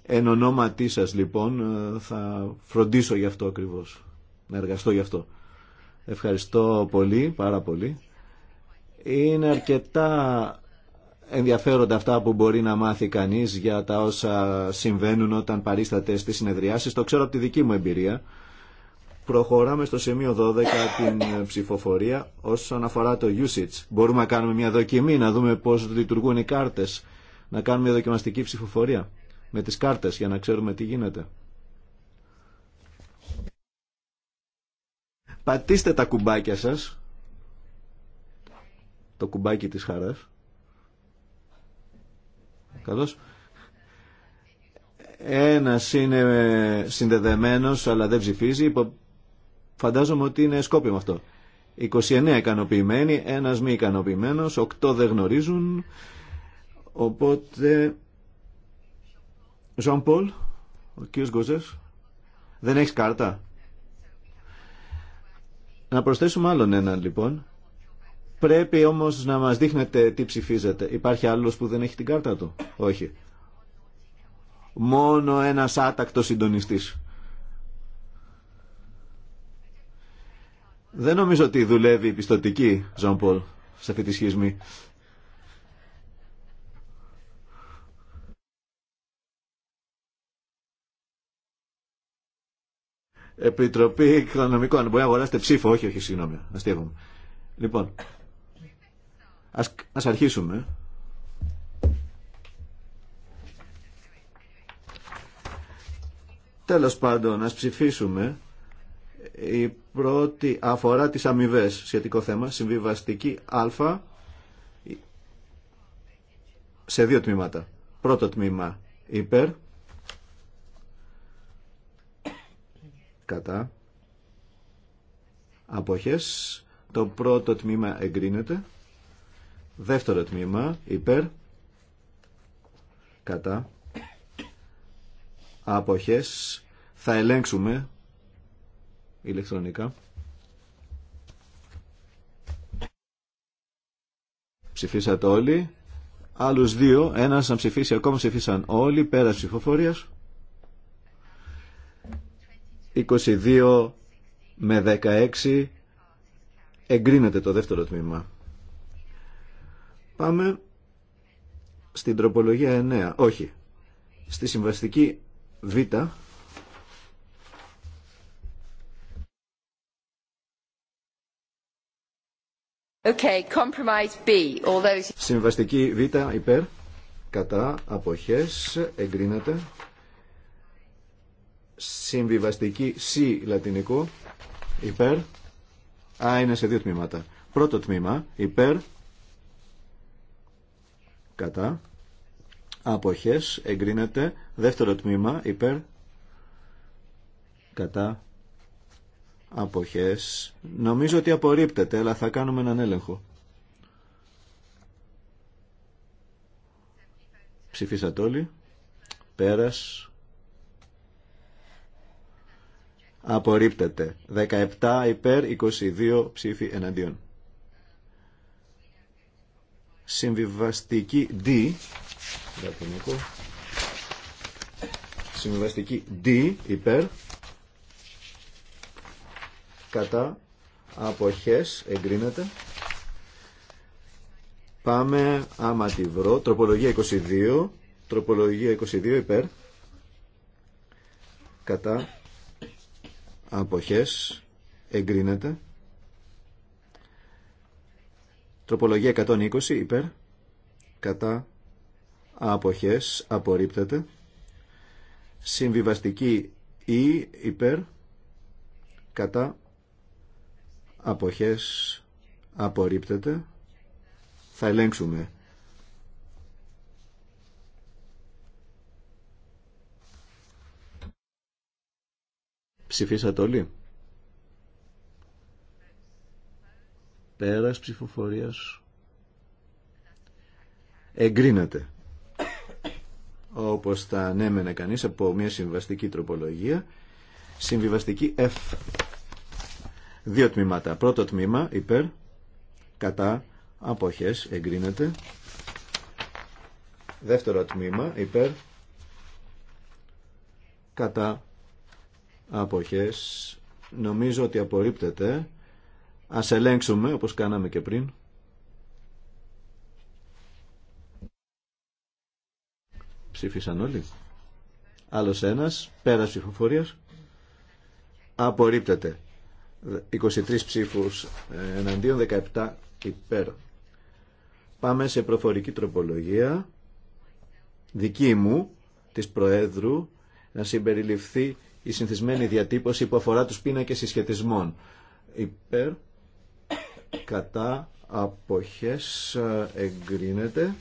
Εν ονόματί σας λοιπόν θα φροντίσω γι' αυτό ακριβώς, να εργαστώ γι' αυτό. Ευχαριστώ πολύ, πάρα πολύ. Είναι αρκετά ενδιαφέροντα αυτά που μπορεί να μάθει κανείς για τα όσα συμβαίνουν όταν παρίσταται στις συνεδριάσεις. Το ξέρω από τη δική μου εμπειρία. Προχωράμε στο σημείο 12 την ψηφοφορία όσον αφορά το usage. Μπορούμε να κάνουμε μια δοκιμή, να δούμε πώς λειτουργούν οι κάρτες, να κάνουμε μια δοκιμαστική ψηφοφορία με τις κάρτες για να ξέρουμε τι γίνεται. Πατήστε τα κουμπάκια σας. Το κουμπάκι της χαράς. Καλώς. Ένας είναι συνδεδεμένος αλλά δεν ψηφίζει. Φαντάζομαι ότι είναι σκόπιμο αυτό. 29 ικανοποιημένοι, ένας μη ικανοποιημένος, 8 δεν γνωρίζουν. Οπότε... Ζαν Πολ, ο κύριος Γκοζές, δεν έχεις κάρτα. Να προσθέσουμε άλλον έναν λοιπόν. Πρέπει όμως να μας δείχνετε τι ψηφίζετε. Υπάρχει άλλος που δεν έχει την κάρτα του. Όχι. Μόνο ένας άτακτος συντονιστής. Δεν νομίζω ότι δουλεύει η πιστοτική, Ζαν Πολ, σε αυτή τη σχισμή. Επιτροπή Οικονομικών. Μπορεί να αγοράσετε ψήφο. Όχι, όχι, συγγνώμη. Αστείευομαι. Λοιπόν, ας, αρχίσουμε. Τέλος πάντων, ας ψηφίσουμε. Η πρώτη αφορά τις αμοιβέ σχετικό θέμα, συμβιβαστική α, σε δύο τμήματα. Πρώτο τμήμα υπέρ, κατά αποχές το πρώτο τμήμα εγκρίνεται δεύτερο τμήμα υπέρ κατά αποχές θα ελέγξουμε ηλεκτρονικά ψηφίσατε όλοι άλλους δύο ένας να ψηφίσει ακόμα ψηφίσαν όλοι πέρα ψηφοφορίας 22 με 16 εγκρίνεται το δεύτερο τμήμα. Πάμε στην τροπολογία 9. Όχι. Στη συμβαστική Β. Okay, compromise B. although. Συμβαστική Β υπέρ, κατά, αποχές, εγκρίνεται. Συμβιβαστική C λατινικού υπέρ. Α, είναι σε δύο τμήματα. Πρώτο τμήμα υπέρ. Κατά. Αποχές εγκρίνεται. Δεύτερο τμήμα υπέρ. Κατά. Αποχές. Νομίζω ότι απορρίπτεται, αλλά θα κάνουμε έναν έλεγχο. Ψηφίσατε όλοι. Πέρας. απορρίπτεται. 17 υπέρ, 22 ψήφοι εναντίον. Συμβιβαστική D, συμβιβαστική D υπέρ, κατά αποχές εγκρίνεται. Πάμε άμα τη βρω, τροπολογία 22, τροπολογία 22 υπέρ, κατά αποχές εγκρίνεται τροπολογία 120 υπέρ κατά αποχές απορρίπτεται συμβιβαστική ή e, υπέρ κατά αποχές απορρίπτεται θα ελέγξουμε Ψηφίσατε όλοι. Πέρας ψηφοφορίας. Εγκρίνεται. Όπως θα ανέμενε κανείς από μια συμβαστική τροπολογία. Συμβιβαστική F. Δύο τμήματα. Πρώτο τμήμα υπέρ, κατά, αποχές, εγκρίνεται. Δεύτερο τμήμα υπέρ, κατά, αποχές νομίζω ότι απορρίπτεται ας ελέγξουμε όπως κάναμε και πριν ψήφισαν όλοι άλλος ένας πέρας ψηφοφορίας απορρίπτεται 23 ψήφους ε, εναντίον 17 υπέρ πάμε σε προφορική τροπολογία δική μου της Προέδρου να συμπεριληφθεί η συνθισμένη διατύπωση που αφορά τους πίνακες συσχετισμών. Υπέρ, κατά, αποχές, εγκρίνεται.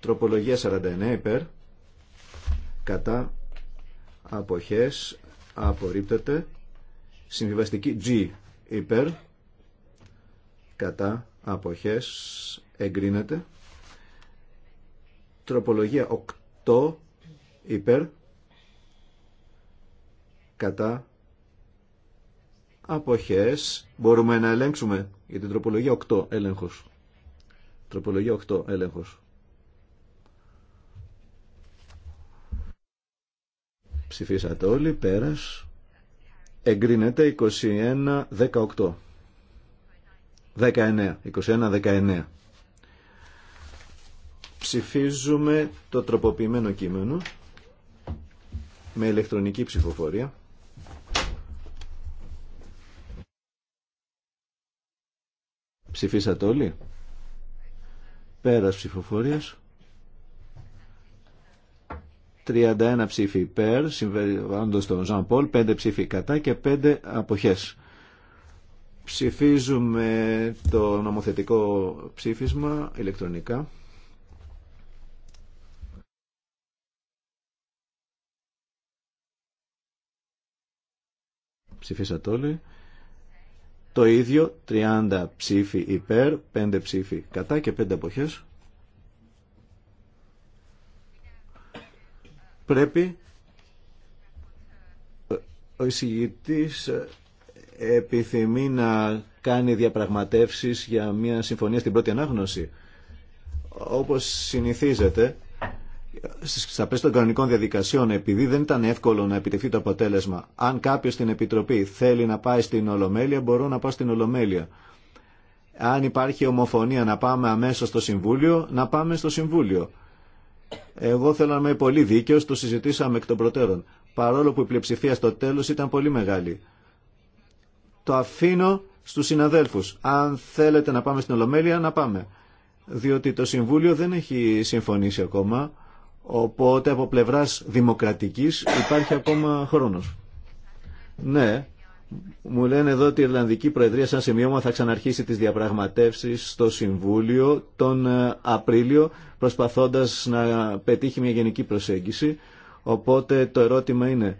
Τροπολογία 49 υπέρ, κατά, αποχές, απορρίπτεται. Συμβιβαστική G υπέρ, κατά, αποχές, εγκρίνεται. Τροπολογία 8 υπέρ, κατά αποχές μπορούμε να ελέγξουμε για την τροπολογία 8 έλεγχος τροπολογία 8 έλεγχος ψηφίσατε όλοι πέρας εγκρίνεται 21 18 19 21 19 ψηφίζουμε το τροποποιημένο κείμενο με ηλεκτρονική ψηφοφορία Ψηφίσατε όλοι. Πέρας ψηφοφορίας. 31 ψήφοι υπέρ, συμβαίνοντας τον Ζαν Πολ, 5 ψήφοι κατά και 5 αποχές. Ψηφίζουμε το νομοθετικό ψήφισμα ηλεκτρονικά. Ψηφίσατε όλοι. Το ίδιο 30 ψήφοι υπέρ, 5 ψήφοι κατά και 5 εποχές. Πρέπει ε, ο εισηγητής ε, επιθυμεί να κάνει διαπραγματεύσεις για μια συμφωνία στην πρώτη ανάγνωση. Όπως συνηθίζεται, στα πλαίσια των κανονικών διαδικασιών, επειδή δεν ήταν εύκολο να επιτευχθεί το αποτέλεσμα, αν κάποιο στην Επιτροπή θέλει να πάει στην Ολομέλεια, μπορώ να πάω στην Ολομέλεια. Αν υπάρχει ομοφωνία να πάμε αμέσω στο Συμβούλιο, να πάμε στο Συμβούλιο. Εγώ θέλω να είμαι πολύ δίκαιο, το συζητήσαμε εκ των προτέρων. Παρόλο που η πλειοψηφία στο τέλο ήταν πολύ μεγάλη. Το αφήνω στου συναδέλφου. Αν θέλετε να πάμε στην Ολομέλεια, να πάμε. Διότι το Συμβούλιο δεν έχει συμφωνήσει ακόμα Οπότε από πλευράς δημοκρατικής υπάρχει ακόμα χρόνος. Ναι, μου λένε εδώ ότι η Ιρλανδική Προεδρία σαν σημείωμα θα ξαναρχίσει τις διαπραγματεύσεις στο Συμβούλιο τον ε, Απρίλιο προσπαθώντας να πετύχει μια γενική προσέγγιση. Οπότε το ερώτημα είναι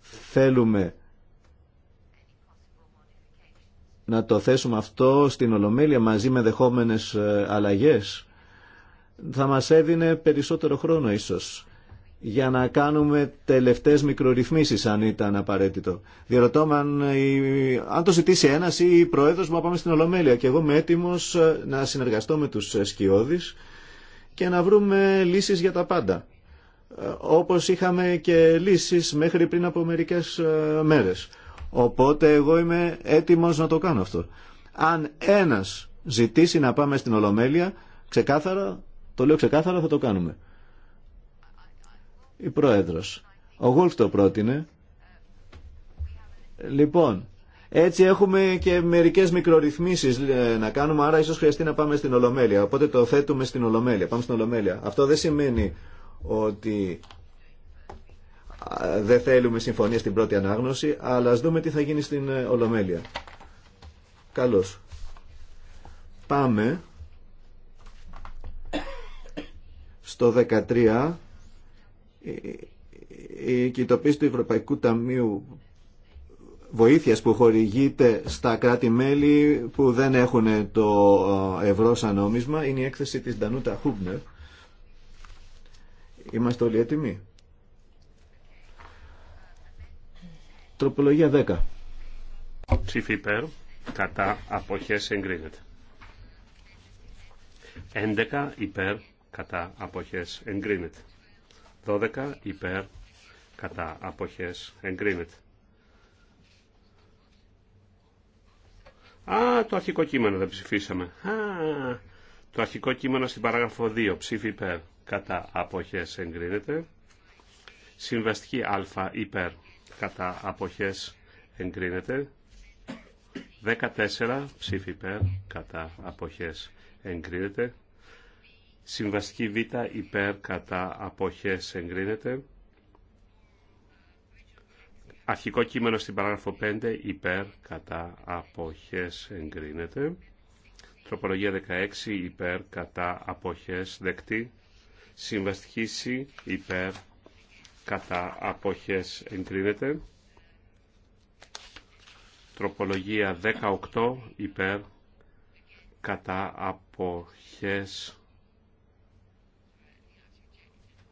θέλουμε να το θέσουμε αυτό στην Ολομέλεια μαζί με δεχόμενες ε, αλλαγές θα μας έδινε περισσότερο χρόνο ίσως για να κάνουμε τελευταίες μικρορυθμίσεις αν ήταν απαραίτητο. Διερωτώ αν, αν το ζητήσει ένας ή η πρόεδρος μου πάμε στην Ολομέλεια και εγώ είμαι έτοιμο ε, να συνεργαστώ με τους σκιώδεις και να βρούμε λύσεις για τα πάντα. Ε, όπως είχαμε και λύσεις μέχρι πριν από μερικές ε, μέρες. Οπότε εγώ είμαι έτοιμος να το κάνω αυτό. Αν ένας ζητήσει να πάμε στην Ολομέλεια, ξεκάθαρα το λέω ξεκάθαρα, θα το κάνουμε. Η Πρόεδρος. Ο Γουλφ το πρότεινε. Λοιπόν, έτσι έχουμε και μερικές μικρορυθμίσεις ε, να κάνουμε, άρα ίσως χρειαστεί να πάμε στην Ολομέλεια. Οπότε το θέτουμε στην Ολομέλεια. Πάμε στην Ολομέλεια. Αυτό δεν σημαίνει ότι δεν θέλουμε συμφωνία στην πρώτη ανάγνωση, αλλά ας δούμε τι θα γίνει στην ε, Ολομέλεια. Καλώς. Πάμε Στο 13 η κοιτοποίηση του Ευρωπαϊκού Ταμείου βοήθειας που χορηγείται στα κράτη-μέλη που δεν έχουν το ευρώ σαν νόμισμα είναι η έκθεση της Ντανούτα Χούμπνερ. Είμαστε όλοι έτοιμοι. Τροπολογία 10. Ψήφι υπέρ, κατά αποχές εγκρίνεται. 11 υπέρ, κατά αποχές εγκρίνεται. 12 υπέρ κατά αποχές εγκρίνεται. Α, το αρχικό κείμενο δεν ψηφίσαμε. Α, το αρχικό κείμενο στην παράγραφο 2, ψήφι υπέρ κατά αποχές εγκρίνεται. Συμβαστική α υπέρ κατά αποχές εγκρίνεται. 14 ψήφι υπέρ κατά αποχές εγκρίνεται. Συμβαστική Β υπέρ κατά αποχές εγκρίνεται. Αρχικό κείμενο στην παράγραφο 5 υπέρ κατά αποχές εγκρίνεται. Τροπολογία 16 υπέρ κατά αποχές δεκτή. Συμβαστική Σ υπέρ κατά αποχές εγκρίνεται. Τροπολογία 18 υπέρ κατά αποχές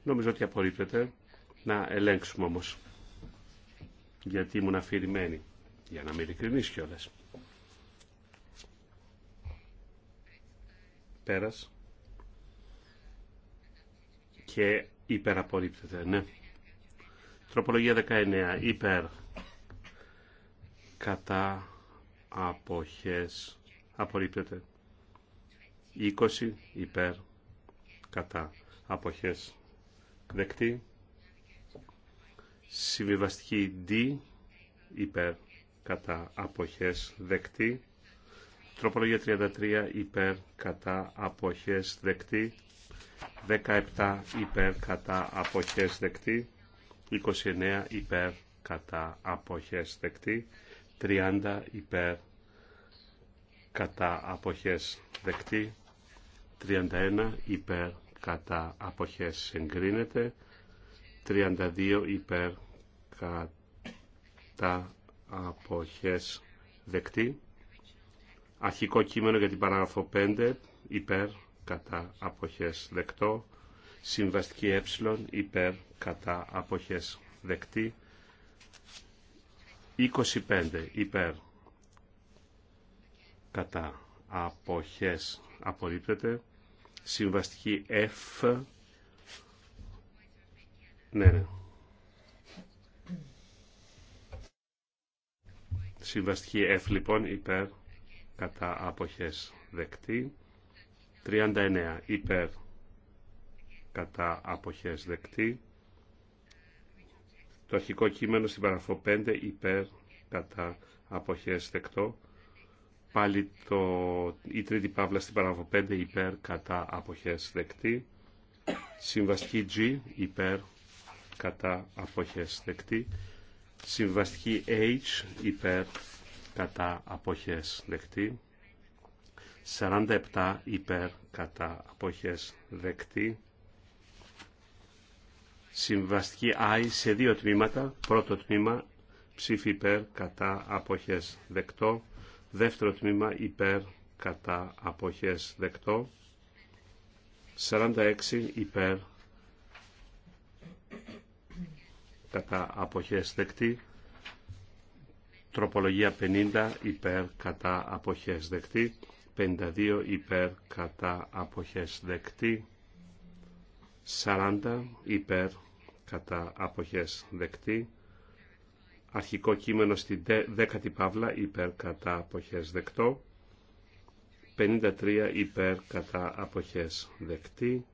Νομίζω ότι απορρίπτεται. Να ελέγξουμε όμως. Γιατί ήμουν αφηρημένη. Για να μην ειλικρινείς κιόλας. Πέρας. Και υπεραπορρίπτεται, ναι. Τροπολογία 19. Υπερ. Κατά αποχές. Απορρίπτεται. 20. Υπερ. Κατά αποχές δεκτή. Συμβιβαστική D υπέρ κατά αποχές δεκτή. Τροπολογία 33 υπέρ κατά αποχές δεκτή. 17 υπέρ κατά αποχές δεκτή. 29 υπέρ κατά αποχές δεκτή. 30 υπέρ κατά αποχές δεκτή. 31 υπέρ κατά αποχές εγκρίνεται 32 υπέρ κατά αποχές δεκτή αρχικό κείμενο για την παράγραφο 5 υπέρ κατά αποχές δεκτό συμβαστική ε υπέρ κατά αποχές δεκτή 25 υπέρ κατά αποχές απορρίπτεται Συμβαστική F. Ναι, ναι. Συμβαστική F λοιπόν υπέρ κατά αποχές δεκτή. 39 υπέρ κατά αποχές δεκτή. Το αρχικό κείμενο στην παραφό 5 υπέρ κατά αποχές δεκτό. Πάλι το, η τρίτη παύλα στην παράγραφο 5 υπέρ κατά αποχές δεκτή. Συμβαστική G υπέρ κατά αποχές δεκτή. Συμβαστική H υπέρ κατά αποχές δεκτή. 47 υπέρ κατά αποχές δεκτή. Συμβαστική I σε δύο τμήματα. Πρώτο τμήμα ψήφι υπέρ κατά αποχές δεκτό δεύτερο τμήμα υπέρ κατά αποχές δεκτό 46 υπέρ κατά αποχές δεκτή τροπολογία 50 υπέρ κατά αποχές δεκτή 52 υπέρ κατά αποχές δεκτή 40 υπέρ κατά αποχές δεκτή αρχικό κείμενο στην δέκατη παύλα υπέρ κατά αποχές δεκτό 53 υπέρ κατά αποχές δεκτή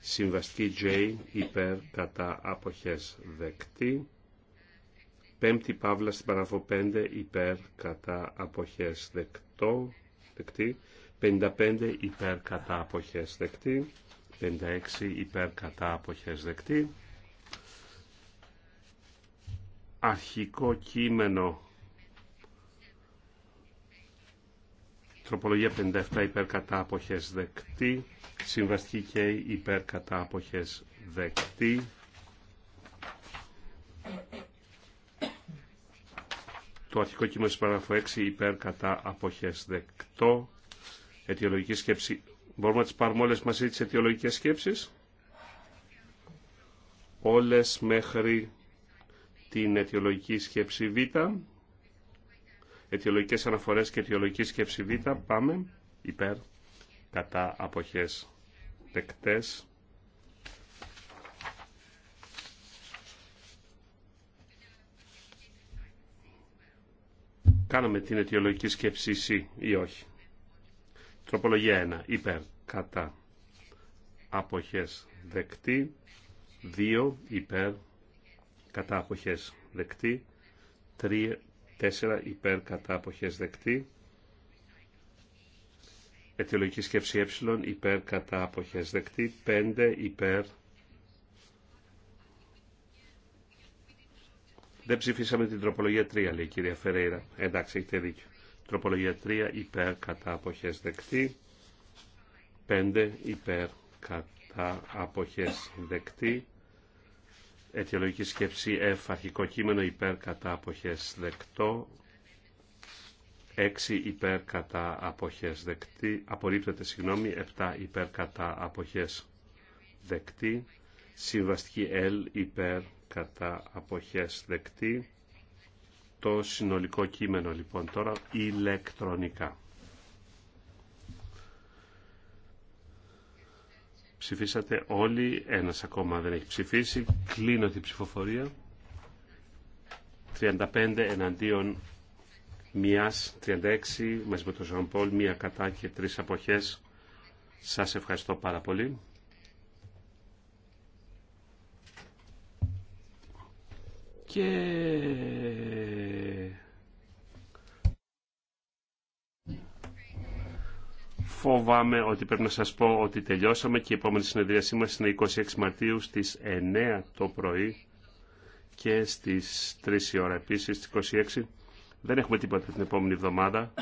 συμβαστική J υπέρ κατά αποχές δεκτή πέμπτη παύλα στην παραγωγό 5 υπέρ κατά αποχές δεκτό δεκτή 55 υπέρ κατά αποχές δεκτή 56 υπέρ κατά αποχές δεκτή αρχικό κείμενο τροπολογία 57 υπέρ κατά δεκτή, συμβαστική και υπέρ κατά δεκτή. Το αρχικό κείμενο της παράγραφου 6 υπέρ κατά αποχές δεκτό. Αιτιολογική σκέψη. Μπορούμε να τις πάρουμε όλες μαζί τις αιτιολογικές σκέψεις. Όλες μέχρι την αιτιολογική σκέψη Β, αιτιολογικές αναφορές και αιτιολογική σκέψη Β, πάμε υπέρ, κατά αποχές δεκτές. Κάναμε την αιτιολογική σκέψη Σ ή όχι. Τροπολογία 1. Υπέρ. Κατά. Αποχές δεκτή. 2. Υπέρ κατά δεκτή, 3, 4 υπέρ κατά αποχές δεκτή, αιτιολογική σκέψη ε υπέρ κατά δεκτή, 5 υπέρ Δεν ψηφίσαμε την τροπολογία 3, λέει η κυρία Φερέιρα. Εντάξει, έχετε δίκιο. Τροπολογία 3, υπέρ, κατά, αποχές, δεκτή. 5, υπέρ, κατά, αποχές, δεκτή αιτιολογική σκέψη F, αρχικό κείμενο υπέρ κατά αποχές δεκτό, 6 υπέρ κατά αποχές δεκτή, απορρίπτεται συγγνώμη, 7 υπέρ κατά αποχές δεκτή, συμβαστική L υπέρ κατά αποχές δεκτή, το συνολικό κείμενο λοιπόν τώρα ηλεκτρονικά. Ψηφίσατε όλοι. Ένας ακόμα δεν έχει ψηφίσει. Κλείνω την ψηφοφορία. 35 εναντίον μιας, 36 μαζί με τον Ζαν μία κατά και τρεις αποχές. Σας ευχαριστώ πάρα πολύ. Και φοβάμαι ότι πρέπει να σας πω ότι τελειώσαμε και η επόμενη συνεδρίασή μας είναι 26 Μαρτίου στις 9 το πρωί και στις 3 η ώρα επίσης, στις 26. Δεν έχουμε τίποτα την επόμενη εβδομάδα,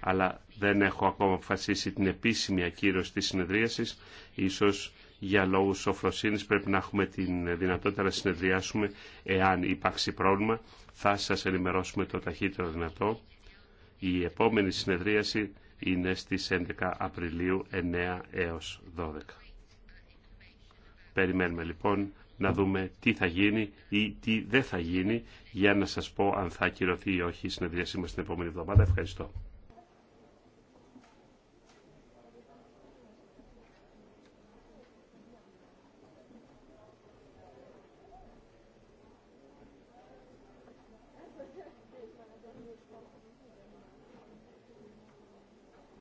αλλά δεν έχω ακόμα αποφασίσει την επίσημη ακύρωση της συνεδρίασης. Ίσως για λόγους σοφροσύνης πρέπει να έχουμε την δυνατότητα να συνεδριάσουμε εάν υπάρξει πρόβλημα. Θα σας ενημερώσουμε το ταχύτερο δυνατό. Η επόμενη συνεδρίαση είναι στις 11 Απριλίου 9 έως 12. Περιμένουμε λοιπόν να δούμε τι θα γίνει ή τι δεν θα γίνει για να σας πω αν θα ακυρωθεί ή όχι η συνεδρίασή μας την επόμενη εβδομάδα. Ευχαριστώ.